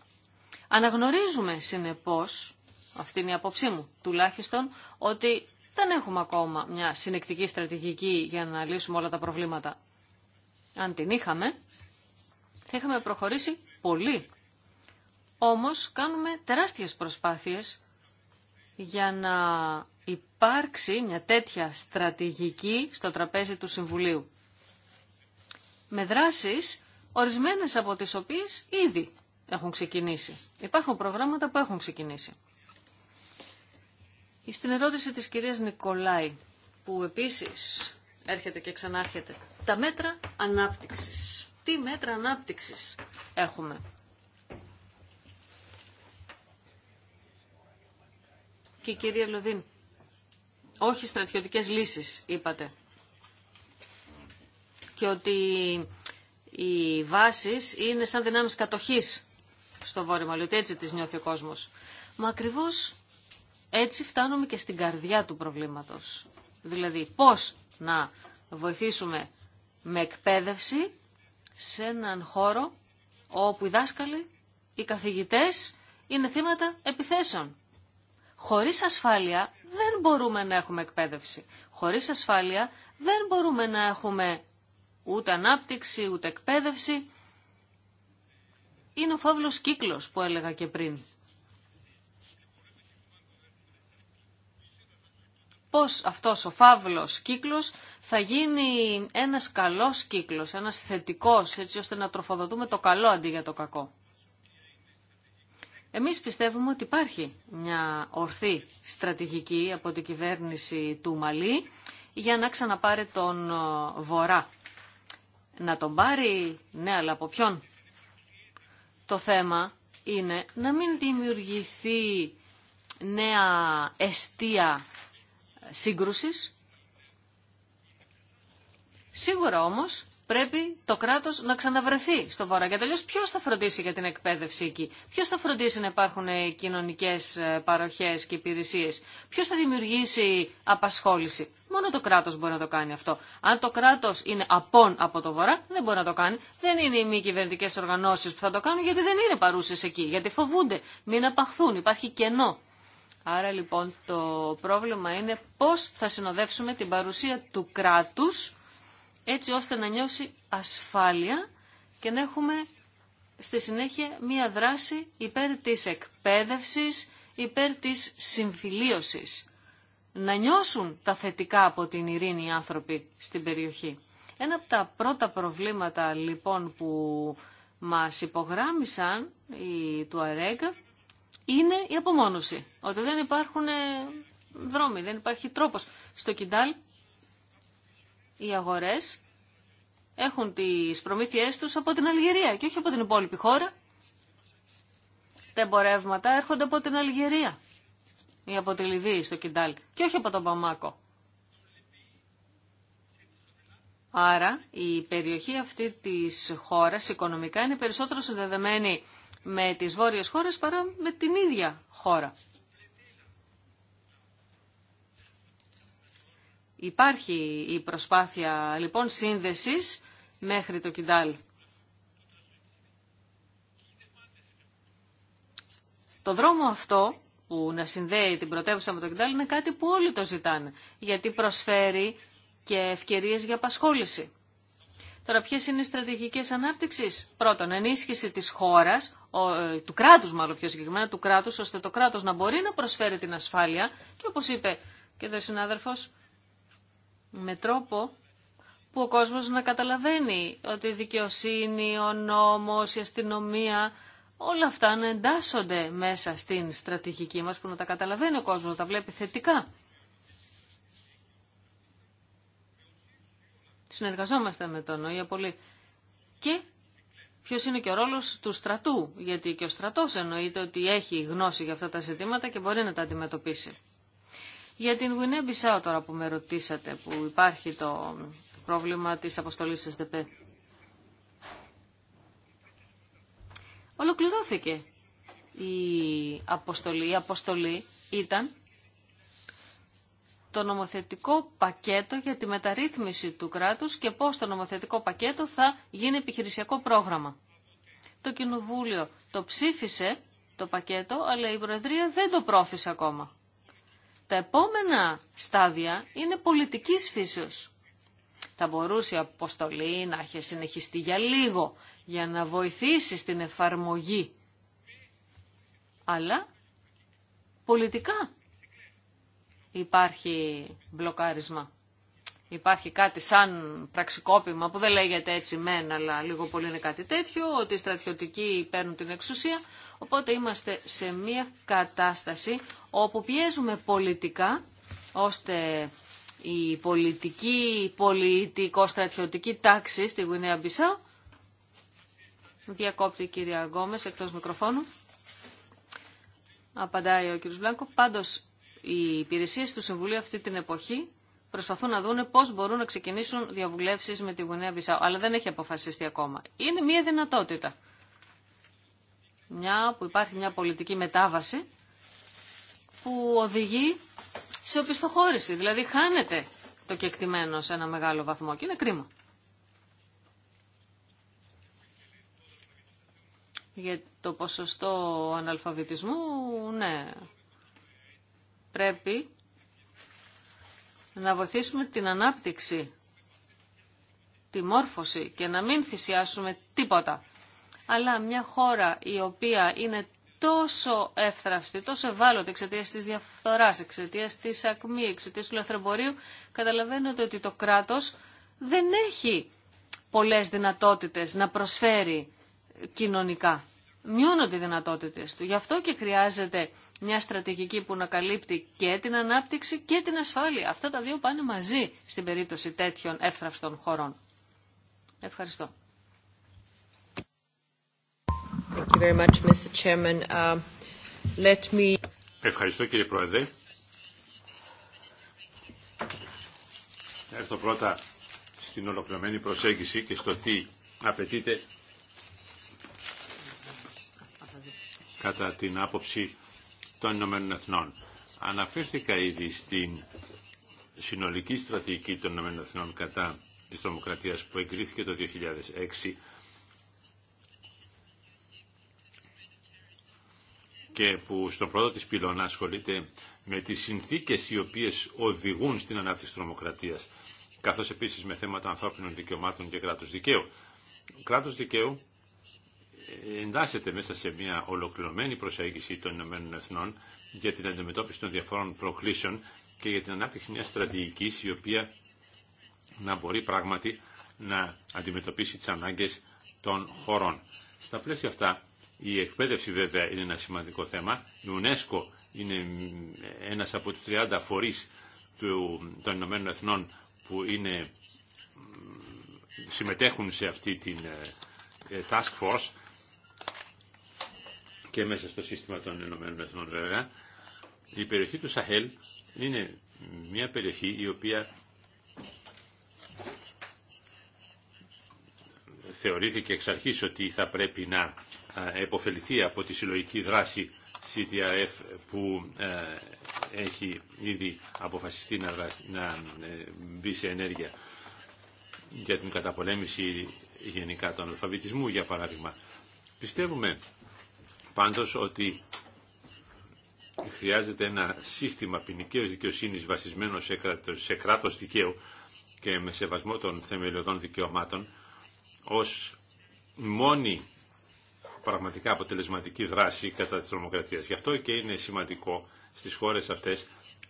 Αναγνωρίζουμε συνεπώς, αυτή είναι η απόψή μου τουλάχιστον, ότι δεν έχουμε ακόμα μια συνεκτική στρατηγική για να λύσουμε όλα τα προβλήματα. Αν την είχαμε, θα είχαμε προχωρήσει πολύ. Όμως κάνουμε τεράστιες προσπάθειες για να υπάρξει μια τέτοια στρατηγική στο τραπέζι του Συμβουλίου. Με δράσεις, ορισμένες από τις οποίες ήδη έχουν ξεκινήσει. Υπάρχουν προγράμματα που έχουν ξεκινήσει. Στην ερώτηση της κυρίας Νικολάη, που επίσης έρχεται και ξανάρχεται, τα μέτρα ανάπτυξης. Τι μέτρα ανάπτυξης έχουμε. Και η κυρία όχι στρατιωτικές λύσεις είπατε. Και ότι οι βάσεις είναι σαν δυνάμεις κατοχής στο Βόρειο Μαλί, ότι έτσι τις νιώθει ο κόσμος. Μα ακριβώς έτσι φτάνουμε και στην καρδιά του προβλήματος. Δηλαδή πώς να βοηθήσουμε με εκπαίδευση σε έναν χώρο όπου οι δάσκαλοι, οι καθηγητές είναι θύματα επιθέσεων. Χωρίς ασφάλεια δεν μπορούμε να έχουμε εκπαίδευση. Χωρίς ασφάλεια δεν μπορούμε να έχουμε ούτε ανάπτυξη, ούτε εκπαίδευση. Είναι ο φαύλος κύκλος που έλεγα και πριν. Πώς αυτός ο φαύλος κύκλος θα γίνει ένας καλός κύκλος, ένας θετικός, έτσι ώστε να τροφοδοτούμε το καλό αντί για το κακό. Εμείς πιστεύουμε ότι υπάρχει μια ορθή στρατηγική από την κυβέρνηση του Μαλή για να ξαναπάρει τον ε, Βορρά. Να τον πάρει, ναι, αλλά από ποιον. Το θέμα είναι να μην δημιουργηθεί νέα αιστεία σύγκρουσης. Σίγουρα όμως πρέπει το κράτο να ξαναβρεθεί στο Βορρά. Γιατί τελείω ποιο θα φροντίσει για την εκπαίδευση εκεί, ποιο θα φροντίσει να υπάρχουν ε, κοινωνικέ ε, παροχέ και υπηρεσίε, ποιο θα δημιουργήσει απασχόληση. Μόνο το κράτο μπορεί να το κάνει αυτό. Αν το κράτο είναι απόν από το Βορρά, δεν μπορεί να το κάνει. Δεν είναι οι μη κυβερνητικέ οργανώσει που θα το κάνουν γιατί δεν είναι παρούσε εκεί, γιατί φοβούνται, μην απαχθούν, υπάρχει κενό. Άρα λοιπόν το πρόβλημα είναι πώς θα συνοδεύσουμε την παρουσία του κράτους έτσι ώστε να νιώσει ασφάλεια και να έχουμε στη συνέχεια μία δράση υπέρ της εκπαίδευσης, υπέρ της συμφιλίωσης. Να νιώσουν τα θετικά από την ειρήνη οι άνθρωποι στην περιοχή. Ένα από τα πρώτα προβλήματα λοιπόν που μας υπογράμμισαν οι του ΑΡΕΚ είναι η απομόνωση. Ότι δεν υπάρχουν ε, δρόμοι, δεν υπάρχει τρόπος. Στο Κιντάλ οι αγορές έχουν τις προμήθειές τους από την Αλγερία και όχι από την υπόλοιπη χώρα. Τα εμπορεύματα έρχονται από την Αλγερία ή από τη Λιβύη στο Κιντάλ και όχι από τον Παμάκο. Άρα η περιοχή αυτή της χώρας οικονομικά είναι περισσότερο συνδεδεμένη με τις βόρειες χώρες παρά με την ίδια χώρα. Υπάρχει η προσπάθεια λοιπόν σύνδεσης μέχρι το Κιντάλ. Το δρόμο αυτό που να συνδέει την πρωτεύουσα με το Κιντάλ είναι κάτι που όλοι το ζητάνε, γιατί προσφέρει και ευκαιρίες για απασχόληση. Τώρα, ποιες είναι οι στρατηγικές ανάπτυξης. Πρώτον, ενίσχυση της χώρας, ε, του κράτους μάλλον πιο συγκεκριμένα, του κράτου, ώστε το κράτος να μπορεί να προσφέρει την ασφάλεια και όπως είπε και ο συνάδελφο, με τρόπο που ο κόσμος να καταλαβαίνει ότι η δικαιοσύνη, ο νόμος, η αστυνομία, όλα αυτά να εντάσσονται μέσα στην στρατηγική μας που να τα καταλαβαίνει ο κόσμος, να τα βλέπει θετικά. Συνεργαζόμαστε με τον ΟΗΑ πολύ. Και ποιος είναι και ο ρόλος του στρατού, γιατί και ο στρατός εννοείται ότι έχει γνώση για αυτά τα ζητήματα και μπορεί να τα αντιμετωπίσει. Για την Γουινέ Μπισάου τώρα που με ρωτήσατε, που υπάρχει το πρόβλημα της αποστολής ΣΔΠ. Ολοκληρώθηκε η αποστολή. Η αποστολή ήταν το νομοθετικό πακέτο για τη μεταρρύθμιση του κράτους και πώς το νομοθετικό πακέτο θα γίνει επιχειρησιακό πρόγραμμα. Το Κοινοβούλιο το ψήφισε το πακέτο, αλλά η Προεδρία δεν το πρόθεσε ακόμα. Τα επόμενα στάδια είναι πολιτικής φύσεως. Θα μπορούσε η αποστολή να έχει συνεχιστεί για λίγο, για να βοηθήσει στην εφαρμογή. Αλλά πολιτικά υπάρχει μπλοκάρισμα υπάρχει κάτι σαν πραξικόπημα που δεν λέγεται έτσι μεν, αλλά λίγο πολύ είναι κάτι τέτοιο, ότι οι στρατιωτικοί παίρνουν την εξουσία. Οπότε είμαστε σε μια κατάσταση όπου πιέζουμε πολιτικά, ώστε η πολιτική, πολιτικο-στρατιωτική τάξη στη Γουινέα Μπισά, διακόπτει η κυρία Γκόμες εκτός μικροφώνου, απαντάει ο κύριος Μπλάνκο, πάντως οι υπηρεσίες του Συμβουλίου αυτή την εποχή προσπαθούν να δούνε πώς μπορούν να ξεκινήσουν διαβουλεύσεις με τη Γουινέα Μπισάου. Αλλά δεν έχει αποφασιστεί ακόμα. Είναι μια δυνατότητα. Μια που υπάρχει μια πολιτική μετάβαση που οδηγεί σε οπισθοχώρηση. Δηλαδή χάνεται το κεκτημένο σε ένα μεγάλο βαθμό και είναι κρίμα. Για το ποσοστό αναλφαβητισμού, ναι, πρέπει να βοηθήσουμε την ανάπτυξη, τη μόρφωση και να μην θυσιάσουμε τίποτα. Αλλά μια χώρα η οποία είναι τόσο εύθραυστη, τόσο ευάλωτη εξαιτία τη διαφθορά, εξαιτία τη ακμή, εξαιτία του λαθρεμπορίου, καταλαβαίνετε ότι το κράτο δεν έχει πολλές δυνατότητες να προσφέρει κοινωνικά μειώνονται οι δυνατότητες του. Γι' αυτό και χρειάζεται μια στρατηγική που να καλύπτει και την ανάπτυξη και την ασφάλεια. Αυτά τα δύο πάνε μαζί στην περίπτωση τέτοιων εύθραυστων χωρών. Ευχαριστώ. Thank you very much, Mr. Chairman. Uh, let me... Ευχαριστώ κύριε Πρόεδρε. Έρθω πρώτα στην ολοκληρωμένη προσέγγιση και στο τι απαιτείται κατά την άποψη των Ηνωμένων Εθνών. Αναφέρθηκα ήδη στην συνολική στρατηγική των Ηνωμένων Εθνών κατά της τρομοκρατίας που εγκρίθηκε το 2006 και που στον πρώτο της πυλώνα ασχολείται με τις συνθήκες οι οποίες οδηγούν στην ανάπτυξη τρομοκρατίας καθώς επίσης με θέματα ανθρώπινων δικαιωμάτων και κράτους δικαίου. Κράτος δικαίου εντάσσεται μέσα σε μια ολοκληρωμένη προσέγγιση των Ηνωμένων Εθνών για την αντιμετώπιση των διαφόρων προκλήσεων και για την ανάπτυξη μιας στρατηγικής η οποία να μπορεί πράγματι να αντιμετωπίσει τις ανάγκες των χωρών. Στα πλαίσια αυτά η εκπαίδευση βέβαια είναι ένα σημαντικό θέμα. Η UNESCO είναι ένας από τους 30 φορείς των Ηνωμένων Εθνών που είναι, συμμετέχουν σε αυτή την ε, ε, task force και μέσα στο σύστημα των Ηνωμένων Εθνών βέβαια, η περιοχή του Σαχέλ είναι μια περιοχή η οποία θεωρήθηκε εξ αρχής ότι θα πρέπει να επωφεληθεί από τη συλλογική δράση CTRF που έχει ήδη αποφασιστεί να, να ε, μπει σε ενέργεια για την καταπολέμηση γενικά του αλφάβητισμού, για παράδειγμα. Πιστεύουμε πάντως ότι χρειάζεται ένα σύστημα ποινικής δικαιοσύνης βασισμένο σε κράτος, σε δικαίου και με σεβασμό των θεμελιωδών δικαιωμάτων ως μόνη πραγματικά αποτελεσματική δράση κατά της τρομοκρατίας. Γι' αυτό και είναι σημαντικό στις χώρες αυτές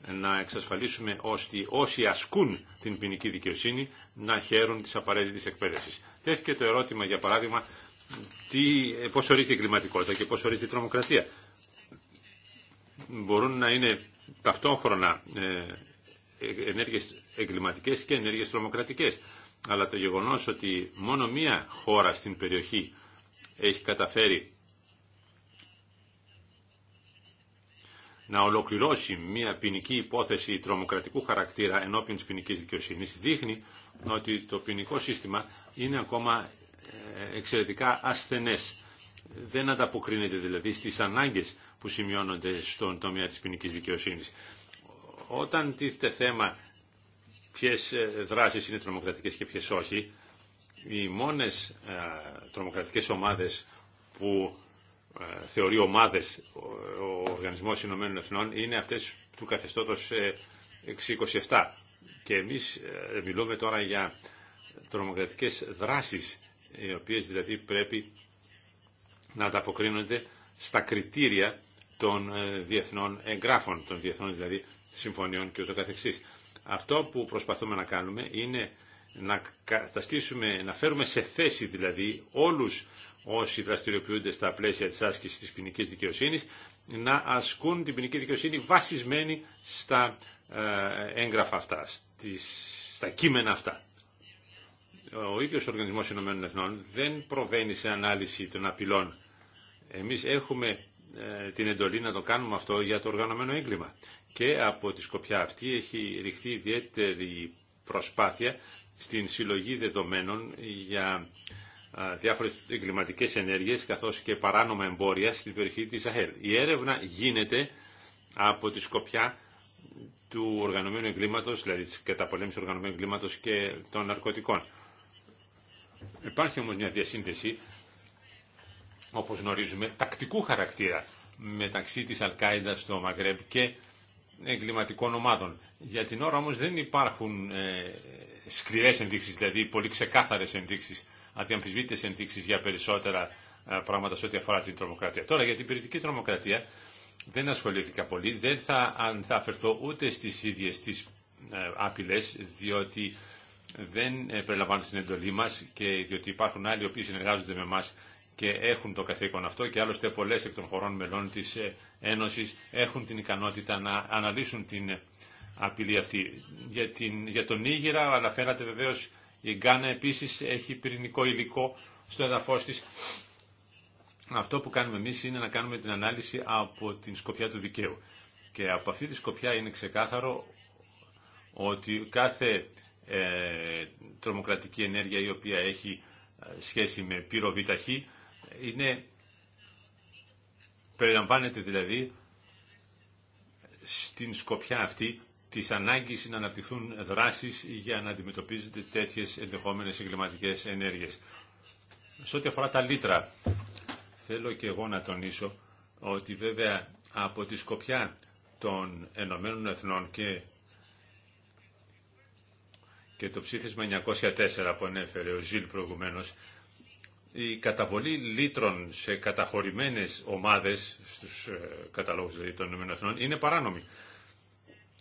να εξασφαλίσουμε ώστε όσοι ασκούν την ποινική δικαιοσύνη να χαίρουν της απαραίτητης εκπαίδευσης. Τέθηκε το ερώτημα, για παράδειγμα, τι, πώς ορίζεται η κλιματικότητα και πώς ορίζεται η τρομοκρατία. Μπορούν να είναι ταυτόχρονα ε, ενέργειες εγκληματικές και ενέργειες τρομοκρατικές. Αλλά το γεγονός ότι μόνο μία χώρα στην περιοχή έχει καταφέρει να ολοκληρώσει μία ποινική υπόθεση τρομοκρατικού χαρακτήρα ενώπιον της ποινική δικαιοσύνης δείχνει ότι το ποινικό σύστημα είναι ακόμα ε, εξαιρετικά ασθενές. Δεν ανταποκρίνεται δηλαδή στις ανάγκες που σημειώνονται στον τομέα της ποινική δικαιοσύνης. Όταν τίθεται θέμα ποιες ε, δράσεις είναι τρομοκρατικές και ποιες όχι, οι μόνες ε, τρομοκρατικές ομάδες που θεωρεί ομάδες ο Οργανισμός Ηνωμένων Εθνών είναι αυτές του καθεστώτος 627. Και εμείς μιλούμε τώρα για τρομοκρατικές δράσεις οι οποίες δηλαδή πρέπει να ανταποκρίνονται στα κριτήρια των ε, διεθνών εγγράφων, των διεθνών δηλαδή συμφωνιών και ούτω καθεξής. Αυτό που προσπαθούμε να κάνουμε είναι να καταστήσουμε, να φέρουμε σε θέση δηλαδή όλους όσοι δραστηριοποιούνται στα πλαίσια της άσκησης της ποινική δικαιοσύνης να ασκούν την ποινική δικαιοσύνη βασισμένη στα ε, έγγραφα αυτά, στα κείμενα αυτά ο ίδιος ο Οργανισμός Εθνών δεν προβαίνει σε ανάλυση των απειλών. Εμείς έχουμε ε, την εντολή να το κάνουμε αυτό για το οργανωμένο έγκλημα. Και από τη σκοπιά αυτή έχει ρηχθεί ιδιαίτερη προσπάθεια στην συλλογή δεδομένων για ε, διάφορες εγκληματικές ενέργειες καθώς και παράνομα εμπόρια στην περιοχή της ΑΧΕΛ. Η έρευνα γίνεται από τη σκοπιά του οργανωμένου εγκλήματος, δηλαδή της καταπολέμησης οργανωμένου εγκλήματος και των ναρκωτικών. Υπάρχει όμως μια διασύνδεση, όπως γνωρίζουμε, τακτικού χαρακτήρα μεταξύ της Αλκάιδα στο Μαγκρέμπ και εγκληματικών ομάδων. Για την ώρα όμως δεν υπάρχουν ε, σκληρές ενδείξεις, δηλαδή πολύ ξεκάθαρες ενδείξεις, αδιαμφισβήτητες ενδείξεις για περισσότερα ε, πράγματα σε ό,τι αφορά την τρομοκρατία. Τώρα για την πυρητική τρομοκρατία δεν ασχολήθηκα πολύ, δεν θα, αν ούτε στις ίδιες τις ε, διότι δεν ε, περιλαμβάνονται στην εντολή μα και διότι υπάρχουν άλλοι οι οποίοι συνεργάζονται με εμά και έχουν το καθήκον αυτό και άλλωστε πολλές εκ των χωρών μελών της ε, Ένωσης έχουν την ικανότητα να αναλύσουν την ε, απειλή αυτή. Για, την, για τον Ήγηρα αναφέρατε βεβαίως η Γκάνα επίσης έχει πυρηνικό υλικό στο εδαφός της. Αυτό που κάνουμε εμείς είναι να κάνουμε την ανάλυση από την σκοπιά του δικαίου. Και από αυτή τη σκοπιά είναι ξεκάθαρο ότι κάθε ε, τρομοκρατική ενέργεια η οποία έχει ε, σχέση με πυροβιταχή είναι περιλαμβάνεται δηλαδή στην σκοπιά αυτή της ανάγκης να αναπτυχθούν δράσεις για να αντιμετωπίζονται τέτοιες ενδεχόμενες εγκληματικές ενέργειες. Σε ό,τι αφορά τα λίτρα, θέλω και εγώ να τονίσω ότι βέβαια από τη σκοπιά των Ενωμένων Εθνών και και το ψήφισμα 904 που ανέφερε ο Ζιλ προηγουμένως, η καταβολή λίτρων σε καταχωρημένες ομάδες, στους ε, καταλόγους δηλαδή των ΗΠΑ, είναι παράνομη.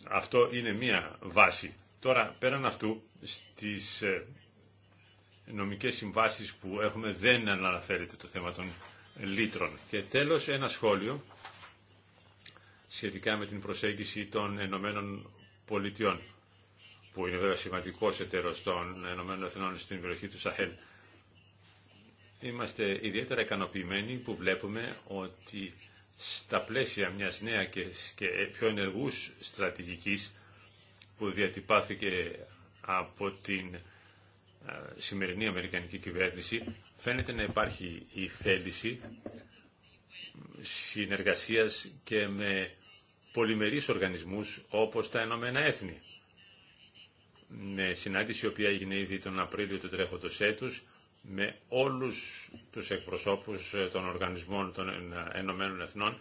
Αυτό είναι μία βάση. Τώρα, πέραν αυτού, στις ε, νομικές συμβάσεις που έχουμε δεν αναφέρεται το θέμα των λίτρων. Και τέλος, ένα σχόλιο σχετικά με την προσέγγιση των ΗΠΑ που είναι βέβαια σημαντικό εταίρο των ΗΠΑ στην περιοχή του Σαχέλ. Είμαστε ιδιαίτερα ικανοποιημένοι που βλέπουμε ότι στα πλαίσια μιας νέας και πιο ενεργούς στρατηγικής που διατυπάθηκε από την σημερινή Αμερικανική κυβέρνηση φαίνεται να υπάρχει η θέληση συνεργασίας και με πολυμερείς οργανισμούς όπως τα Ενωμένα Έθνη με συνάντηση η οποία έγινε ήδη τον Απρίλιο του τρέχοντος έτους με όλους τους εκπροσώπους ε, των οργανισμών των Ενωμένων Εθνών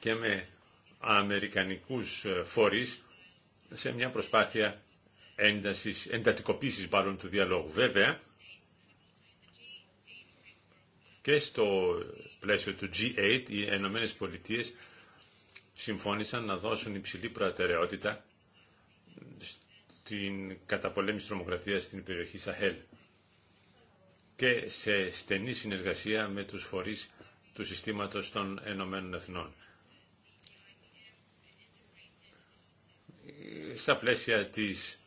και με αμερικανικούς ε, φορείς σε μια προσπάθεια έντασης, εντατικοποίησης του διαλόγου. Βέβαια, και στο πλαίσιο του G8 οι Ενωμένε Πολιτείε, συμφώνησαν να δώσουν υψηλή προτεραιότητα την καταπολέμηση τρομοκρατίας στην περιοχή Σαχέλ και σε στενή συνεργασία με τους φορείς του συστήματος των Ενωμένων Εθνών. Στα πλαίσια της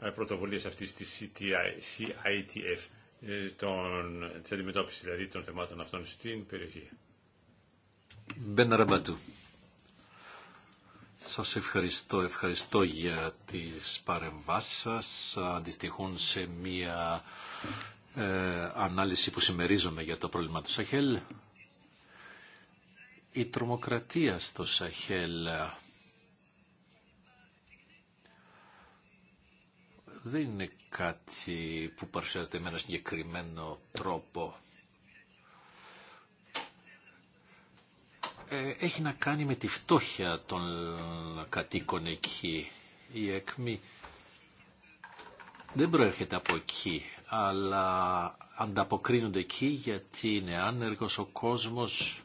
ε, πρωτοβουλίας αυτής της CITF, ε, των, της αντιμετώπισης δηλαδή των θεμάτων αυτών στην περιοχή. Μπένα Ραμπατού. Σας ευχαριστώ, ευχαριστώ για τις παρεμβάσεις σας. Αντιστοιχούν σε μία ε, ανάλυση που συμμερίζομαι για το πρόβλημα του Σαχέλ. Η τρομοκρατία στο Σαχέλ ε, δεν είναι κάτι που παρουσιάζεται με ένα συγκεκριμένο τρόπο. Ε, έχει να κάνει με τη φτώχεια των κατοίκων εκεί. Η ΕΚΜΗ δεν προέρχεται από εκεί, αλλά ανταποκρίνονται εκεί γιατί είναι άνεργος ο κόσμος,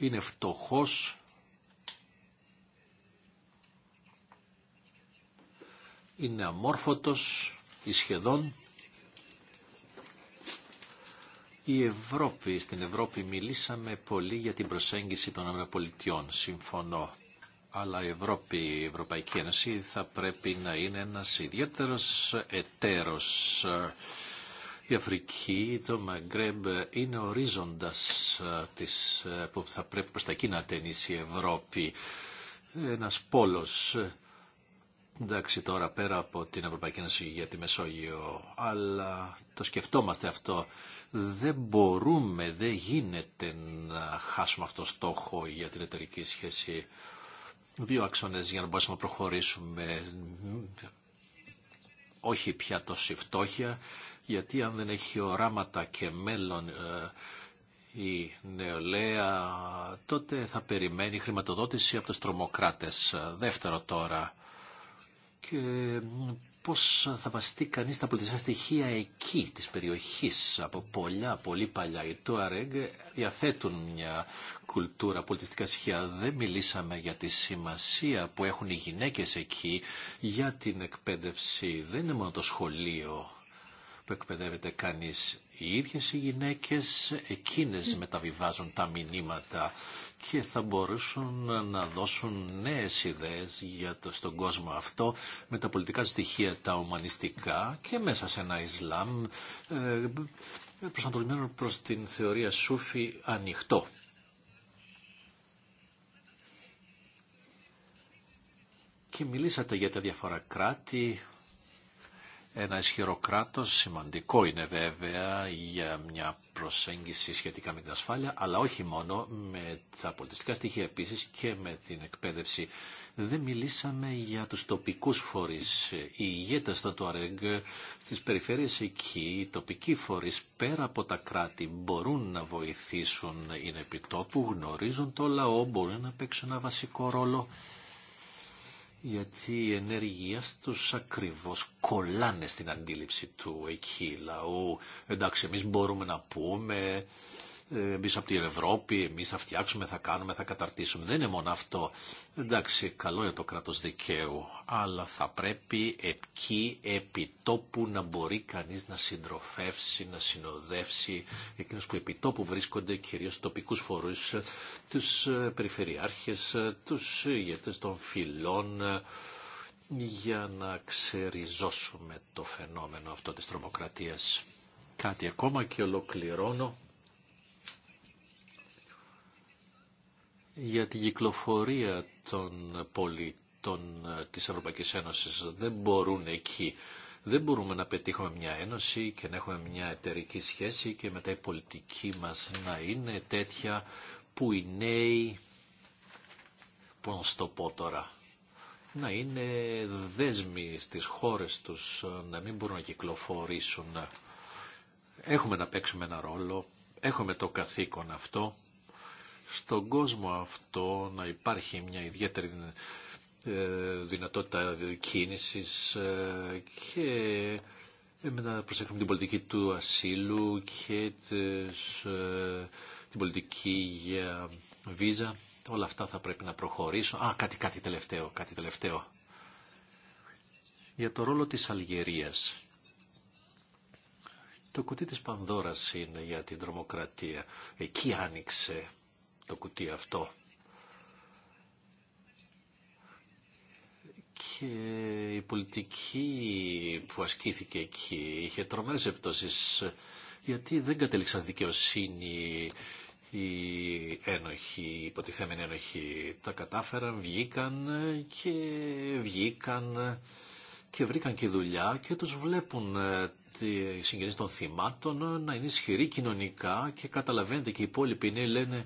είναι φτωχός. Είναι αμόρφωτος ή σχεδόν η Ευρώπη, στην Ευρώπη μιλήσαμε πολύ για την προσέγγιση των ΗΠΑ, συμφωνώ. Αλλά η Ευρώπη, η Ευρωπαϊκή Ένωση θα πρέπει να είναι ένας ιδιαίτερος εταίρος. Η Αφρική, το Μαγκρέμπ είναι ορίζοντας ε, της, ε, που θα πρέπει προς τα εκεί να η Ευρώπη. Ένας πόλος ε, εντάξει τώρα πέρα από την Ευρωπαϊκή Ένωση για τη Μεσόγειο, αλλά το σκεφτόμαστε αυτό. Δεν μπορούμε, δεν γίνεται να χάσουμε αυτό το στόχο για την εταιρική σχέση. Δύο άξονες για να μπορέσουμε να προχωρήσουμε. Όχι πια τόση φτώχεια, γιατί αν δεν έχει οράματα και μέλλον ε, η νεολαία, τότε θα περιμένει χρηματοδότηση από τους τρομοκράτες. Δεύτερο τώρα, και πώς θα βαστεί κανείς τα πολιτιστικά στοιχεία εκεί της περιοχής. Από πολλά, πολύ παλιά οι Τουαρέγ διαθέτουν μια κουλτούρα πολιτιστικά στοιχεία. Δεν μιλήσαμε για τη σημασία που έχουν οι γυναίκες εκεί για την εκπαίδευση. Δεν είναι μόνο το σχολείο που εκπαιδεύεται κανείς. Οι ίδιες οι γυναίκες εκείνες μεταβιβάζουν τα μηνύματα και θα μπορούσαν να δώσουν νέες ιδέες για το, στον κόσμο αυτό με τα πολιτικά στοιχεία τα ομανιστικά και μέσα σε ένα Ισλάμ ε, προσανατολισμένο προς την θεωρία Σούφη ανοιχτό. Και μιλήσατε για τα διαφορά κράτη, ένα ισχυρό κράτο. Σημαντικό είναι βέβαια για μια προσέγγιση σχετικά με την ασφάλεια, αλλά όχι μόνο με τα πολιτιστικά στοιχεία επίση και με την εκπαίδευση. Δεν μιλήσαμε για τους τοπικούς φορεί. Οι ηγέτε των ΑΡΕΓ στις περιφέρειες εκεί, οι τοπικοί φορεί πέρα από τα κράτη μπορούν να βοηθήσουν, είναι επιτόπου, γνωρίζουν το λαό, μπορούν να παίξουν ένα βασικό ρόλο γιατί οι ενέργεια τους ακριβώς κολλάνε στην αντίληψη του εκεί λαού. Εντάξει, εμείς μπορούμε να πούμε εμείς από την Ευρώπη, εμείς θα φτιάξουμε, θα κάνουμε, θα καταρτήσουμε. Δεν είναι μόνο αυτό. Εντάξει, καλό είναι το κράτος δικαίου, αλλά θα πρέπει εκεί, επί τόπου να μπορεί κανείς να συντροφεύσει, να συνοδεύσει εκείνους που επιτόπου βρίσκονται, κυρίως τοπικούς φορούς, τους ε, περιφερειάρχες, ε, τους ηγέτες των φυλών, ε, για να ξεριζώσουμε το φαινόμενο αυτό της τρομοκρατίας. Κάτι ακόμα και ολοκληρώνω για την κυκλοφορία των πολιτών ε, της Ευρωπαϊκής Ένωσης. Δεν μπορούν εκεί. Δεν μπορούμε να πετύχουμε μια ένωση και να έχουμε μια εταιρική σχέση και μετά η πολιτική μας να είναι τέτοια που οι νέοι, πώς να το πω να είναι δέσμοι στις χώρες τους, ε, να μην μπορούν να κυκλοφορήσουν. Έχουμε να παίξουμε ένα ρόλο, έχουμε το καθήκον αυτό στον κόσμο αυτό να υπάρχει μια ιδιαίτερη ε, δυνατότητα κίνησης ε, και να προσέχουμε την πολιτική του ασύλου και ε, την πολιτική για βίζα. Όλα αυτά θα πρέπει να προχωρήσουν. Α, κάτι, κάτι τελευταίο, κάτι τελευταίο. Για το ρόλο της Αλγερίας. Το κουτί της Πανδώρας είναι για την τρομοκρατία. Εκεί άνοιξε το κουτί αυτό. και η πολιτική που ασκήθηκε εκεί είχε τρομερές επιπτώσεις γιατί δεν κατέληξαν δικαιοσύνη οι ένοχοι, οι υποτιθέμενοι ένοχοι. Τα κατάφεραν, βγήκαν και βγήκαν και βρήκαν και δουλειά και τους βλέπουν οι ε, συγγενείς των θυμάτων να είναι ισχυροί κοινωνικά και καταλαβαίνετε και οι υπόλοιποι λένε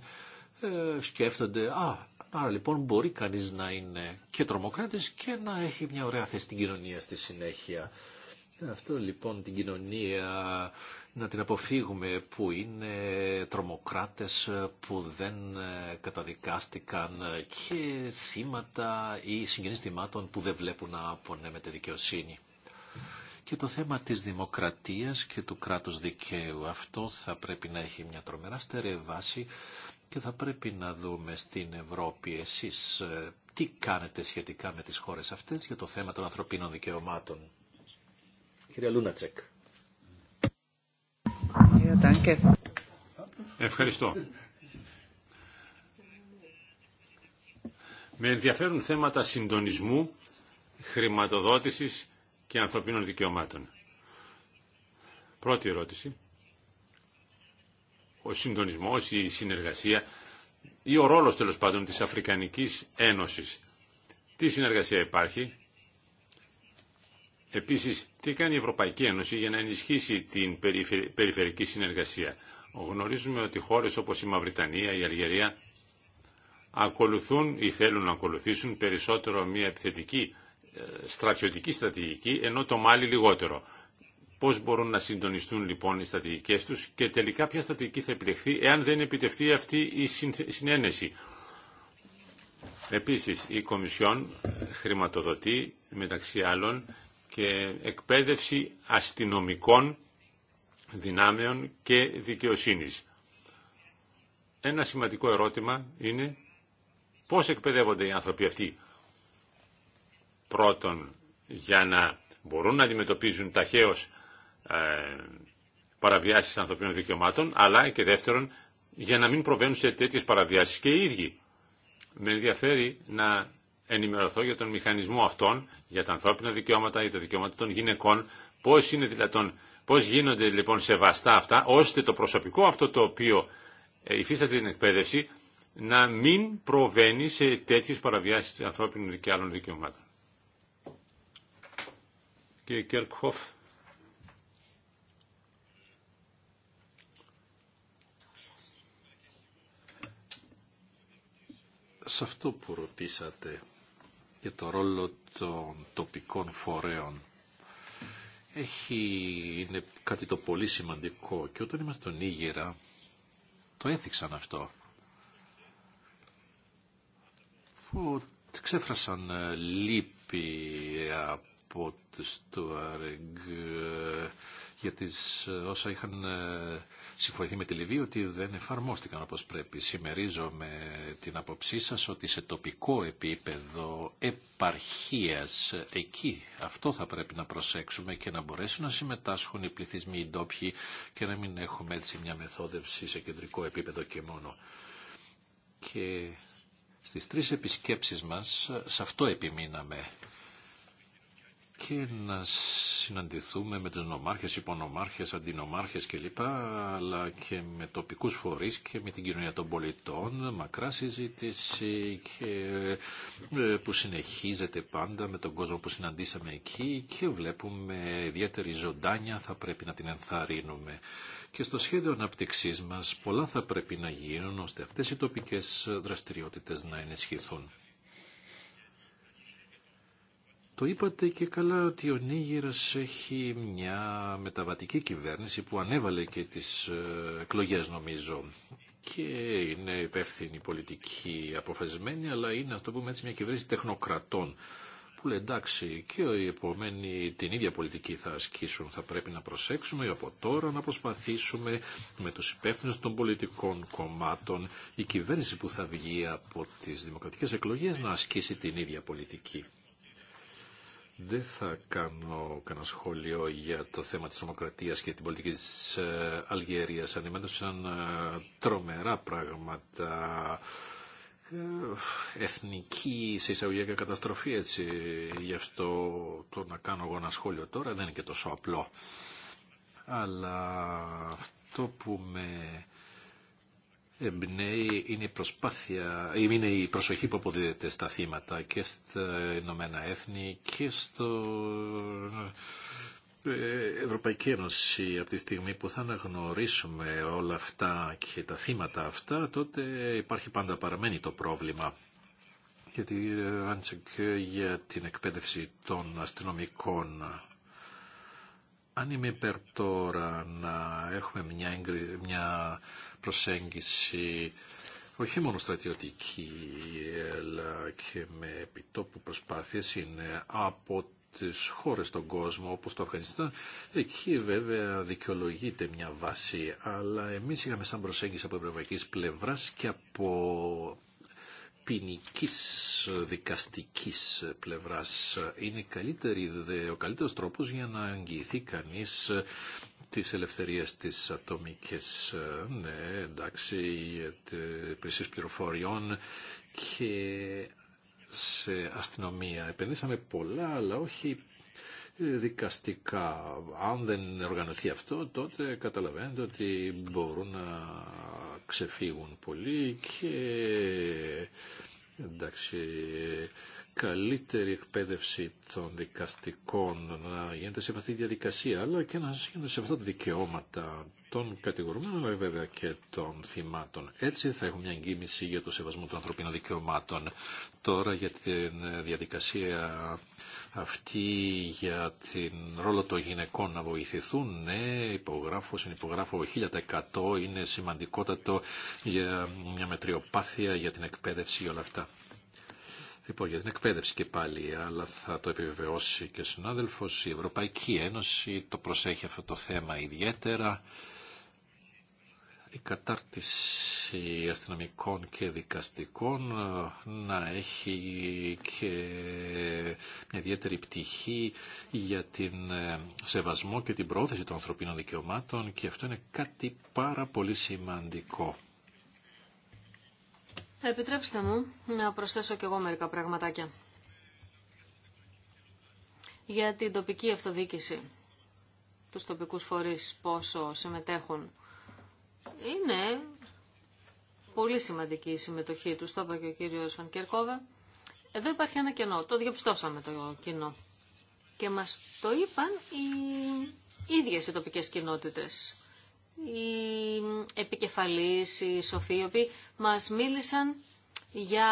ε, σκέφτονται «Α, άρα λοιπόν μπορεί κανείς να είναι και τρομοκράτης και να έχει μια ωραία θέση στην κοινωνία στη συνέχεια». Αυτό λοιπόν την κοινωνία να την αποφύγουμε που είναι τρομοκράτες που δεν ε, καταδικάστηκαν και θύματα ή συγγενείς θυμάτων που δεν βλέπουν να απονέμεται δικαιοσύνη. Και το θέμα της δημοκρατίας και του κράτους δικαίου. Αυτό θα πρέπει να έχει μια τρομερά στερεβάση και θα πρέπει να δούμε στην Ευρώπη εσείς ε, τι κάνετε σχετικά με τις χώρες αυτές για το θέμα των ανθρωπίνων δικαιωμάτων. Κυρία Λούνατσεκ. Ε, Ευχαριστώ. Με ενδιαφέρουν θέματα συντονισμού, χρηματοδότησης και ανθρωπίνων δικαιωμάτων. Πρώτη ερώτηση ο συντονισμός, η συνεργασία ή ο ρόλος τέλος πάντων της Αφρικανικής Ένωσης. Τι συνεργασία υπάρχει. Επίσης, τι κάνει η Ευρωπαϊκή Ένωση για να ενισχύσει την περιφερική συνεργασία. Γνωρίζουμε ότι χώρες όπως η Μαυριτανία, η Αλγερία ακολουθούν ή θέλουν να ακολουθήσουν περισσότερο μια επιθετική ε, στρατιωτική στρατηγική, ενώ το Μάλι λιγότερο. Πώς μπορούν να συντονιστούν λοιπόν οι στρατηγικές τους και τελικά ποια στρατηγική θα επιλεχθεί εάν δεν επιτευχθεί αυτή η συνένεση. Επίσης, η Κομισιόν χρηματοδοτεί, μεταξύ άλλων, και εκπαίδευση αστυνομικών δυνάμεων και δικαιοσύνης. Ένα σημαντικό ερώτημα είναι πώς εκπαιδεύονται οι άνθρωποι αυτοί. Πρώτον, για να μπορούν να αντιμετωπίζουν ταχαίως ε, παραβιάσεις ανθρωπίνων δικαιωμάτων, αλλά και δεύτερον για να μην προβαίνουν σε τέτοιες παραβιάσεις και οι ίδιοι. Με ενδιαφέρει να ενημερωθώ για τον μηχανισμό αυτών, για τα ανθρώπινα δικαιώματα, για τα δικαιώματα των γυναικών, πώς είναι δυνατόν, πώς γίνονται λοιπόν σεβαστά αυτά, ώστε το προσωπικό αυτό το οποίο ε, υφίσταται την εκπαίδευση να μην προβαίνει σε τέτοιες παραβιάσεις ανθρώπινων και άλλων δικαιωμάτων. Κύριε σε αυτό που ρωτήσατε για το ρόλο των τοπικών φορέων. Έχει, είναι κάτι το πολύ σημαντικό και όταν είμαστε στον Ήγερα το έθιξαν αυτό. Που ξέφρασαν ε, λύπη από το του για όσα είχαν ε, συμφωνηθεί με τη Λιβύη ότι δεν εφαρμόστηκαν όπως πρέπει. Συμμερίζω με την αποψή σας ότι σε τοπικό επίπεδο επαρχίας εκεί αυτό θα πρέπει να προσέξουμε και να μπορέσουν να συμμετάσχουν οι πληθυσμοί οι ντόπιοι και να μην έχουμε έτσι μια μεθόδευση σε κεντρικό επίπεδο και μόνο. Και στις τρεις επισκέψεις μας σε αυτό επιμείναμε και να συναντηθούμε με τους νομάρχες, υπονομάρχες, αντινομάρχες κλπ. αλλά και με τοπικούς φορείς και με την κοινωνία των πολιτών. Μακρά συζήτηση και, ε, που συνεχίζεται πάντα με τον κόσμο που συναντήσαμε εκεί και βλέπουμε ιδιαίτερη ζωντάνια θα πρέπει να την ενθαρρύνουμε. Και στο σχέδιο αναπτυξής μας πολλά θα πρέπει να γίνουν ώστε αυτές οι τοπικές δραστηριότητες να ενισχυθούν. Το είπατε και καλά ότι ο Νίγηρας έχει μια μεταβατική κυβέρνηση που ανέβαλε και τις ε, εκλογές νομίζω και είναι υπεύθυνη πολιτική αποφασισμένη αλλά είναι αυτό το πούμε έτσι μια κυβέρνηση τεχνοκρατών που λέει εντάξει και οι επόμενοι την ίδια πολιτική θα ασκήσουν. Θα πρέπει να προσέξουμε ή από τώρα να προσπαθήσουμε με τους υπεύθυνους των πολιτικών κομμάτων η κυβέρνηση που θα βγει από τις δημοκρατικές εκλογές να ασκήσει την ίδια πολιτική. Δεν θα κάνω κανένα σχόλιο για το θέμα της δημοκρατίας και την πολιτική της ε, Αλγερίας. Αντιμέτωπησαν ε, τρομερά πράγματα ε, εθνική σε εισαγωγικά καταστροφή έτσι γι' αυτό το να κάνω εγώ ένα σχόλιο τώρα δεν είναι και τόσο απλό αλλά αυτό που με εμπνέει είναι η προσπάθεια, προσοχή που αποδίδεται στα θύματα και στα Ηνωμένα Έθνη και στο ε, Ευρωπαϊκή Ένωση από τη στιγμή που θα αναγνωρίσουμε όλα αυτά και τα θύματα αυτά τότε υπάρχει πάντα παραμένει το πρόβλημα γιατί ε, για την εκπαίδευση των αστυνομικών αν είμαι υπέρ τώρα να έχουμε μια, μια προσέγγιση όχι μόνο στρατιωτική αλλά και με επιτόπου προσπάθειες είναι από τις χώρες στον κόσμο όπως το Αφγανιστάν εκεί βέβαια δικαιολογείται μια βάση αλλά εμείς είχαμε σαν προσέγγιση από ευρωπαϊκή πλευράς και από ποινική δικαστικής πλευράς είναι καλύτερη, ο καλύτερος τρόπος για να αγγιηθεί κανείς της ελευθερίας της ατομικής. Ε, ναι, εντάξει, υπηρεσίες πληροφοριών και σε αστυνομία. Επενδύσαμε πολλά, αλλά όχι ε, δικαστικά. Αν δεν οργανωθεί αυτό, τότε καταλαβαίνετε ότι μπορούν να ξεφύγουν πολύ και εντάξει, καλύτερη εκπαίδευση των δικαστικών να γίνεται σε αυτή τη διαδικασία, αλλά και να γίνονται σε αυτά τα δικαιώματα των κατηγορουμένων, αλλά βέβαια και των θυμάτων. Έτσι θα έχουμε μια εγκύμηση για το σεβασμό των ανθρωπίνων δικαιωμάτων. Τώρα για τη διαδικασία αυτή για την ρόλο των γυναικών να βοηθηθούν, ναι, υπογράφω, συνυπογράφω 1000% είναι σημαντικότατο για μια μετριοπάθεια, για την εκπαίδευση και όλα αυτά. Λοιπόν, για την εκπαίδευση και πάλι, αλλά θα το επιβεβαιώσει και ο συνάδελφος, η Ευρωπαϊκή Ένωση το προσέχει αυτό το θέμα ιδιαίτερα. Η κατάρτιση αστυνομικών και δικαστικών ε, να έχει και μια ιδιαίτερη πτυχή για την ε, σεβασμό και την πρόθεση των ανθρωπίνων δικαιωμάτων και αυτό είναι κάτι πάρα πολύ σημαντικό. Επιτρέψτε μου να προσθέσω κι εγώ μερικά πραγματάκια. Για την τοπική αυτοδίκηση, τους τοπικούς φορείς πόσο συμμετέχουν, είναι πολύ σημαντική η συμμετοχή του το είπε και ο κύριος Κερκόβε. Εδώ υπάρχει ένα κενό, το διαπιστώσαμε το κοινό. Και μας το είπαν οι ίδιες οι τοπικές κοινότητες οι επικεφαλής οι σοφοί, οι οποίοι μας μίλησαν για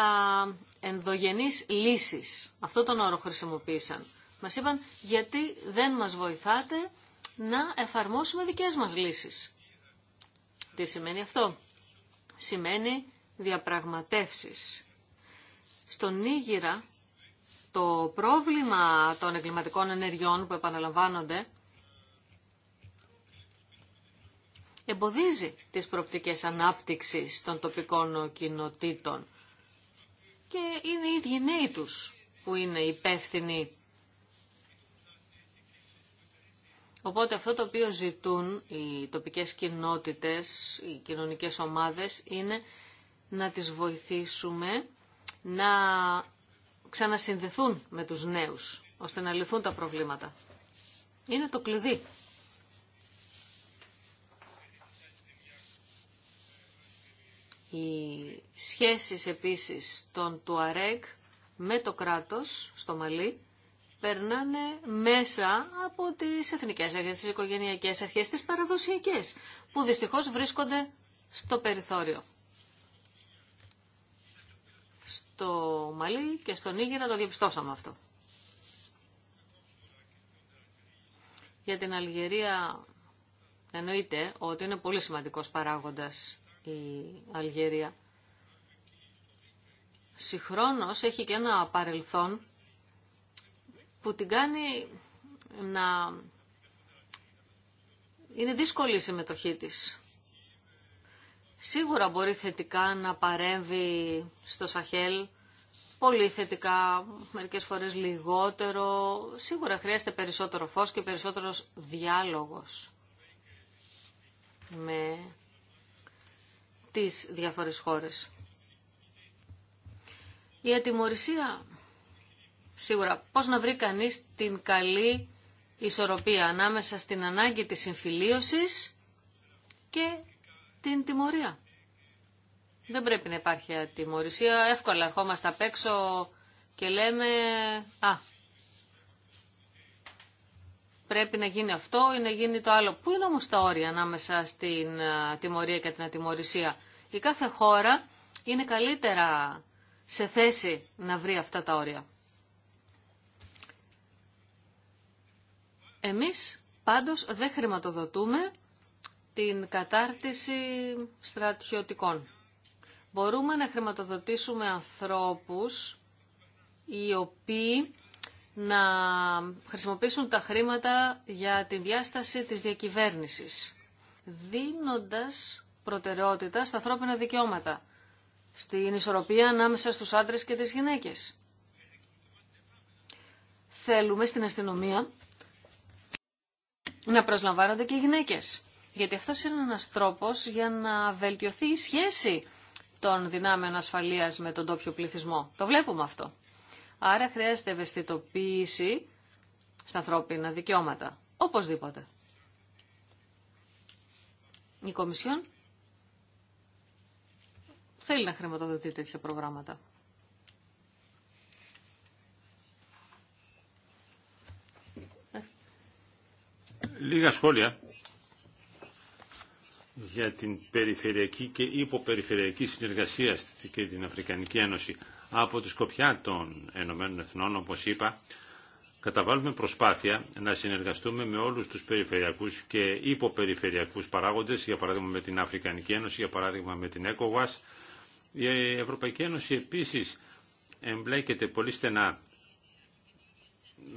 ενδογενείς λύσεις. Αυτό τον όρο χρησιμοποίησαν. Μας είπαν γιατί δεν μας βοηθάτε να εφαρμόσουμε δικές μας λύσεις. Τι σημαίνει αυτό. Σημαίνει διαπραγματεύσεις. Στον Νίγηρα το πρόβλημα των εγκληματικών ενεργειών που επαναλαμβάνονται εμποδίζει τις προοπτικές ανάπτυξης των τοπικών κοινοτήτων. Και είναι οι ίδιοι νέοι τους που είναι υπεύθυνοι. Οπότε αυτό το οποίο ζητούν οι τοπικές κοινότητες, οι κοινωνικές ομάδες, είναι να τις βοηθήσουμε να ξανασυνδεθούν με τους νέους, ώστε να λυθούν τα προβλήματα. Είναι το κλειδί Οι σχέσεις επίσης των του ΑΡΕΚ με το κράτος στο Μαλί περνάνε μέσα από τις εθνικές αρχές, τις οικογενειακές αρχές, τις παραδοσιακές, που δυστυχώς βρίσκονται στο περιθώριο. Στο Μαλί και στον να το διαπιστώσαμε αυτό. Για την Αλγερία εννοείται ότι είναι πολύ σημαντικός παράγοντας η Αλγερία. Συγχρόνως έχει και ένα παρελθόν που την κάνει να είναι δύσκολη η συμμετοχή της. Σίγουρα μπορεί θετικά να παρέμβει στο Σαχέλ, πολύ θετικά, μερικές φορές λιγότερο. Σίγουρα χρειάζεται περισσότερο φως και περισσότερος διάλογος με τις διάφορες χώρες. Η ατιμορρησία, σίγουρα, πώς να βρει κανείς την καλή ισορροπία ανάμεσα στην ανάγκη της συμφιλίωσης και την τιμωρία. Δεν πρέπει να υπάρχει ατιμορρησία. Εύκολα ερχόμαστε απ' έξω και λέμε «Α, πρέπει να γίνει αυτό ή να γίνει το άλλο. Πού είναι όμως τα όρια ανάμεσα στην τιμωρία και την ατιμορρησία. Η κάθε χώρα είναι καλύτερα σε θέση να βρει αυτά τα όρια. Εμείς πάντως δεν χρηματοδοτούμε την κατάρτιση στρατιωτικών. Μπορούμε να χρηματοδοτήσουμε ανθρώπους οι οποίοι να χρησιμοποιήσουν τα χρήματα για τη διάσταση της διακυβέρνησης, δίνοντας προτεραιότητα στα ανθρώπινα δικαιώματα, στην ισορροπία ανάμεσα στους άντρες και τις γυναίκες. Θέλουμε στην αστυνομία να προσλαμβάνονται και οι γυναίκες, γιατί αυτός είναι ένας τρόπος για να βελτιωθεί η σχέση των δυνάμεων ασφαλείας με τον τόπιο πληθυσμό. Το βλέπουμε αυτό. Άρα χρειάζεται ευαισθητοποίηση στα ανθρώπινα δικαιώματα. Οπωσδήποτε. Η Κομισιόν θέλει να χρηματοδοτεί τέτοια προγράμματα. Λίγα σχόλια για την περιφερειακή και υποπεριφερειακή συνεργασία και την Αφρικανική Ένωση από τη σκοπιά των Ενωμένων Εθνών, όπως είπα, καταβάλουμε προσπάθεια να συνεργαστούμε με όλους τους περιφερειακούς και υποπεριφερειακούς παράγοντες, για παράδειγμα με την Αφρικανική Ένωση, για παράδειγμα με την ECOWAS. Η Ευρωπαϊκή Ένωση επίσης εμπλέκεται πολύ στενά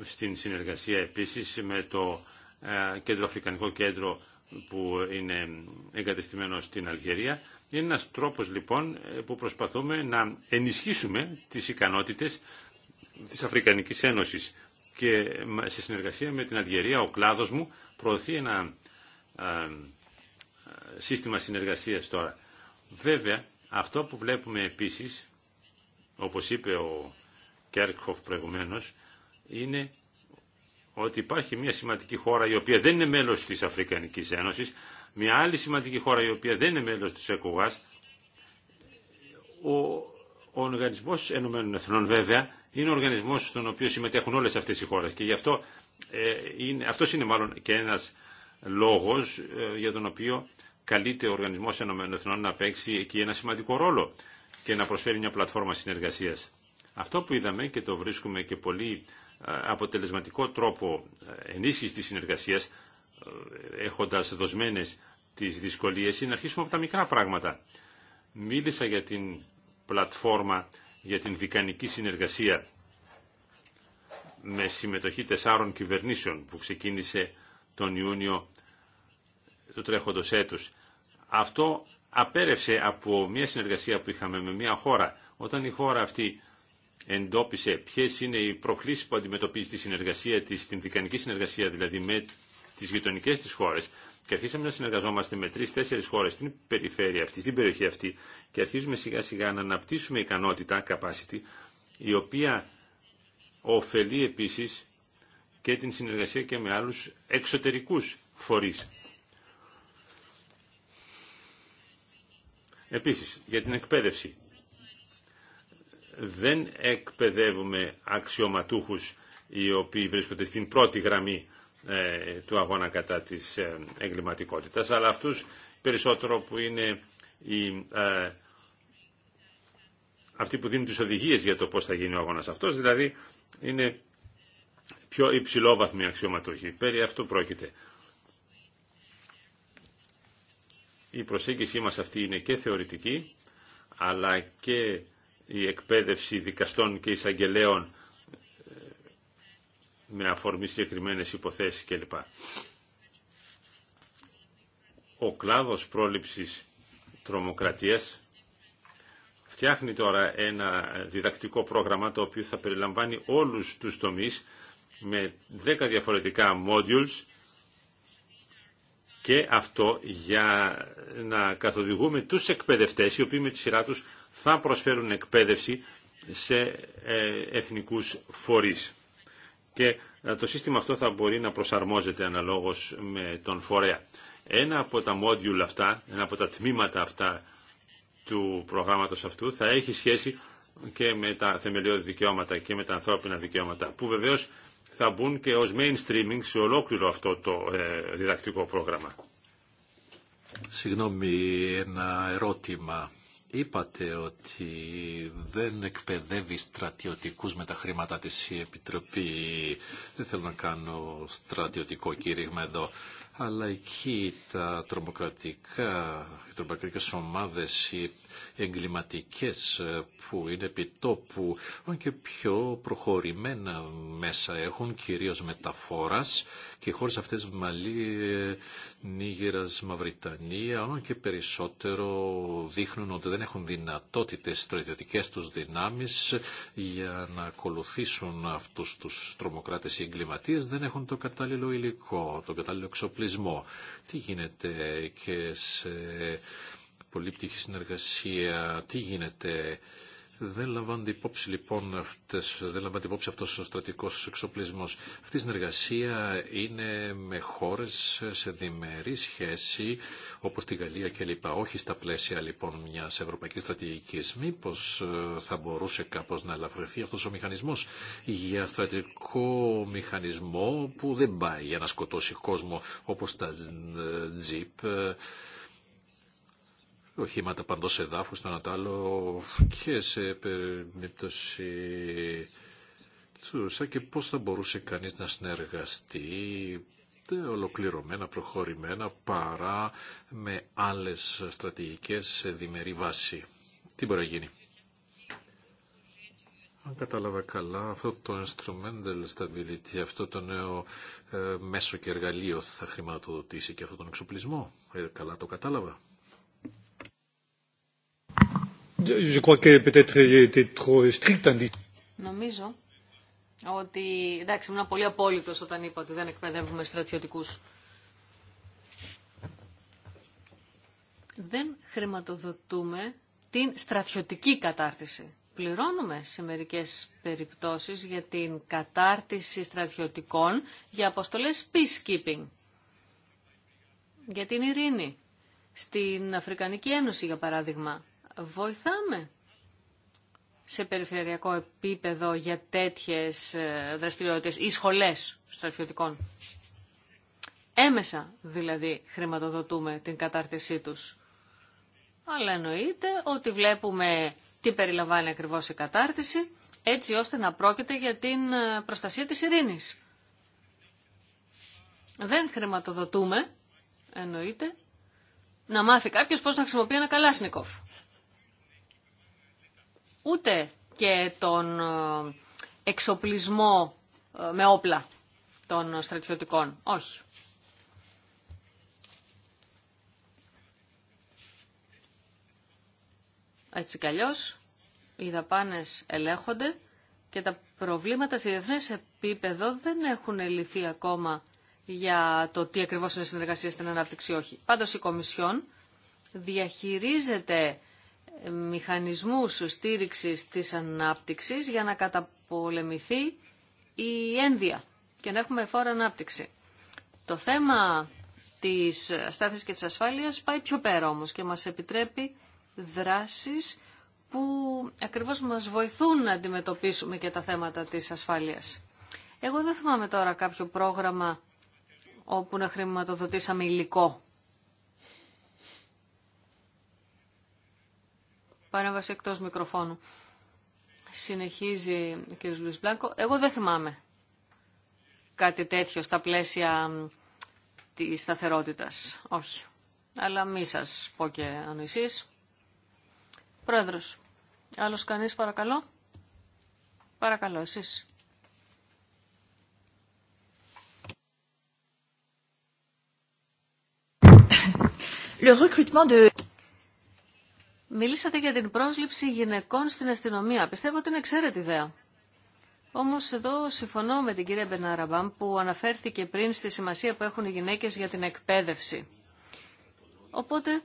στην συνεργασία επίσης με το ε, Κέντρο Αφρικανικό Κέντρο που είναι εγκατεστημένο στην Αλγερία. Είναι ένας τρόπος λοιπόν ε, που προσπαθούμε να ενισχύσουμε τις ικανότητες της Αφρικανικής Ένωσης και σε συνεργασία με την Αλγερία ο κλάδος μου προωθεί ένα ε, ε, σύστημα συνεργασίας τώρα. Βέβαια, αυτό που βλέπουμε επίσης, όπως είπε ο Κέρκχοφ προηγουμένως, είναι ότι υπάρχει μια σημαντική χώρα η οποία δεν είναι μέλος της Αφρικανικής Ένωσης, μια άλλη σημαντική χώρα η οποία δεν είναι μέλος της ΕΚΟΓΑΣ. Ο, ο Οργανισμός Ενωμένων Εθνών βέβαια είναι ο οργανισμός στον οποίο συμμετέχουν όλες αυτές οι χώρες και γι' αυτό ε, είναι, αυτός είναι μάλλον και ένας λόγος ε, για τον οποίο καλείται ο Οργανισμός Ενωμένων Εθνών να παίξει εκεί ένα σημαντικό ρόλο και να προσφέρει μια πλατφόρμα συνεργασίας. Αυτό που είδαμε και το βρίσκουμε και πολύ αποτελεσματικό τρόπο ενίσχυση της συνεργασίας, ε, έχοντας δοσμένες τις δυσκολίες, είναι να αρχίσουμε από τα μικρά πράγματα. Μίλησα για την πλατφόρμα για την δικανική συνεργασία με συμμετοχή τεσσάρων κυβερνήσεων που ξεκίνησε τον Ιούνιο του τρέχοντος έτους. Αυτό απέρευσε από μια συνεργασία που είχαμε με μια χώρα. Όταν η χώρα αυτή εντόπισε ποιες είναι οι προκλήσεις που αντιμετωπίζει τη συνεργασία της, την δικανική συνεργασία δηλαδή με τις γειτονικές της χώρες και αρχίσαμε να συνεργαζόμαστε με τρεις-τέσσερις χώρες στην περιφέρεια αυτή, στην περιοχή αυτή και αρχίζουμε σιγά σιγά να αναπτύσσουμε ικανότητα, capacity, η οποία ωφελεί επίσης και την συνεργασία και με άλλους εξωτερικούς φορείς. Επίσης, για την εκπαίδευση δεν εκπαιδεύουμε αξιωματούχους οι οποίοι βρίσκονται στην πρώτη γραμμή ε, του αγώνα κατά της ε, εγκληματικότητας, αλλά αυτούς περισσότερο που είναι οι, ε, αυτοί που δίνουν τις οδηγίες για το πώς θα γίνει ο αγώνας αυτός, δηλαδή είναι πιο υψηλόβαθμοι αξιωματούχοι. Περί αυτού πρόκειται. Η προσέγγιση μας αυτή είναι και θεωρητική, αλλά και η εκπαίδευση δικαστών και εισαγγελέων ε, με αφορμή συγκεκριμένες υποθέσεις κλπ. Ο κλάδος πρόληψης τρομοκρατίας φτιάχνει τώρα ένα διδακτικό πρόγραμμα το οποίο θα περιλαμβάνει όλους τους τομείς με 10 διαφορετικά modules και αυτό για να καθοδηγούμε τους εκπαιδευτές οι οποίοι με τη σειρά τους θα προσφέρουν εκπαίδευση σε ε, εθνικούς φορείς. Και ε, το σύστημα αυτό θα μπορεί να προσαρμόζεται αναλόγως με τον φορέα. Ένα από τα μόντιουλ αυτά, ένα από τα τμήματα αυτά του προγράμματος αυτού θα έχει σχέση και με τα θεμελιώδη δικαιώματα και με τα ανθρώπινα δικαιώματα που βεβαίως θα μπουν και ως mainstreaming σε ολόκληρο αυτό το ε, διδακτικό πρόγραμμα. Συγγνώμη, ένα ερώτημα. Είπατε ότι δεν εκπαιδεύει στρατιωτικούς με τα χρήματα της Επιτροπή. Δεν θέλω να κάνω στρατιωτικό κήρυγμα εδώ. Αλλά εκεί τα τρομοκρατικά, οι ομάδες, οι εγκληματικές ε, που είναι επιτόπου και πιο προχωρημένα μέσα έχουν, κυρίως μεταφόρας και χώρες αυτές Μαλή, ε, Νίγηρας, Μαυριτανία και περισσότερο δείχνουν ότι δεν έχουν δυνατότητες στρατιωτικές τους δυνάμεις για να ακολουθήσουν αυτούς τους τρομοκράτες ή εγκληματίες δεν έχουν το κατάλληλο υλικό, το κατάλληλο εξοπλισμό. Τι γίνεται και σε πτυχή συνεργασία, τι γίνεται. Δεν λαμβάνεται υπόψη λοιπόν αυτές, δεν λαμβάνεται υπόψη αυτός ο στρατικός εξοπλισμός. Αυτή η συνεργασία είναι με χώρες σε διμερή σχέση όπως τη Γαλλία κλπ. Όχι στα πλαίσια λοιπόν μιας ευρωπαϊκής στρατηγικής. Μήπως ε, θα μπορούσε κάπως να ελαφρυνθεί αυτός ο μηχανισμός για στρατικό μηχανισμό που δεν πάει για να σκοτώσει κόσμο όπως τα τζιπ ε, οχήματα παντός εδάφους, το ένα το άλλο και σε περίπτωση του και πώς θα μπορούσε κανείς να συνεργαστεί ολοκληρωμένα, προχωρημένα παρά με άλλες στρατηγικές σε διμερή βάση. Τι μπορεί να γίνει. Αν κατάλαβα καλά, αυτό το instrumental stability, αυτό το νέο ε, μέσο και εργαλείο θα χρηματοδοτήσει και αυτόν τον εξοπλισμό. Ε, καλά το κατάλαβα. Νομίζω ότι, εντάξει, ήμουν πολύ απόλυτο όταν είπα ότι δεν εκπαιδεύουμε στρατιωτικού. Δεν χρηματοδοτούμε την στρατιωτική κατάρτιση. Πληρώνουμε σε μερικές περιπτώσει για την κατάρτιση στρατιωτικών για αποστολέ. peacekeeping, για την ειρήνη, στην Αφρικανική Ένωση για παράδειγμα βοηθάμε σε περιφερειακό επίπεδο για τέτοιες ε, δραστηριότητες ή σχολές στρατιωτικών. Έμεσα δηλαδή χρηματοδοτούμε την κατάρτισή τους. Αλλά εννοείται ότι βλέπουμε τι περιλαμβάνει ακριβώς η κατάρτιση, έτσι ώστε να πρόκειται για την ε, προστασία της ειρήνης. Δεν χρηματοδοτούμε, εννοείται, να μάθει κάποιος πώς να χρησιμοποιεί ένα καλάσνικοφ ούτε και τον ε, εξοπλισμό ε, με όπλα των στρατιωτικών. Όχι. Έτσι κι αλλιώς, οι δαπάνες ελέγχονται και τα προβλήματα σε διεθνές επίπεδο δεν έχουν λυθεί ακόμα για το τι ακριβώς είναι συνεργασία στην ανάπτυξη όχι. Πάντως η Κομισιόν διαχειρίζεται μηχανισμούς στήριξης της ανάπτυξης για να καταπολεμηθεί η ένδια και να έχουμε φόρα ανάπτυξη. Το θέμα της στάθμης και της ασφάλειας πάει πιο πέρα όμως και μας επιτρέπει δράσεις που ακριβώς μας βοηθούν να αντιμετωπίσουμε και τα θέματα της ασφάλειας. Εγώ δεν θυμάμαι τώρα κάποιο πρόγραμμα όπου να χρηματοδοτήσαμε υλικό παρέμβαση εκτό μικροφώνου. Συνεχίζει ο κ. Λουί Μπλάνκο. Εγώ δεν θυμάμαι κάτι τέτοιο στα πλαίσια τη σταθερότητα. Όχι. Αλλά μη σα πω και αν εσεί. Πρόεδρος, άλλος κανείς παρακαλώ. Παρακαλώ εσείς. Le recrutement de... Μιλήσατε για την πρόσληψη γυναικών στην αστυνομία. Πιστεύω ότι είναι εξαίρετη ιδέα. Όμως εδώ συμφωνώ με την κυρία Μπεναραμπάμ που αναφέρθηκε πριν στη σημασία που έχουν οι γυναίκες για την εκπαίδευση. Οπότε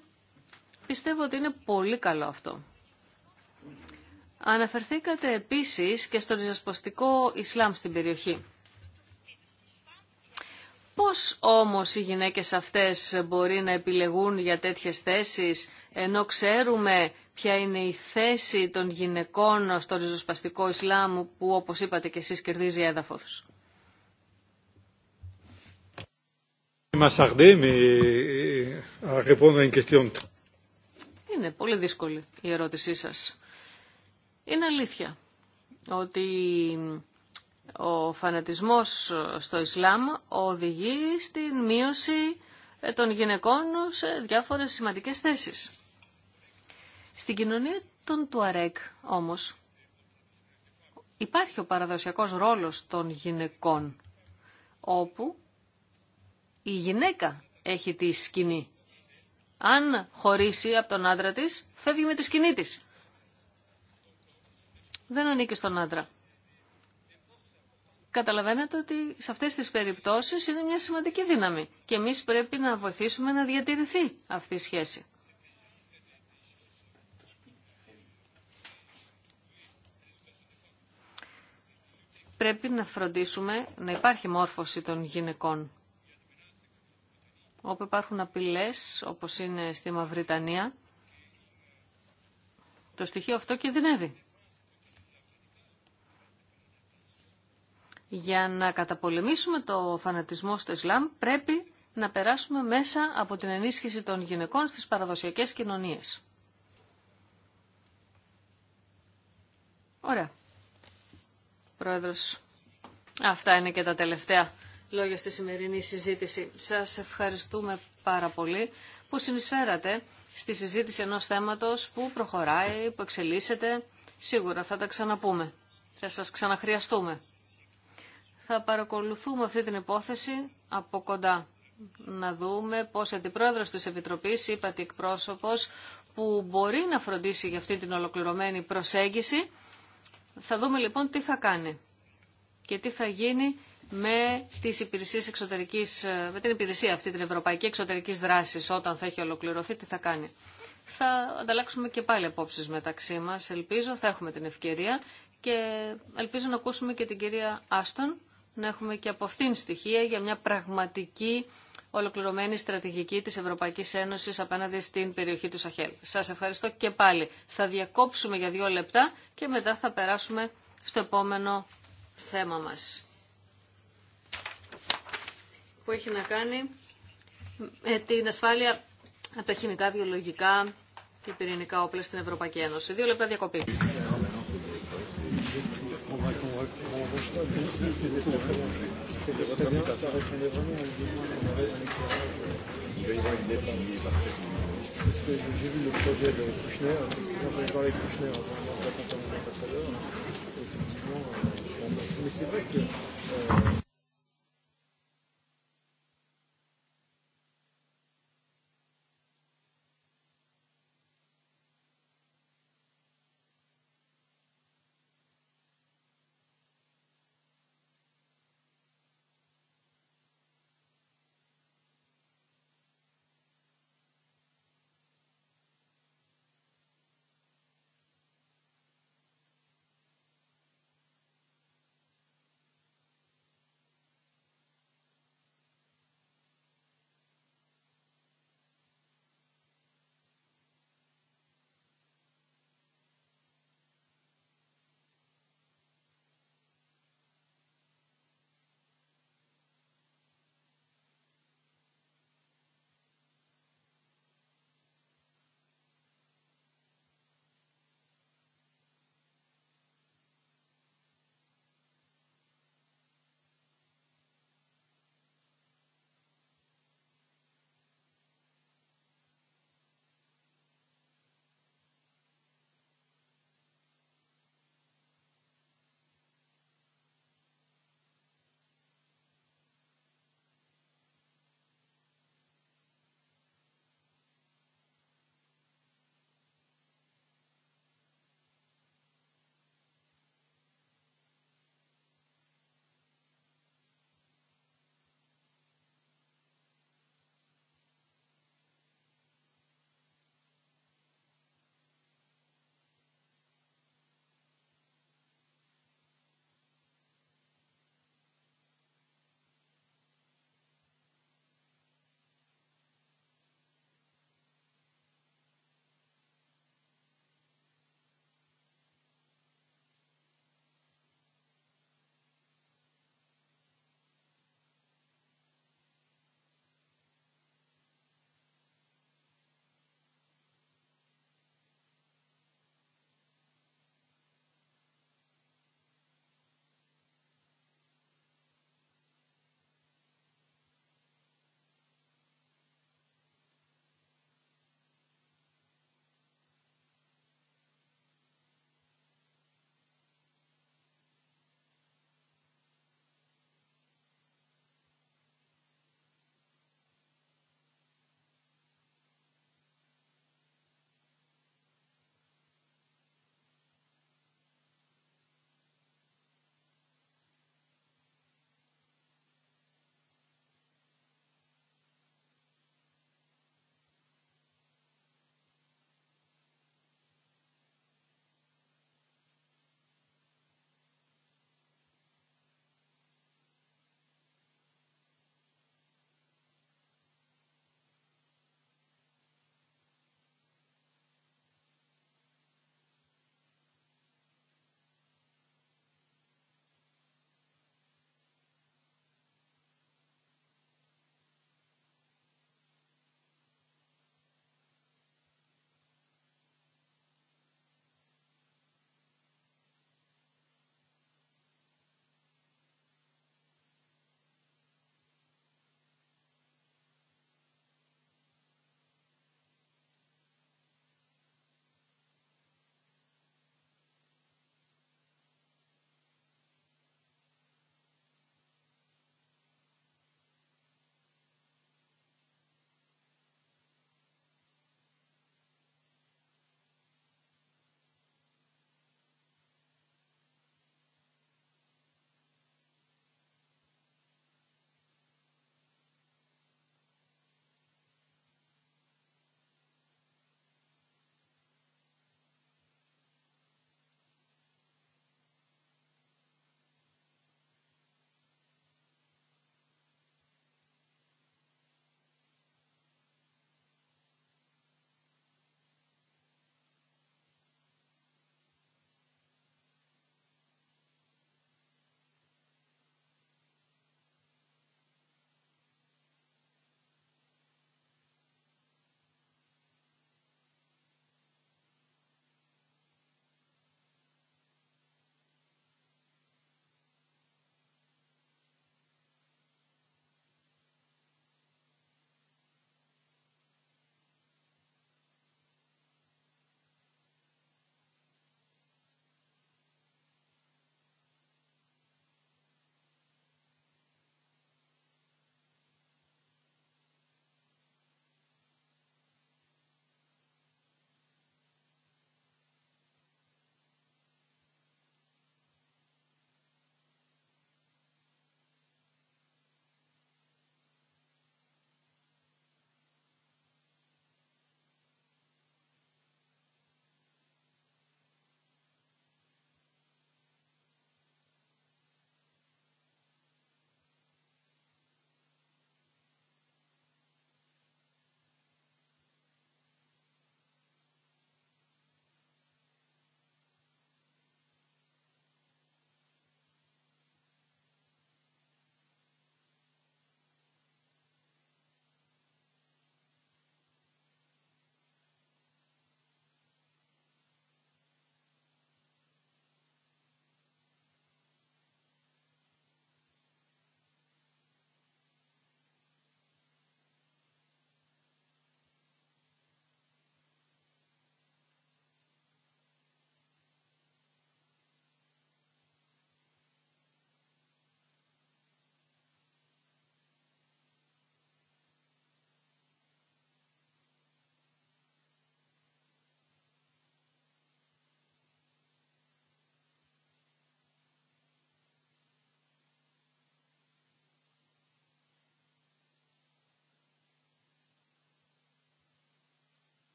πιστεύω ότι είναι πολύ καλό αυτό. Αναφερθήκατε επίσης και στο ριζασποστικό Ισλάμ στην περιοχή. Πώς όμως οι γυναίκες αυτές μπορεί να επιλεγούν για τέτοιες θέσεις ενώ ξέρουμε ποια είναι η θέση των γυναικών στο ριζοσπαστικό Ισλάμ που όπως είπατε και εσείς κερδίζει έδαφος. Ε, είναι πολύ δύσκολη η ερώτησή σας. Είναι αλήθεια ότι ο φανατισμός στο Ισλάμ οδηγεί στην μείωση ε, των γυναικών σε διάφορες σημαντικές θέσεις. Στην κοινωνία των Τουαρέκ όμως υπάρχει ο παραδοσιακός ρόλος των γυναικών όπου η γυναίκα έχει τη σκηνή. Αν χωρίσει από τον άντρα της, φεύγει με τη σκηνή της. Δεν ανήκει στον άντρα καταλαβαίνετε ότι σε αυτές τις περιπτώσεις είναι μια σημαντική δύναμη και εμείς πρέπει να βοηθήσουμε να διατηρηθεί αυτή η σχέση. Πρέπει να φροντίσουμε να υπάρχει μόρφωση των γυναικών. Όπου υπάρχουν απειλές, όπως είναι στη Μαυριτανία, το στοιχείο αυτό κινδυνεύει. Για να καταπολεμήσουμε το φανατισμό στο Ισλάμ πρέπει να περάσουμε μέσα από την ενίσχυση των γυναικών στις παραδοσιακές κοινωνίες. Ωραία. Πρόεδρος, αυτά είναι και τα τελευταία λόγια στη σημερινή συζήτηση. Σας ευχαριστούμε πάρα πολύ που συνεισφέρατε στη συζήτηση ενός θέματος που προχωράει, που εξελίσσεται. Σίγουρα θα τα ξαναπούμε. Θα σας ξαναχρειαστούμε θα παρακολουθούμε αυτή την υπόθεση από κοντά. Να δούμε πώς η Αντιπρόεδρος της Επιτροπής, είπα εκπρόσωπος, που μπορεί να φροντίσει για αυτή την ολοκληρωμένη προσέγγιση. Θα δούμε λοιπόν τι θα κάνει και τι θα γίνει με, τις υπηρεσίες εξωτερικής, με την υπηρεσία αυτή, την Ευρωπαϊκή Εξωτερική Δράση, όταν θα έχει ολοκληρωθεί, τι θα κάνει. Θα ανταλλάξουμε και πάλι απόψεις μεταξύ μας, ελπίζω, θα έχουμε την ευκαιρία και ελπίζω να ακούσουμε και την κυρία Άστον να έχουμε και από αυτήν στοιχεία για μια πραγματική ολοκληρωμένη στρατηγική της Ευρωπαϊκής Ένωσης απέναντι στην περιοχή του Σαχέλ. Σας ευχαριστώ και πάλι. Θα διακόψουμε για δύο λεπτά και μετά θα περάσουμε στο επόμενο θέμα μας. Που έχει να κάνει με την ασφάλεια από τα χημικά, βιολογικά και πυρηνικά όπλα στην Ευρωπαϊκή Ένωση. Δύο λεπτά διακοπή une par cette C'est j'ai vu le projet de Kouchner. Effectivement, parlé de Kouchner avant Effectivement, mais c'est vrai que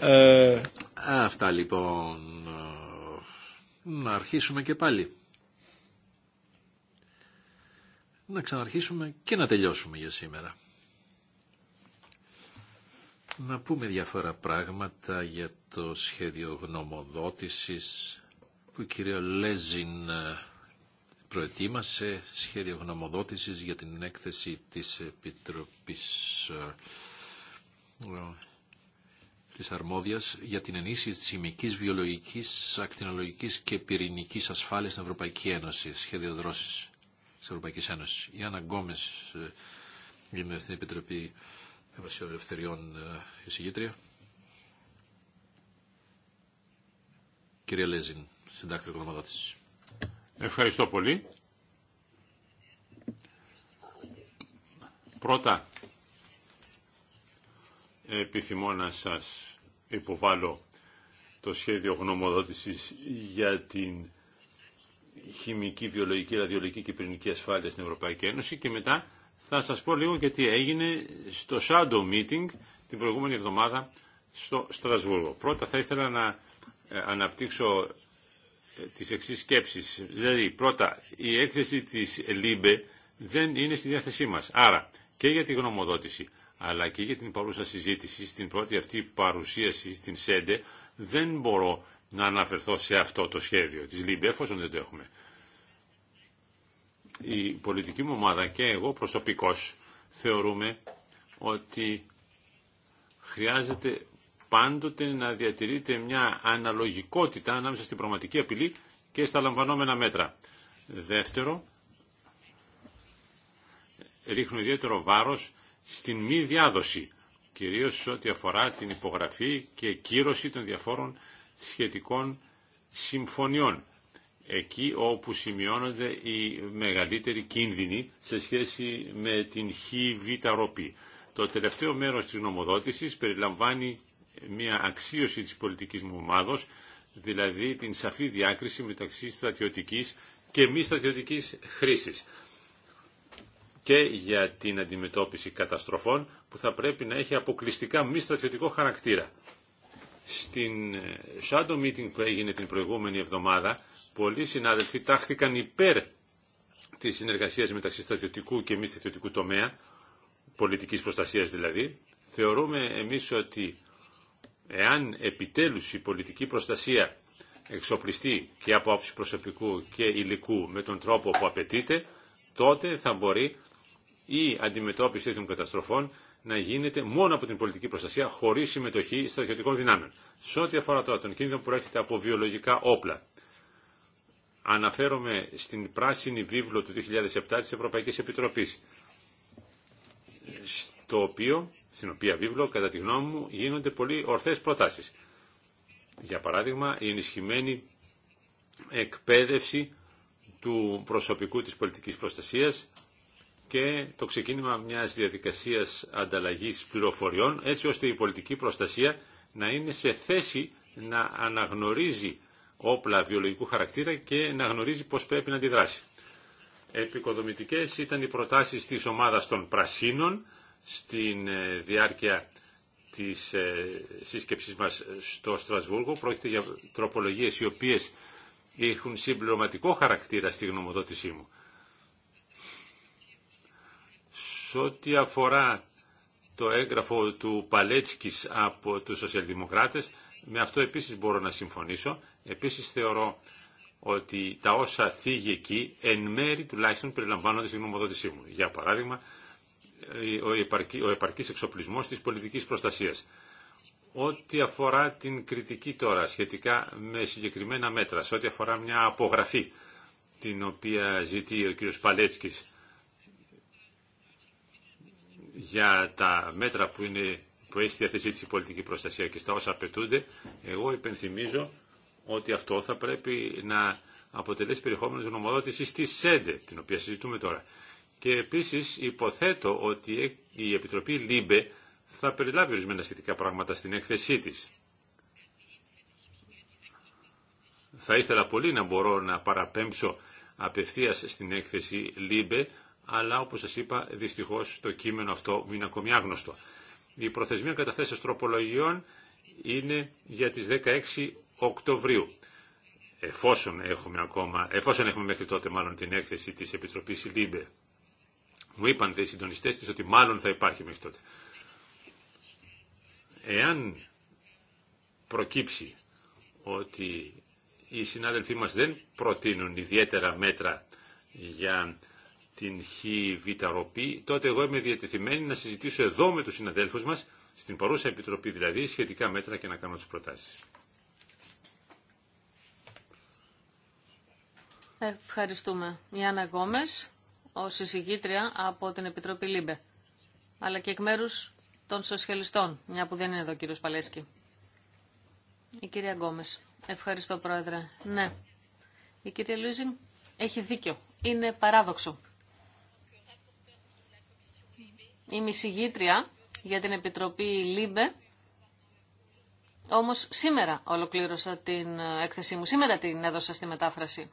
Ε, αυτά λοιπόν. Ε, να αρχίσουμε και πάλι. Να ξαναρχίσουμε και να τελειώσουμε για σήμερα. Να πούμε διάφορα πράγματα για το σχέδιο γνωμοδότησης που η κυρία Λέζιν ε, προετοίμασε σχέδιο γνωμοδότησης για την έκθεση της Επιτροπής αρμόδιας για την ενίσχυση της χημικής, βιολογικής, ακτινολογικής και πυρηνικής ασφάλειας στην Ευρωπαϊκή Ένωση, σχέδιο δρόσης της Ευρωπαϊκής Ένωσης. Η Άννα Γκόμες, ε, είμαι στην Επιτροπή Ευασιών Ελευθεριών ε, εισηγήτρια. Κυρία Λέζιν, συντάκτρια οικονομοδότηση. Ευχαριστώ πολύ. Πρώτα, επιθυμώ να σας Υποβάλλω το σχέδιο γνωμοδότησης για την χημική, βιολογική, ραδιολογική και πυρηνική ασφάλεια στην Ευρωπαϊκή Ένωση και μετά θα σας πω λίγο γιατί έγινε στο Shadow Meeting την προηγούμενη εβδομάδα στο Στρασβούργο. Πρώτα θα ήθελα να ε, αναπτύξω ε, τις εξής σκέψεις. Δηλαδή, πρώτα, η έκθεση της ΛΥΜΠΕ δεν είναι στη διάθεσή μας. Άρα, και για τη γνωμοδότηση, αλλά και για την παρούσα συζήτηση, στην πρώτη αυτή παρουσίαση στην ΣΕΝΤΕ, δεν μπορώ να αναφερθώ σε αυτό το σχέδιο της ΛΥΜΠΕ, εφόσον δεν το έχουμε. Η πολιτική μου ομάδα και εγώ προσωπικώς θεωρούμε ότι χρειάζεται πάντοτε να διατηρείται μια αναλογικότητα ανάμεσα στην πραγματική απειλή και στα λαμβανόμενα μέτρα. Δεύτερο, ρίχνω ιδιαίτερο βάρος στην μη διάδοση, κυρίως ό,τι αφορά την υπογραφή και κύρωση των διαφόρων σχετικών συμφωνιών, εκεί όπου σημειώνονται οι μεγαλύτεροι κίνδυνοι σε σχέση με την χιβιταροπή. Το τελευταίο μέρος της νομοδότησης περιλαμβάνει μια αξίωση της πολιτικής μου ομάδος, δηλαδή την σαφή διάκριση μεταξύ στρατιωτικής και μη στρατιωτικής χρήσης και για την αντιμετώπιση καταστροφών που θα πρέπει να έχει αποκλειστικά μη στρατιωτικό χαρακτήρα. Στην ε, shadow meeting που έγινε την προηγούμενη εβδομάδα, πολλοί συνάδελφοι τάχθηκαν υπέρ τη συνεργασία μεταξύ στρατιωτικού και μη στρατιωτικού τομέα, πολιτική προστασία δηλαδή. Θεωρούμε εμεί ότι εάν επιτέλου η πολιτική προστασία εξοπλιστεί και από άψη προσωπικού και υλικού με τον τρόπο που απαιτείται, τότε θα μπορεί η αντιμετώπιση τέτοιων καταστροφών να γίνεται μόνο από την πολιτική προστασία χωρίς συμμετοχή στρατιωτικών δυνάμεων. Σε ό,τι αφορά τώρα τον κίνδυνο που προέρχεται από βιολογικά όπλα, αναφέρομαι στην πράσινη βίβλο του 2007 της Ευρωπαϊκής Επιτροπής, στο οποίο, στην οποία βίβλο, κατά τη γνώμη μου, γίνονται πολύ ορθές προτάσεις. Για παράδειγμα, η ενισχυμένη εκπαίδευση του προσωπικού της πολιτικής προστασίας και το ξεκίνημα μιας διαδικασίας ανταλλαγής πληροφοριών έτσι ώστε η πολιτική προστασία να είναι σε θέση να αναγνωρίζει όπλα βιολογικού χαρακτήρα και να γνωρίζει πώς πρέπει να αντιδράσει. Επικοδομητικές ήταν οι προτάσεις της ομάδας των Πρασίνων στην ε, διάρκεια της ε, σύσκεψής μας στο Στρασβούργο. Πρόκειται για τροπολογίες οι οποίες έχουν συμπληρωματικό χαρακτήρα στη γνωμοδότησή μου. Σε ό,τι αφορά το έγγραφο του Παλέτσκης από τους σοσιαλδημοκράτες, με αυτό επίσης μπορώ να συμφωνήσω. Επίσης θεωρώ ότι τα όσα θίγει εκεί, εν μέρη τουλάχιστον περιλαμβάνονται στην γνωμοδότησή μου. Για παράδειγμα, ο, επαρκή, ο επαρκής εξοπλισμός της πολιτικής προστασίας. Ό,τι αφορά την κριτική τώρα σχετικά με συγκεκριμένα μέτρα, σε ό,τι αφορά μια απογραφή την οποία ζητεί ο κ. Παλέτσκης για τα μέτρα που, είναι, που έχει στη διαθεσή της η πολιτική προστασία και στα όσα απαιτούνται, εγώ υπενθυμίζω ότι αυτό θα πρέπει να αποτελέσει περιεχόμενο γνωμοδότηση τη ΣΕΝΤΕ, την οποία συζητούμε τώρα. Και επίσης υποθέτω ότι η Επιτροπή ΛΥΜΠΕ θα περιλάβει ορισμένα σχετικά πράγματα στην έκθεσή της. Θα ήθελα πολύ να μπορώ να παραπέμψω απευθείας στην έκθεση ΛΥΜΠΕ, αλλά όπως σας είπα δυστυχώς το κείμενο αυτό μου είναι ακόμη άγνωστο. Η προθεσμία καταθέσεως τροπολογιών είναι για τις 16 Οκτωβρίου. Εφόσον έχουμε, ακόμα, εφόσον έχουμε μέχρι τότε μάλλον την έκθεση της Επιτροπής ΛΥΜΠΕ. Μου είπαν οι συντονιστές της ότι μάλλον θα υπάρχει μέχρι τότε. Εάν προκύψει ότι οι συνάδελφοί μας δεν προτείνουν ιδιαίτερα μέτρα για την ΧΒ τότε εγώ είμαι διατεθειμένη να συζητήσω εδώ με τους συναδέλφους μας, στην παρούσα επιτροπή δηλαδή, σχετικά μέτρα και να κάνω τις προτάσεις. Ευχαριστούμε. Η Άννα Γκόμες, ως εισηγήτρια από την Επιτροπή ΛΥΜΠΕ, αλλά και εκ μέρου των σοσιαλιστών, μια που δεν είναι εδώ ο κύριος Παλέσκη. Η κυρία Γκόμες. Ευχαριστώ, Πρόεδρε. Ναι. Η κυρία Λούιζιν έχει δίκιο. Είναι παράδοξο Είμαι εισηγήτρια για την Επιτροπή ΛΥΜΠΕ, όμως σήμερα ολοκλήρωσα την έκθεσή μου, σήμερα την έδωσα στη μετάφραση.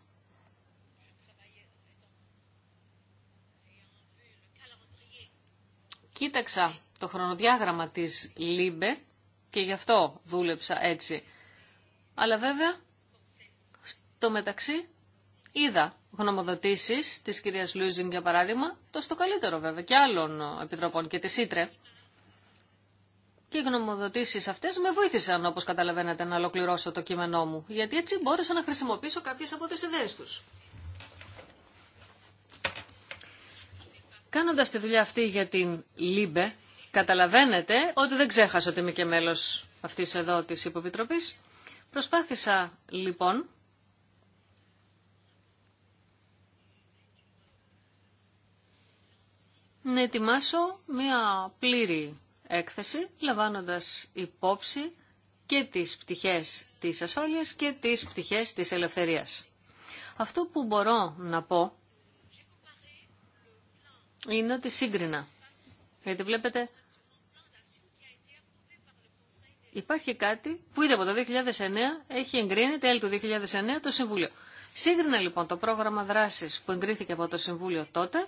Κοίταξα το χρονοδιάγραμμα της ΛΥΜΠΕ και γι' αυτό δούλεψα έτσι. Αλλά βέβαια, στο μεταξύ, είδα γνωμοδοτήσει της κυρίας Λούζιν για παράδειγμα, το στο καλύτερο βέβαια και άλλων επιτροπών και τη Ήτρε. Και οι γνωμοδοτήσεις αυτές με βοήθησαν όπω καταλαβαίνετε να ολοκληρώσω το κείμενό μου, γιατί έτσι μπόρεσα να χρησιμοποιήσω κάποιε από τις ιδέες τους. Κάνοντας τη δουλειά αυτή για την ΛΥΜΠΕ, καταλαβαίνετε ότι δεν ξέχασα ότι είμαι και μέλο αυτή εδώ τη υποπιτροπή. Προσπάθησα λοιπόν να ετοιμάσω μία πλήρη έκθεση, λαμβάνοντας υπόψη και τις πτυχές της ασφάλειας και τις πτυχές της ελευθερίας. Αυτό που μπορώ να πω είναι ότι σύγκρινα. Γιατί βλέπετε, υπάρχει κάτι που ήδη από το 2009 έχει εγκρίνει τέλη του 2009 το Συμβούλιο. Σύγκρινα λοιπόν το πρόγραμμα δράσης που εγκρίθηκε από το Συμβούλιο τότε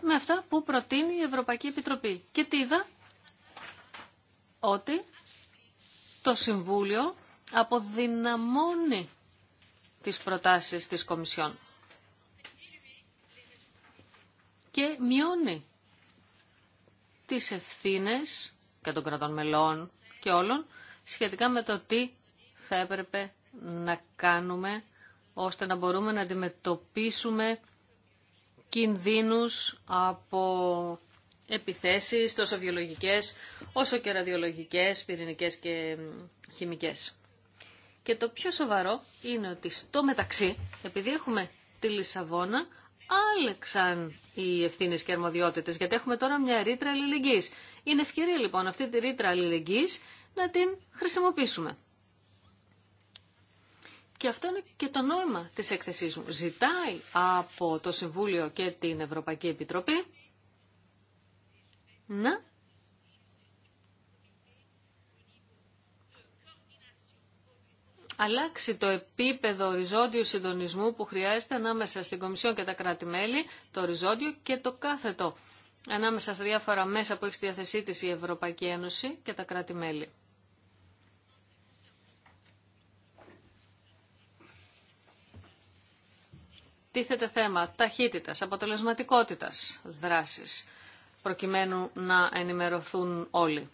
με αυτά που προτείνει η Ευρωπαϊκή Επιτροπή. Και τι είδα? Ότι το Συμβούλιο αποδυναμώνει τις προτάσεις της Κομισιόν και μειώνει τις ευθύνες και των κρατών μελών και όλων σχετικά με το τι θα έπρεπε να κάνουμε ώστε να μπορούμε να αντιμετωπίσουμε κινδύνους από επιθέσεις τόσο βιολογικές όσο και ραδιολογικές, πυρηνικές και χημικές. Και το πιο σοβαρό είναι ότι στο μεταξύ, επειδή έχουμε τη Λισαβόνα, άλεξαν οι ευθύνε και αρμοδιότητες, γιατί έχουμε τώρα μια ρήτρα αλληλεγγύης. Είναι ευκαιρία λοιπόν αυτή τη ρήτρα αλληλεγγύης να την χρησιμοποιήσουμε. Και αυτό είναι και το νόημα της έκθεσής μου. Ζητάει από το Συμβούλιο και την Ευρωπαϊκή Επιτροπή να αλλάξει το επίπεδο οριζόντιου συντονισμού που χρειάζεται ανάμεσα στην Κομισιόν και τα κράτη-μέλη, το οριζόντιο και το κάθετο, ανάμεσα στα διάφορα μέσα που έχει στη διάθεσή της η Ευρωπαϊκή Ένωση και τα κράτη-μέλη. τίθεται θέμα ταχύτητας, αποτελεσματικότητας δράσης, προκειμένου να ενημερωθούν όλοι.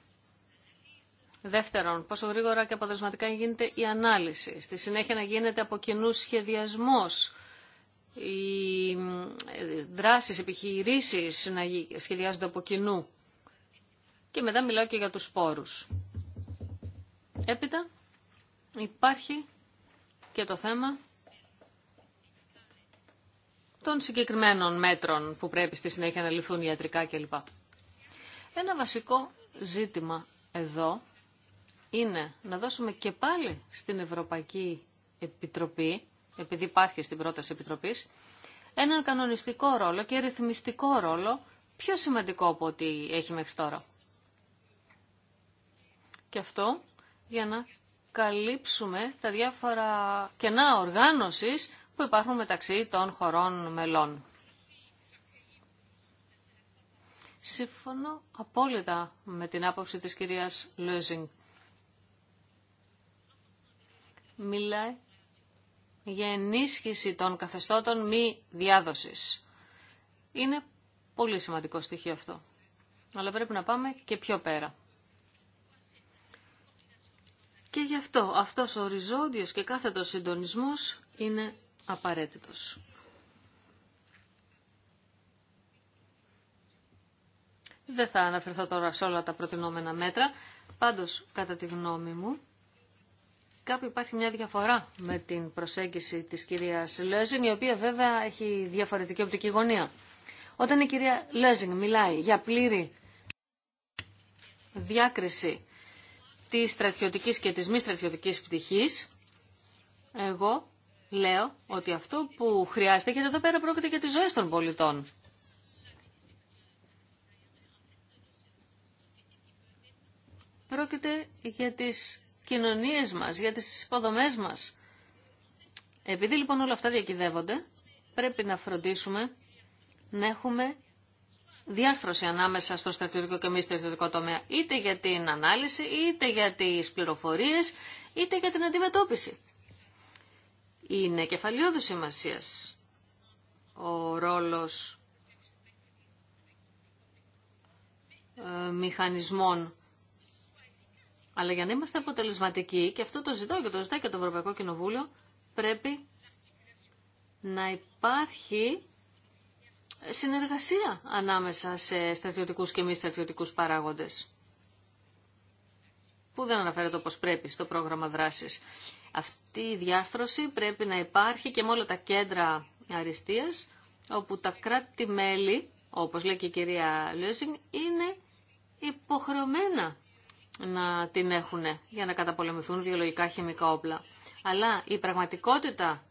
Δεύτερον, πόσο γρήγορα και αποτελεσματικά γίνεται η ανάλυση. Στη συνέχεια να γίνεται από κοινού σχεδιασμός, οι ε, δράσεις, επιχειρήσεις να σχεδιάζονται από κοινού. Και μετά μιλάω και για τους σπόρους. Έπειτα υπάρχει και το θέμα των συγκεκριμένων μέτρων που πρέπει στη συνέχεια να ληφθούν ιατρικά κλπ. Ένα βασικό ζήτημα εδώ είναι να δώσουμε και πάλι στην Ευρωπαϊκή Επιτροπή, επειδή υπάρχει στην πρόταση Επιτροπής, έναν κανονιστικό ρόλο και ρυθμιστικό ρόλο πιο σημαντικό από ό,τι έχει μέχρι τώρα. Και αυτό για να καλύψουμε τα διάφορα κενά οργάνωσης που υπάρχουν μεταξύ των χωρών μελών. Σύμφωνο απόλυτα με την άποψη της κυρίας Λούζινγκ. Μιλάει για ενίσχυση των καθεστώτων μη διάδοσης. Είναι πολύ σημαντικό στοιχείο αυτό. Αλλά πρέπει να πάμε και πιο πέρα. Και γι' αυτό αυτός ο οριζόντιος και κάθετος συντονισμός είναι απαραίτητος. Δεν θα αναφερθώ τώρα σε όλα τα προτινόμενα μέτρα. Πάντως, κατά τη γνώμη μου, κάπου υπάρχει μια διαφορά με την προσέγγιση της κυρίας Λέζιν, η οποία βέβαια έχει διαφορετική οπτική γωνία. Όταν η κυρία Λέζιν μιλάει για πλήρη διάκριση της στρατιωτικής και της μη στρατιωτικής πτυχής, εγώ λέω ότι αυτό που χρειάζεται, το εδώ πέρα πρόκειται για τις ζωές των πολιτών. Πρόκειται για τις κοινωνίες μας, για τις υποδομές μας. Επειδή λοιπόν όλα αυτά διακυδεύονται, πρέπει να φροντίσουμε να έχουμε διάρθρωση ανάμεσα στο στρατιωτικό και μη στρατιωτικό τομέα, είτε για την ανάλυση, είτε για τις πληροφορίες, είτε για την αντιμετώπιση. Είναι κεφαλαιόδου σημασία ο ρόλος ε, μηχανισμών. Αλλά για να είμαστε αποτελεσματικοί, και αυτό το ζητάω και το ζητάει και το Ευρωπαϊκό Κοινοβούλιο, πρέπει να υπάρχει συνεργασία ανάμεσα σε στρατιωτικούς και μη στρατιωτικούς παράγοντες που δεν αναφέρεται όπως πρέπει στο πρόγραμμα δράσης. Αυτή η διάρθρωση πρέπει να υπάρχει και με όλα τα κέντρα αριστείας, όπου τα κράτη-μέλη, όπως λέει και η κυρία Λιώσινγκ, είναι υποχρεωμένα να την έχουν για να καταπολεμηθούν βιολογικά χημικά όπλα. Αλλά η πραγματικότητα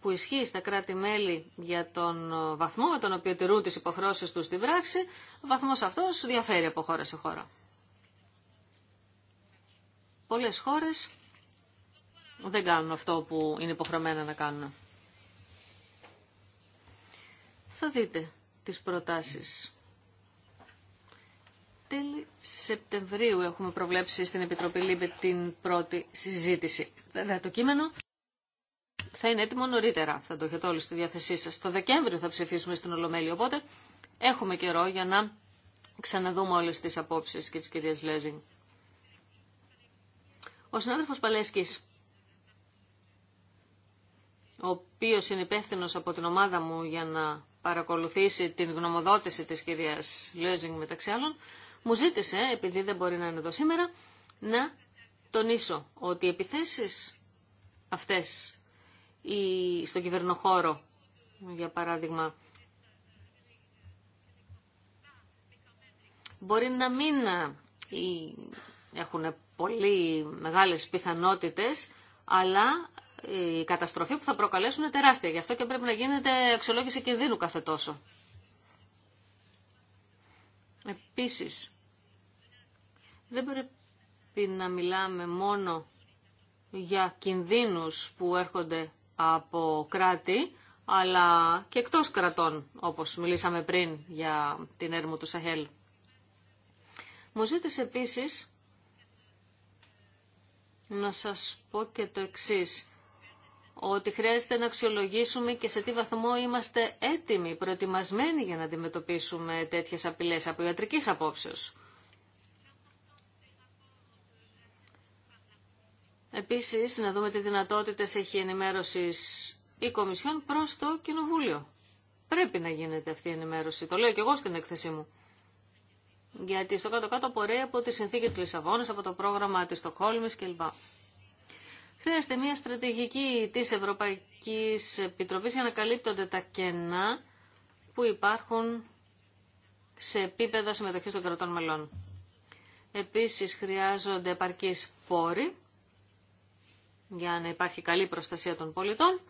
που ισχύει στα κράτη-μέλη για τον βαθμό με τον οποίο τηρούν τις υποχρώσεις τους στην πράξη, ο βαθμός αυτός διαφέρει από χώρα σε χώρα. Πολλές χώρες δεν κάνουν αυτό που είναι υποχρεωμένα να κάνουν. Θα δείτε τις προτάσεις. Τέλη Σεπτεμβρίου έχουμε προβλέψει στην Επιτροπή ΛΥΜΠΕ την πρώτη συζήτηση. Βέβαια το κείμενο θα είναι έτοιμο νωρίτερα, θα το έχετε όλοι στη διάθεσή σας. Το Δεκέμβριο θα ψηφίσουμε στην Ολομέλη, οπότε έχουμε καιρό για να ξαναδούμε όλες τις απόψεις και της κυρίας Λέζιν. Ο συνάδελφος Παλέσκης ο οποίος είναι υπεύθυνο από την ομάδα μου για να παρακολουθήσει την γνωμοδότηση της κυρίας Λέζινγκ μεταξύ άλλων, μου ζήτησε, επειδή δεν μπορεί να είναι εδώ σήμερα, να τονίσω ότι οι επιθέσεις αυτές ή κυβερνοχώρο, για παράδειγμα, μπορεί να μην ε, έχουν πολύ μεγάλες πιθανότητες, αλλά η καταστροφή που θα προκαλέσουν είναι τεράστια. Γι' αυτό και πρέπει να γίνεται εξολόγηση κινδύνου κάθε τόσο. Επίσης, δεν πρέπει να μιλάμε μόνο για κινδύνους που έρχονται από κράτη, αλλά και εκτός κρατών, όπως μιλήσαμε πριν για την έρμο του Σαχέλ. Μου ζήτησε επίσης να σας πω και το εξής ότι χρειάζεται να αξιολογήσουμε και σε τι βαθμό είμαστε έτοιμοι, προετοιμασμένοι για να αντιμετωπίσουμε τέτοιες απειλές από ιατρικής απόψεως. Επίσης, να δούμε τι δυνατότητες έχει η ενημέρωσης η Κομισιόν προς το Κοινοβούλιο. Πρέπει να γίνεται αυτή η ενημέρωση. Το λέω και εγώ στην έκθεσή μου. Γιατί στο κάτω-κάτω απορρέει από τη συνθήκη τη Λισαβόνα, από το πρόγραμμα της Στοκόλμης κλπ. Χρειάζεται μια στρατηγική της Ευρωπαϊκής Επιτροπής για να καλύπτονται τα κενά που υπάρχουν σε επίπεδο συμμετοχής των κρατών μελών. Επίσης χρειάζονται επαρκείς πόροι για να υπάρχει καλή προστασία των πολιτών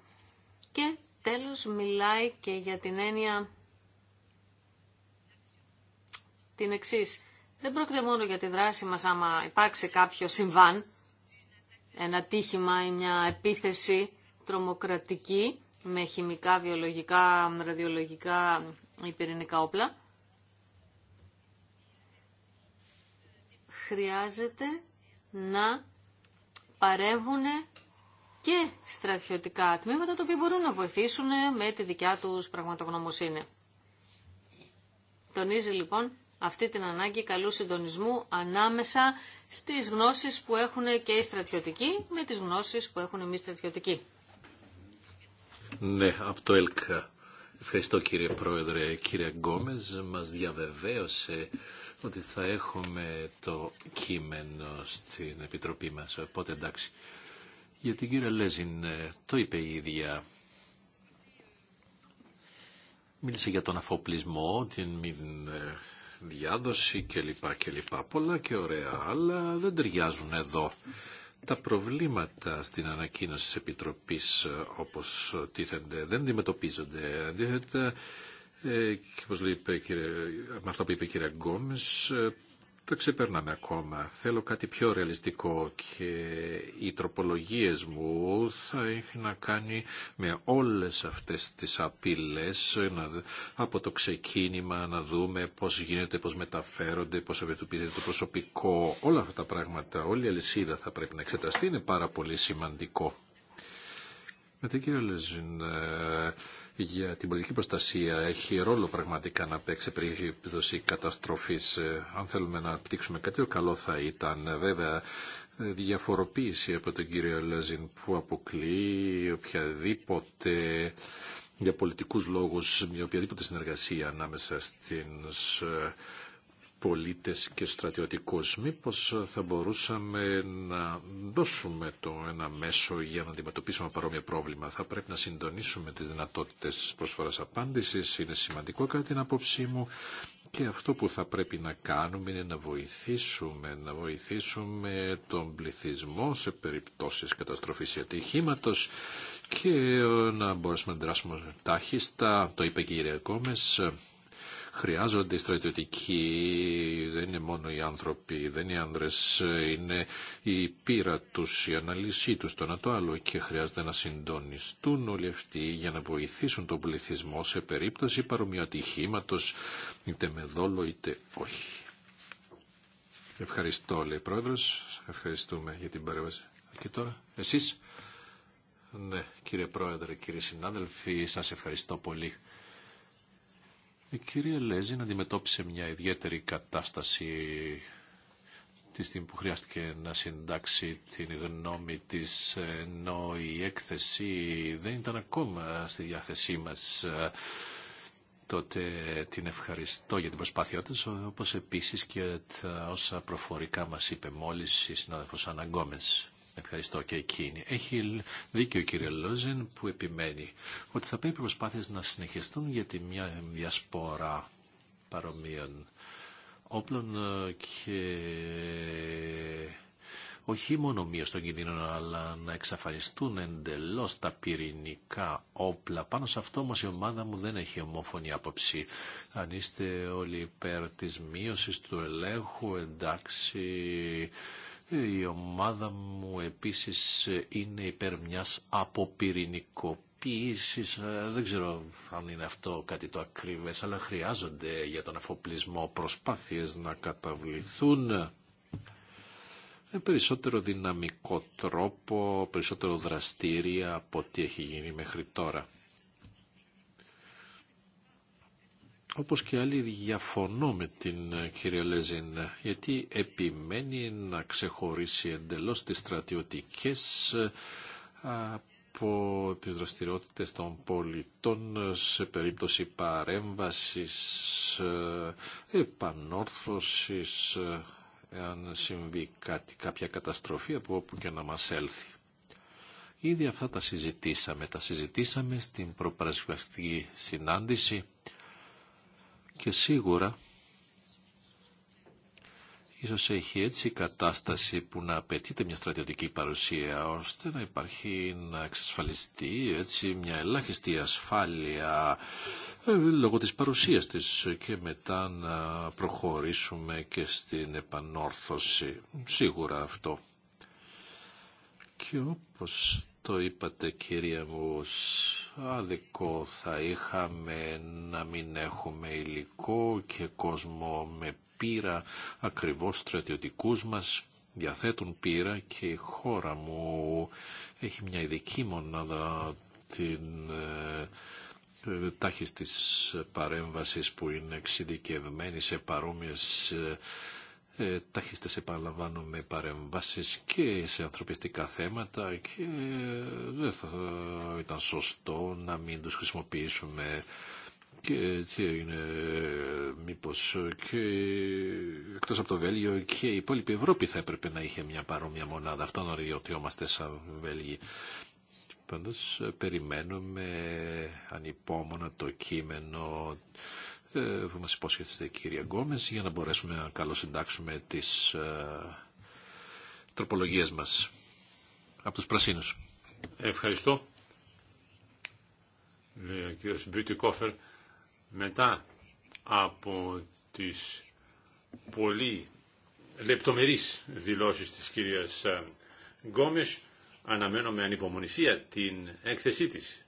και τέλος μιλάει και για την έννοια την εξής. Δεν πρόκειται μόνο για τη δράση μας άμα υπάρξει κάποιο συμβάν, ένα τύχημα ή μια επίθεση τρομοκρατική με χημικά, βιολογικά, ραδιολογικά ή πυρηνικά όπλα. Χρειάζεται να παρεύουν και στρατιωτικά τμήματα, τα οποία μπορούν να βοηθήσουν με τη δικιά τους πραγματογνωμοσύνη. Τονίζει λοιπόν αυτή την ανάγκη καλού συντονισμού ανάμεσα στις γνώσεις που έχουν και οι στρατιωτικοί με τις γνώσεις που έχουν εμεί στρατιωτικοί. Ναι, από το ΕΛΚΑ. Ευχαριστώ κύριε Πρόεδρε. Κύριε Γκόμες μας διαβεβαίωσε ότι θα έχουμε το κείμενο στην Επιτροπή μας. Οπότε εντάξει. Για την Λέζιν, ε, το είπε η ίδια. Μίλησε για τον αφοπλισμό, την ε, διάδοση κλπ. και Πολλά και ωραία, αλλά δεν ταιριάζουν εδώ. Τα προβλήματα στην ανακοίνωση της Επιτροπής ε, όπως τίθενται δεν αντιμετωπίζονται. Αντίθετα, ε, και όπως λέει, με αυτό που είπε η κυρία Γκόμες, ε, το ξεπερνάμε ακόμα. Θέλω κάτι πιο ρεαλιστικό και οι τροπολογίες μου θα έχει να κάνει με όλες αυτές τις απειλές από το ξεκίνημα να δούμε πώς γίνεται, πώς μεταφέρονται, πώς αυτοποιείται το προσωπικό. Όλα αυτά τα πράγματα, όλη η αλυσίδα θα πρέπει να εξεταστεί, είναι πάρα πολύ σημαντικό. Με την κύριο Λεζίν, ε, για την πολιτική προστασία έχει ρόλο πραγματικά να παίξει περίπτωση καταστροφής. Ε, αν θέλουμε να πτύξουμε κάτι, καλό θα ήταν ε, βέβαια διαφοροποίηση από τον κύριο Λέζιν που αποκλεί οποιαδήποτε για πολιτικούς λόγους, μια οποιαδήποτε συνεργασία ανάμεσα στην πολίτες και στρατιωτικούς. Μήπως θα μπορούσαμε να δώσουμε το ένα μέσο για να αντιμετωπίσουμε παρόμοιο πρόβλημα. Θα πρέπει να συντονίσουμε τις δυνατότητες της προσφοράς απάντησης. Είναι σημαντικό κατά την απόψή μου. Και αυτό που θα πρέπει να κάνουμε είναι να βοηθήσουμε, να βοηθήσουμε τον πληθυσμό σε περιπτώσεις καταστροφής ή και να μπορέσουμε να δράσουμε τάχιστα, το είπε και η Χρειάζονται οι στρατιωτικοί, δεν είναι μόνο οι άνθρωποι, δεν είναι οι άνδρες, είναι η πείρα τους, η αναλύσή τους, το ένα το άλλο και χρειάζεται να συντονιστούν όλοι αυτοί για να βοηθήσουν τον πληθυσμό σε περίπτωση παρομοιου ατυχήματος, είτε με δόλο είτε όχι. Ευχαριστώ, λέει πρόεδρος. Ευχαριστούμε για την παρέμβαση. Και τώρα, εσείς. Ναι, κύριε Πρόεδρε, κύριε συνάδελφοι, σας ευχαριστώ πολύ. Ε, η κυρία να αντιμετώπισε μια ιδιαίτερη κατάσταση τη στιγμή που χρειάστηκε να συντάξει την γνώμη της, ενώ η έκθεση δεν ήταν ακόμα στη διάθεσή μας τότε την ευχαριστώ για την προσπάθειά της, όπως επίσης και τα όσα προφορικά μας είπε μόλις η συνάδελφος Αναγκόμες. Ευχαριστώ και εκείνη. Έχει δίκιο ο κύριε Λόζεν που επιμένει ότι θα πρέπει οι προσπάθειες να συνεχιστούν για τη μια διασπορά παρομοίων όπλων ε, και όχι μόνο μία στον κίνδυνων, αλλά να εξαφανιστούν εντελώς τα πυρηνικά όπλα. Πάνω σε αυτό όμως η ομάδα μου δεν έχει ομόφωνη άποψη. Αν είστε όλοι υπέρ της μείωσης του ελέγχου, εντάξει, η ομάδα μου επίσης είναι υπέρ μιας αποπυρηνικοποίησης. Ε, δεν ξέρω αν είναι αυτό κάτι το ακρίβες, αλλά χρειάζονται για τον αφοπλισμό προσπάθειες να καταβληθούν με περισσότερο δυναμικό τρόπο, περισσότερο δραστήρια από ό,τι έχει γίνει μέχρι τώρα. όπως και άλλοι διαφωνώ με την ε, κυρία Λέζιν, γιατί επιμένει να ξεχωρίσει εντελώς τις στρατιωτικές ε, από τις δραστηριότητες των πολιτών ε, σε περίπτωση παρέμβασης, επανόρθωσης, εάν συμβεί κάτι, κάποια καταστροφή από όπου και να μας έλθει. Ήδη αυτά τα συζητήσαμε. Τα συζητήσαμε στην προπαρασκευαστική συνάντηση και σίγουρα ίσως έχει έτσι η κατάσταση που να απαιτείται μια στρατιωτική παρουσία ώστε να υπάρχει να εξασφαλιστεί έτσι μια ελάχιστη ασφάλεια ε, λόγω της παρουσίας της και μετά να προχωρήσουμε και στην επανόρθωση. Σίγουρα αυτό. Και όπως το είπατε κύριε μου, άδικο θα είχαμε να μην έχουμε υλικό και κόσμο με πύρα, ακριβώς στρατιωτικούς μας διαθέτουν πύρα και η χώρα μου έχει μια ειδική μονάδα την ε, ε τάχης της παρέμβασης που είναι εξειδικευμένη σε παρόμοιες ε, ε, επαναλαμβάνουμε παρεμβάσεις και σε ανθρωπιστικά θέματα και ε, δεν θα ήταν σωστό να μην τους χρησιμοποιήσουμε και τι έγινε ε, μήπως και εκτός από το Βέλγιο και η υπόλοιπη Ευρώπη θα έπρεπε να είχε μια παρόμοια μονάδα. Αυτό να ριωτιόμαστε σαν Βέλγοι. Πάντως ε, περιμένουμε ανυπόμονα το κείμενο που ε, μας υπόσχεστε κυρία Γκόμες για να μπορέσουμε να συντάξουμε τις ε, τροπολογίες μας από τους Πρασίνους. Ευχαριστώ. Λέει ο κύριος μετά από τις πολύ λεπτομερείς δηλώσεις της κυρίας ε, Γκόμες αναμένω με ανυπομονησία την έκθεσή της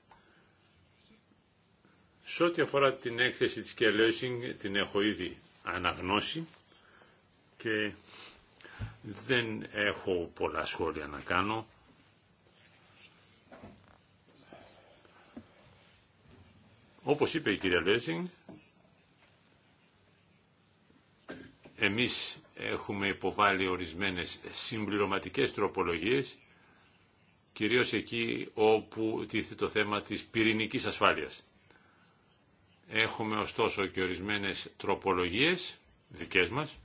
σε ό,τι αφορά την έκθεση της Κελέσινγκ την έχω ήδη αναγνώσει και δεν έχω πολλά σχόλια να κάνω. Όπως είπε η κυρία Λέσινγκ, εμείς έχουμε υποβάλει ορισμένες συμπληρωματικές τροπολογίες, κυρίως εκεί όπου τίθεται το θέμα της πυρηνικής ασφάλειας. Έχουμε ωστόσο και ορισμένες τροπολογίες δικές μας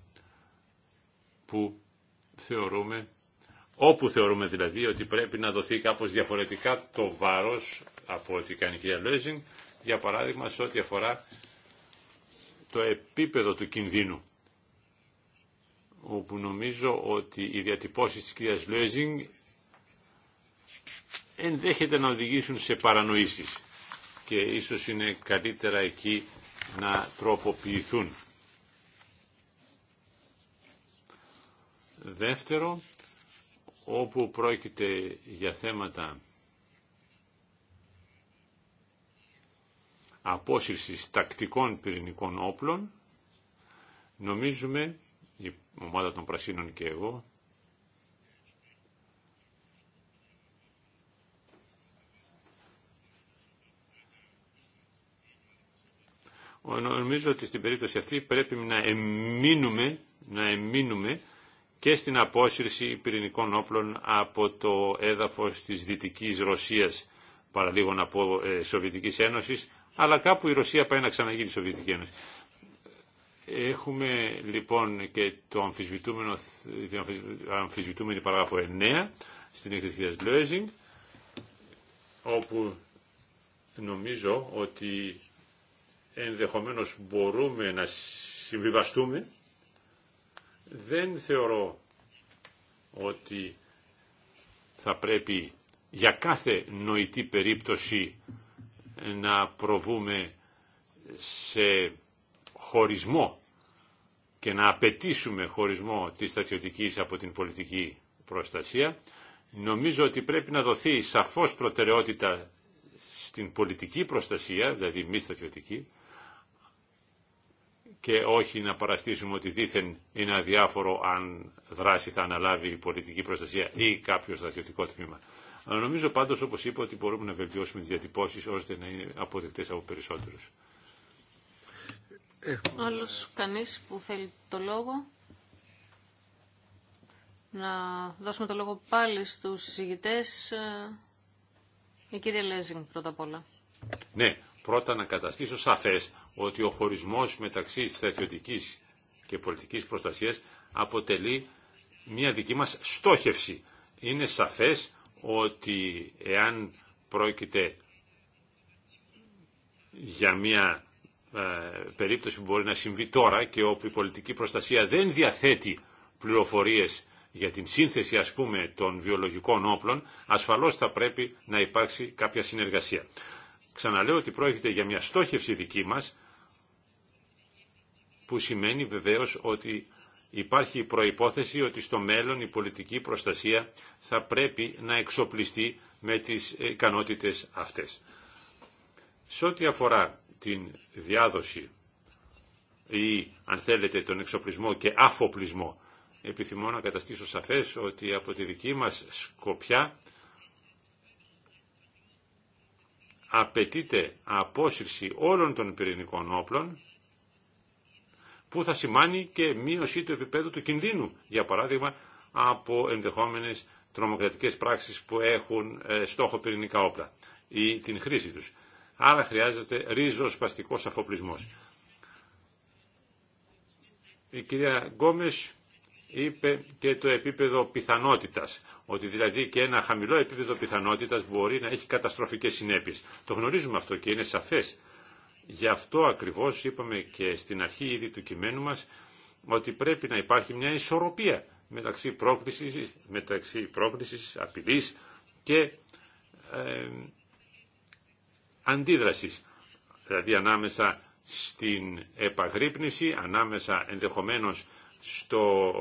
που θεωρούμε, όπου θεωρούμε δηλαδή ότι πρέπει να δοθεί κάπως διαφορετικά το βάρος από ό,τι κάνει η κυρία για παράδειγμα σε ό,τι αφορά το επίπεδο του κινδύνου όπου νομίζω ότι οι διατυπώσεις της κυρίας Λέζινγκ ενδέχεται να οδηγήσουν σε παρανοήσεις και ίσως είναι καλύτερα εκεί να τροποποιηθούν. Δεύτερο, όπου πρόκειται για θέματα απόσυρσης τακτικών πυρηνικών όπλων, νομίζουμε, η ομάδα των Πρασίνων και εγώ, Νομίζω ότι στην περίπτωση αυτή πρέπει να εμείνουμε, να εμείνουμε και στην απόσυρση πυρηνικών όπλων από το έδαφος της Δυτικής Ρωσίας, παραλίγο να πω ε, Σοβιετικής Ένωσης, αλλά κάπου η Ρωσία πάει να ξαναγίνει Σοβιετική Ένωση. Έχουμε λοιπόν και το αμφισβητούμενο, την αμφισβητούμενη παράγραφο 9 στην έκθεση της Λέζινγκ, όπου νομίζω ότι ενδεχομένως μπορούμε να συμβιβαστούμε. Δεν θεωρώ ότι θα πρέπει για κάθε νοητή περίπτωση να προβούμε σε χωρισμό και να απαιτήσουμε χωρισμό της στατιωτική από την πολιτική προστασία. Νομίζω ότι πρέπει να δοθεί σαφώς προτεραιότητα στην πολιτική προστασία, δηλαδή μη στατιωτική, και όχι να παραστήσουμε ότι δήθεν είναι αδιάφορο αν δράση θα αναλάβει η πολιτική προστασία ή κάποιο στρατιωτικό τμήμα. Αλλά νομίζω πάντω, όπω είπα, ότι μπορούμε να βελτιώσουμε τι διατυπώσει ώστε να είναι αποδεκτέ από περισσότερου. Έχουμε... Άλλο κανεί που θέλει το λόγο. Να δώσουμε το λόγο πάλι στους συζητητές. Ε, η κυρία Λέζινγκ πρώτα απ' όλα. Ναι, πρώτα να καταστήσω σαφές ότι ο χωρισμός μεταξύ στρατιωτικής και πολιτικής προστασίας αποτελεί μια δική μας στόχευση. Είναι σαφές ότι εάν πρόκειται για μια ε, περίπτωση που μπορεί να συμβεί τώρα και όπου η πολιτική προστασία δεν διαθέτει πληροφορίες για την σύνθεση ας πούμε των βιολογικών όπλων, ασφαλώς θα πρέπει να υπάρξει κάποια συνεργασία. Ξαναλέω ότι πρόκειται για μια στόχευση δική μας, που σημαίνει βεβαίως ότι υπάρχει η προϋπόθεση ότι στο μέλλον η πολιτική προστασία θα πρέπει να εξοπλιστεί με τις ικανότητες αυτές. Σε ό,τι αφορά την διάδοση ή αν θέλετε τον εξοπλισμό και αφοπλισμό, επιθυμώ να καταστήσω σαφές ότι από τη δική μας σκοπιά απαιτείται απόσυρση όλων των πυρηνικών όπλων που θα σημάνει και μείωση του επίπεδου του κινδύνου, για παράδειγμα, από ενδεχόμενες τρομοκρατικές πράξεις που έχουν ε, στόχο πυρηνικά όπλα ή την χρήση τους. Άρα χρειάζεται ρίζοσπαστικός αφοπλισμός. Η κυρία χρειαζεται παστικος αφοπλισμος η κυρια γκομε ειπε και το επίπεδο πιθανότητας, ότι δηλαδή και ένα χαμηλό επίπεδο πιθανότητας μπορεί να έχει καταστροφικέ συνέπειες. Το γνωρίζουμε αυτό και είναι σαφέ. Γι' αυτό ακριβώς είπαμε και στην αρχή ήδη του κειμένου μας ότι πρέπει να υπάρχει μια ισορροπία μεταξύ πρόκλησης, μεταξύ πρόκλησης απειλής και ε, αντίδρασης. Δηλαδή ανάμεσα στην επαγρύπνηση, ανάμεσα ενδεχομένως στο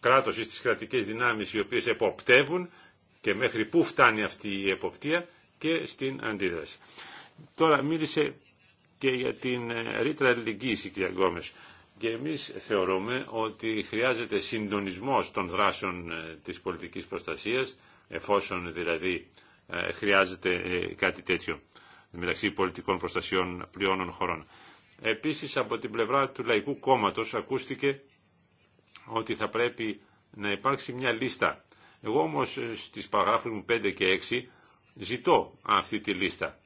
κράτος ή στις κρατικές δυνάμεις οι οποίες εποπτεύουν και μέχρι πού φτάνει αυτή η εποπτεία και στην αντίδραση. Τώρα μίλησε και για την ε, ρήτρα ελληνικής η κυρία Γκόμες. Και εμείς θεωρούμε ότι χρειάζεται συντονισμός των δράσεων ε, της πολιτικής προστασίας, εφόσον δηλαδή ε, χρειάζεται κάτι τέτοιο μεταξύ πολιτικών προστασιών πλειώνων χωρών. Επίσης από την πλευρά του Λαϊκού Κόμματος ακούστηκε ότι θα πρέπει να υπάρξει μια λίστα. Εγώ όμως στις παραγράφους μου 5 και 6 ζητώ αυτή τη λίστα.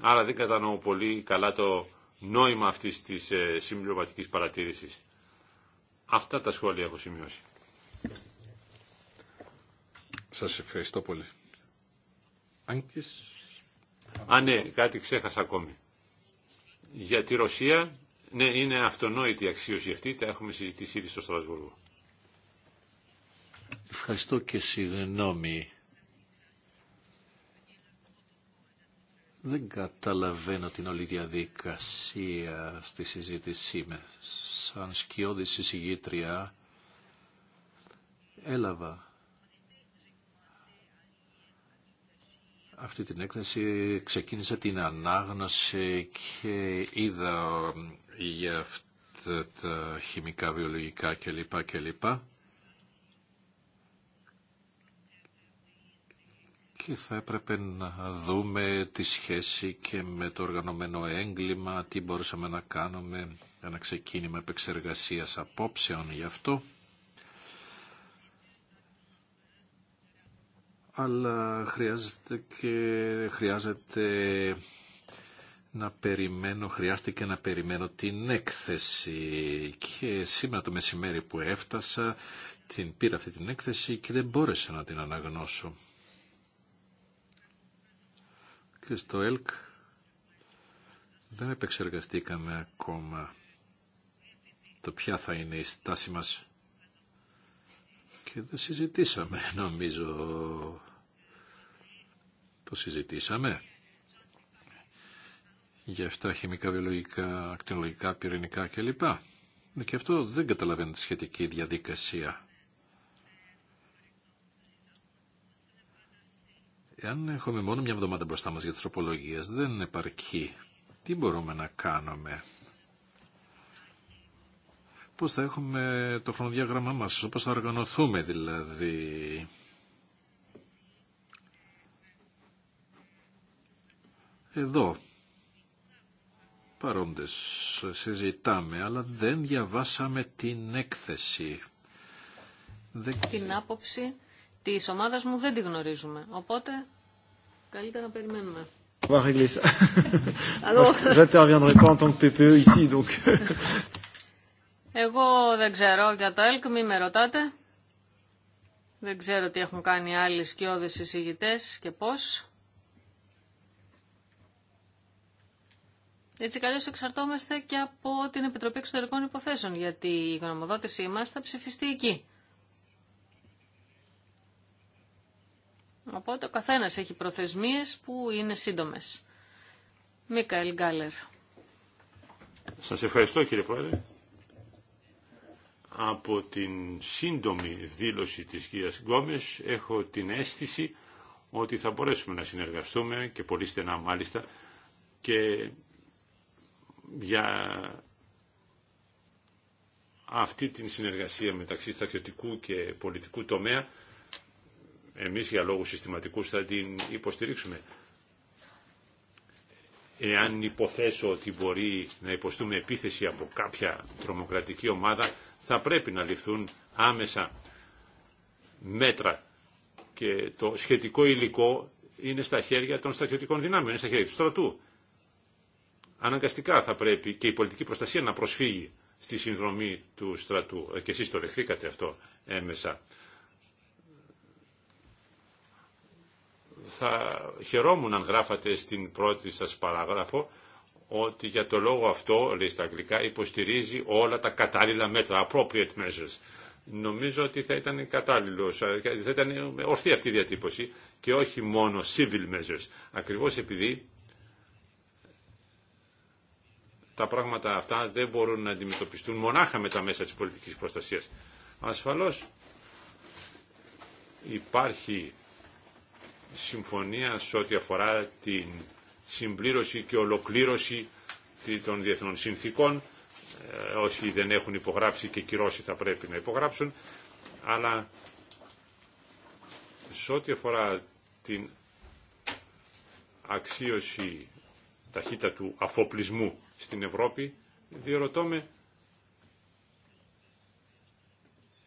Άρα δεν κατανοώ πολύ καλά το νόημα αυτής της ε, συμπληρωματικής παρατήρησης. Αυτά τα σχόλια έχω σημειώσει. Σας ευχαριστώ πολύ. Α, ναι, κάτι ξέχασα ακόμη. Για τη Ρωσία, ναι, είναι αυτονόητη η αξίωση αυτή, τα έχουμε συζητήσει ήδη στο Στρασβούργο. Ευχαριστώ και συγγνώμη Δεν καταλαβαίνω την όλη διαδικασία στη συζήτησή με. Σαν σκιώδη συζητήτρια έλαβα αυτή την έκθεση, ξεκίνησα την ανάγνωση και είδα ε, για αυτά τα χημικά, βιολογικά κλπ. κλπ. και θα έπρεπε να δούμε τη σχέση και με το οργανωμένο έγκλημα, τι μπορούσαμε να κάνουμε, ένα ξεκίνημα επεξεργασίας απόψεων γι' αυτό. Αλλά χρειάζεται και χρειάζεται να περιμένω, χρειάστηκε να περιμένω την έκθεση και σήμερα το μεσημέρι που έφτασα την πήρα αυτή την έκθεση και δεν μπόρεσα να την αναγνώσω και στο ΕΛΚ δεν επεξεργαστήκαμε ακόμα το ποια θα είναι η στάση μας και δεν συζητήσαμε νομίζω το συζητήσαμε για αυτά χημικά, βιολογικά, ακτινολογικά, πυρηνικά κλπ. Και αυτό δεν καταλαβαίνει τη σχετική διαδικασία. Εάν έχουμε μόνο μια εβδομάδα μπροστά μας για τις τροπολογίες, δεν επαρκεί. Τι μπορούμε να κάνουμε. Πώς θα έχουμε το χρονοδιάγραμμά μας, πώς θα οργανωθούμε δηλαδή. Εδώ, παρόντες, συζητάμε, αλλά δεν διαβάσαμε την έκθεση. Την άποψη Τη ομάδα μου δεν τη γνωρίζουμε. Οπότε, καλύτερα να περιμένουμε. Εγώ δεν ξέρω για το ΕΛΚ, μη με ρωτάτε. Δεν ξέρω τι έχουν κάνει άλλοι σκιώδες εισηγητές και πώς. Έτσι καλώ εξαρτόμαστε και από την Επιτροπή Εξωτερικών Υποθέσεων, γιατί η γνωμοδότησή μας θα ψηφιστεί εκεί. Οπότε ο καθένα έχει προθεσμίες που είναι σύντομε. Μίκαελ Γκάλερ. Σα ευχαριστώ κύριε Πρόεδρε. Από την σύντομη δήλωση της κύρια Γκόμες έχω την αίσθηση ότι θα μπορέσουμε να συνεργαστούμε και πολύ στενά μάλιστα και για αυτή την συνεργασία μεταξύ στρατιωτικού και πολιτικού τομέα εμείς για λόγους συστηματικούς θα την υποστηρίξουμε. Εάν υποθέσω ότι μπορεί να υποστούμε επίθεση από κάποια τρομοκρατική ομάδα, θα πρέπει να ληφθούν άμεσα μέτρα και το σχετικό υλικό είναι στα χέρια των στρατιωτικών δυνάμεων, είναι στα χέρια του στρατού. Αναγκαστικά θα πρέπει και η πολιτική προστασία να προσφύγει στη συνδρομή του στρατού. Ε, και εσείς το δεχθήκατε αυτό έμεσα. θα χαιρόμουν αν γράφατε στην πρώτη σας παράγραφο ότι για το λόγο αυτό, λέει στα αγγλικά, υποστηρίζει όλα τα κατάλληλα μέτρα, appropriate measures. Νομίζω ότι θα ήταν κατάλληλο, θα ήταν ορθή αυτή η διατύπωση και όχι μόνο civil measures. Ακριβώς επειδή τα πράγματα αυτά δεν μπορούν να αντιμετωπιστούν μονάχα με τα μέσα της πολιτικής προστασίας. Ασφαλώς υπάρχει συμφωνία σε ό,τι αφορά την συμπλήρωση και ολοκλήρωση των διεθνών συνθήκων. Ε, όσοι δεν έχουν υπογράψει και κυρώσει θα πρέπει να υπογράψουν. Αλλά σε ό,τι αφορά την αξίωση ταχύτητα του αφοπλισμού στην Ευρώπη, διερωτώ με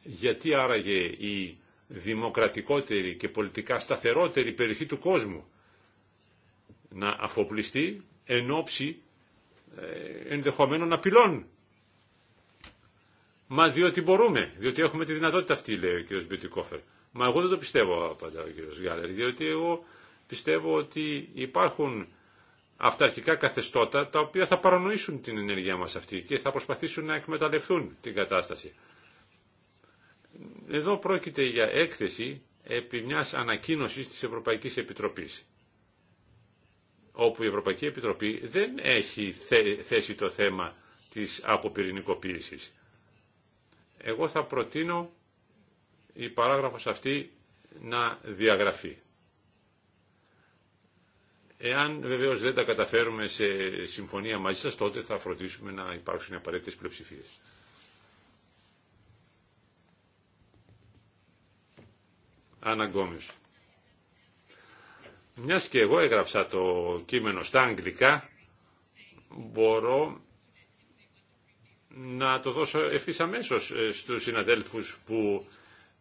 γιατί άραγε η δημοκρατικότερη και πολιτικά σταθερότερη περιοχή του κόσμου να αφοπλιστεί εν ώψη ε, ενδεχομένων απειλών. Μα διότι μπορούμε, διότι έχουμε τη δυνατότητα αυτή, λέει ο κ. Μπιουτικόφερ. Μα εγώ δεν το πιστεύω, απαντά ο κ. Γκάλερ, διότι εγώ πιστεύω ότι υπάρχουν αυταρχικά καθεστώτα τα οποία θα παρανοήσουν την ενέργειά μας αυτή και θα προσπαθήσουν να εκμεταλλευτούν την κατάσταση. Εδώ πρόκειται για έκθεση επί μιας ανακοίνωσης της Ευρωπαϊκής Επιτροπής όπου η Ευρωπαϊκή Επιτροπή δεν έχει θέσει το θέμα της αποπυρηνικοποίησης. Εγώ θα προτείνω η παράγραφος αυτή να διαγραφεί. Εάν βεβαίως δεν τα καταφέρουμε σε συμφωνία μαζί σας, τότε θα φροντίσουμε να υπάρξουν απαραίτητες πλειοψηφίες. Μια Μιας και εγώ έγραψα το κείμενο στα αγγλικά, μπορώ να το δώσω ευθύ αμέσω ε, στους συναδέλφους που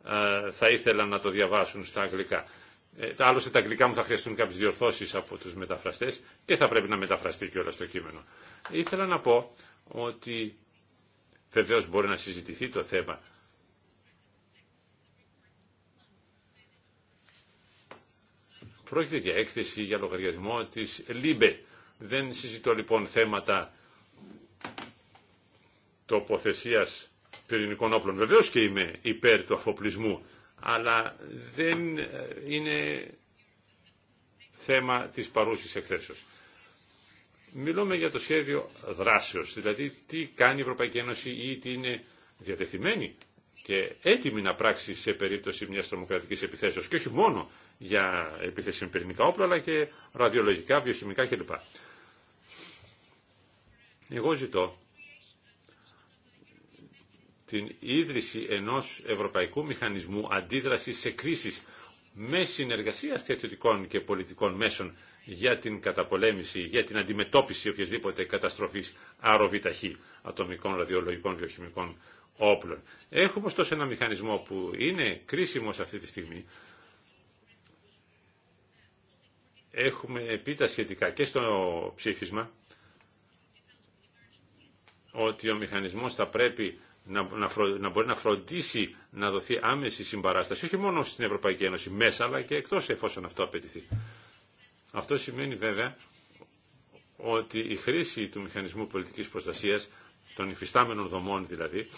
ε, θα ήθελαν να το διαβάσουν στα αγγλικά. Ε, άλλωστε τα αγγλικά μου θα χρειαστούν κάποιες διορθώσεις από τους μεταφραστές και θα πρέπει να μεταφραστεί και όλα στο κείμενο. Ήθελα να πω ότι βεβαίω μπορεί να συζητηθεί το θέμα Πρόκειται για έκθεση για λογαριασμό της ΛΥΜΠΕ. Δεν συζητώ λοιπόν θέματα τοποθεσίας πυρηνικών όπλων. βεβαίω και είμαι υπέρ του αφοπλισμού, αλλά δεν ε, είναι θέμα της παρούσης εκθέσεως. Μιλούμε για το σχέδιο δράσεως, δηλαδή τι κάνει η Ευρωπαϊκή Ένωση ή τι είναι διατεθειμένη και έτοιμη να πράξει σε περίπτωση μιας τρομοκρατικής επιθέσεως και όχι μόνο για επίθεση με πυρηνικά όπλα, αλλά και ραδιολογικά, βιοχημικά κλπ. Εγώ ζητώ την ίδρυση ενός ευρωπαϊκού μηχανισμού αντίδρασης σε κρίσεις με συνεργασία στρατιωτικών και πολιτικών μέσων για την καταπολέμηση, για την αντιμετώπιση οποιασδήποτε καταστροφής αροβιταχή ατομικών, ραδιολογικών, βιοχημικών όπλων. Έχουμε ωστόσο ένα μηχανισμό που είναι κρίσιμο αυτή τη στιγμή έχουμε πει τα σχετικά και στο ψήφισμα ότι ο μηχανισμός θα πρέπει να, να, να μπορεί να φροντίσει να δοθεί άμεση συμπαράσταση, όχι μόνο στην Ευρωπαϊκή Ένωση, μέσα αλλά και εκτός εφόσον αυτό απαιτηθεί. Αυτό σημαίνει βέβαια ότι η χρήση του μηχανισμού πολιτικής προστασίας, των υφιστάμενων δομών δηλαδή,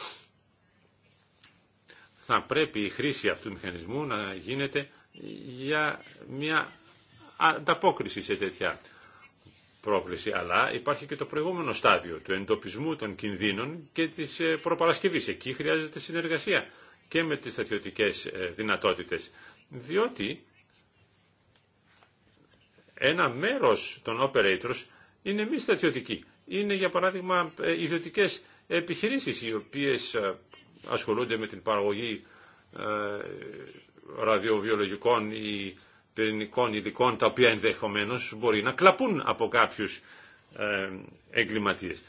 θα πρέπει η χρήση αυτού του μηχανισμού να γίνεται για μια ανταπόκριση σε τέτοια πρόκληση. Αλλά υπάρχει και το προηγούμενο στάδιο του εντοπισμού των κινδύνων και της ε, προπαρασκευής. Εκεί χρειάζεται συνεργασία και με τις στατιωτικές ε, δυνατότητες. Διότι ένα μέρος των operators είναι μη στατιωτικοί. Είναι για παράδειγμα ε, ιδιωτικές επιχειρήσεις οι οποίες ασχολούνται με την παραγωγή ραδιοβιολογικών ή πυρηνικών υλικών τα οποία ενδεχομένως μπορεί να κλαπούν από κάποιους ε, εγκληματίες.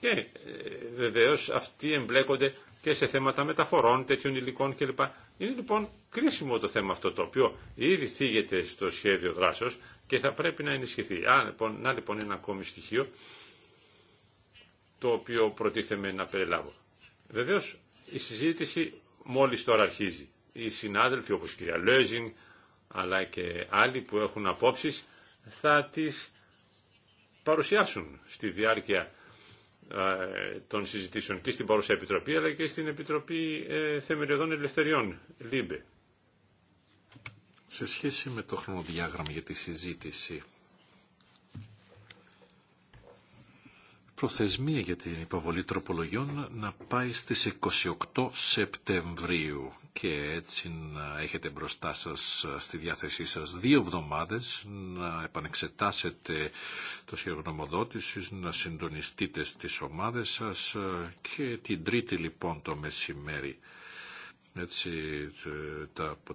Και ε, βεβαίως αυτοί εμπλέκονται και σε θέματα μεταφορών τέτοιων υλικών κλπ. Είναι λοιπόν κρίσιμο το θέμα αυτό το οποίο ήδη θίγεται στο σχέδιο δράσεως και θα πρέπει να ενισχυθεί. Α, λοιπόν, να λοιπόν ένα ακόμη στοιχείο το οποίο προτίθεμαι να περιλάβω. Βεβαίως η συζήτηση μόλις τώρα αρχίζει. Οι συνάδελφοι όπως η κυρία Λέζινγκ, αλλά και άλλοι που έχουν απόψεις θα τις παρουσιάσουν στη διάρκεια ε, των συζητήσεων και στην παρουσία Επιτροπή αλλά και στην Επιτροπή ε, Θεμελιωδών Ελευθεριών, ΛΥΜΠΕ. Σε σχέση με το χρονοδιάγραμμα για τη συζήτηση, προθεσμία για την υποβολή τροπολογιών να πάει στις 28 Σεπτεμβρίου και έτσι να έχετε μπροστά σας στη διάθεσή σας δύο εβδομάδες να επανεξετάσετε το σχεδογνωμοδότηση, να συντονιστείτε στις ομάδες σας και την τρίτη λοιπόν το μεσημέρι έτσι τα από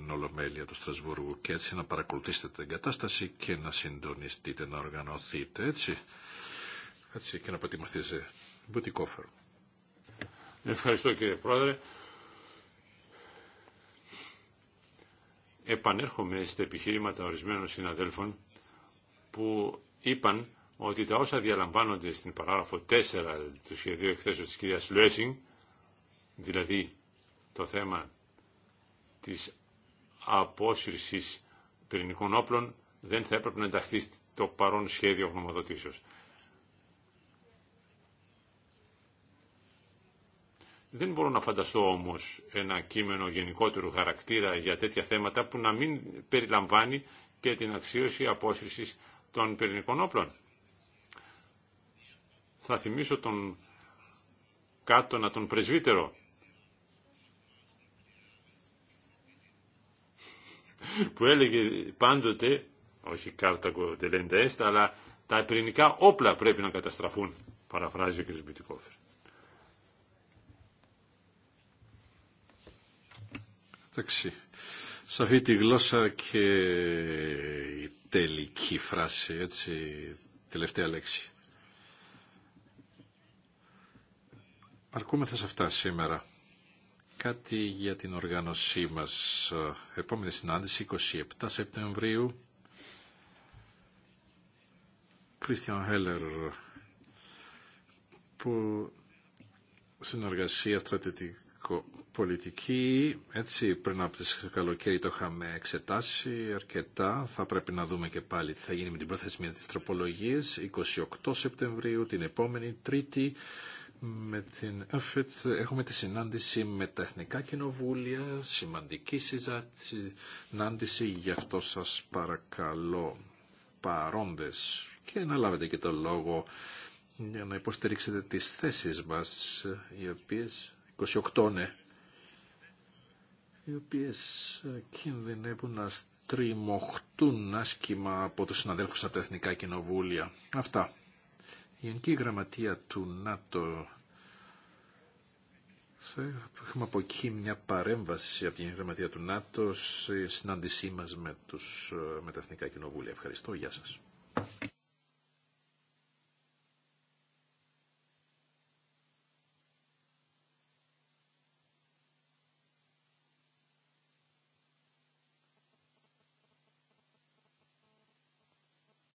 την Ολομέλεια του Στρασβούργου και έτσι να παρακολουθήσετε την κατάσταση και να συντονιστείτε, να οργανωθείτε έτσι, έτσι και να προετοιμαστείτε Ευχαριστώ κύριε Πρόεδρε. επανέρχομαι στα επιχειρήματα ορισμένων συναδέλφων που είπαν ότι τα όσα διαλαμβάνονται στην παράγραφο 4 του σχεδίου εκθέσεως της κυρίας Λουέσινγκ, δηλαδή το θέμα της απόσυρσης πυρηνικών όπλων, δεν θα έπρεπε να ενταχθεί στο παρόν σχέδιο γνωμοδοτήσεως. Δεν μπορώ να φανταστώ όμως ένα κείμενο γενικότερου χαρακτήρα για τέτοια θέματα που να μην περιλαμβάνει και την αξίωση απόσυρσης των πυρηνικών όπλων. Θα θυμίσω τον κάτω να τον πρεσβύτερο που έλεγε πάντοτε, όχι κάρτακο τελέντα έστα, αλλά τα πυρηνικά όπλα πρέπει να καταστραφούν, παραφράζει ο κ. Μπιτικόφερ. Εντάξει, σε αυτή τη γλώσσα και η τελική φράση, έτσι, τελευταία λέξη. Αρκούμεθα σε αυτά σήμερα. Κάτι για την οργάνωσή μας. Επόμενη συνάντηση 27 Σεπτεμβρίου. Κρίστιαν Χέλλερ που συνεργασία στρατητικό πολιτική. Έτσι πριν από τις καλοκαίρι το είχαμε εξετάσει αρκετά. Θα πρέπει να δούμε και πάλι τι θα γίνει με την προθεσμία της τροπολογίας. 28 Σεπτεμβρίου, την επόμενη Τρίτη, με την ΕΦΕΤ έχουμε τη συνάντηση με τα Εθνικά Κοινοβούλια, σημαντική συνάντηση, γι' αυτό σας παρακαλώ παρόντες και να λάβετε και το λόγο για να υποστηρίξετε τις θέσεις μας, οι οποίες 28 ναι, οι οποίες ε, κινδυνεύουν να στριμωχτούν άσκημα από τους συναδέλφους από τα Εθνικά Κοινοβούλια. Αυτά. Η Γενική Γραμματεία του ΝΑΤΟ Έχουμε από εκεί μια παρέμβαση από την Γραμματεία του ΝΑΤΟ στη συνάντησή μας με, τους, ε, με τα Εθνικά Κοινοβούλια. Ευχαριστώ. Γεια σας.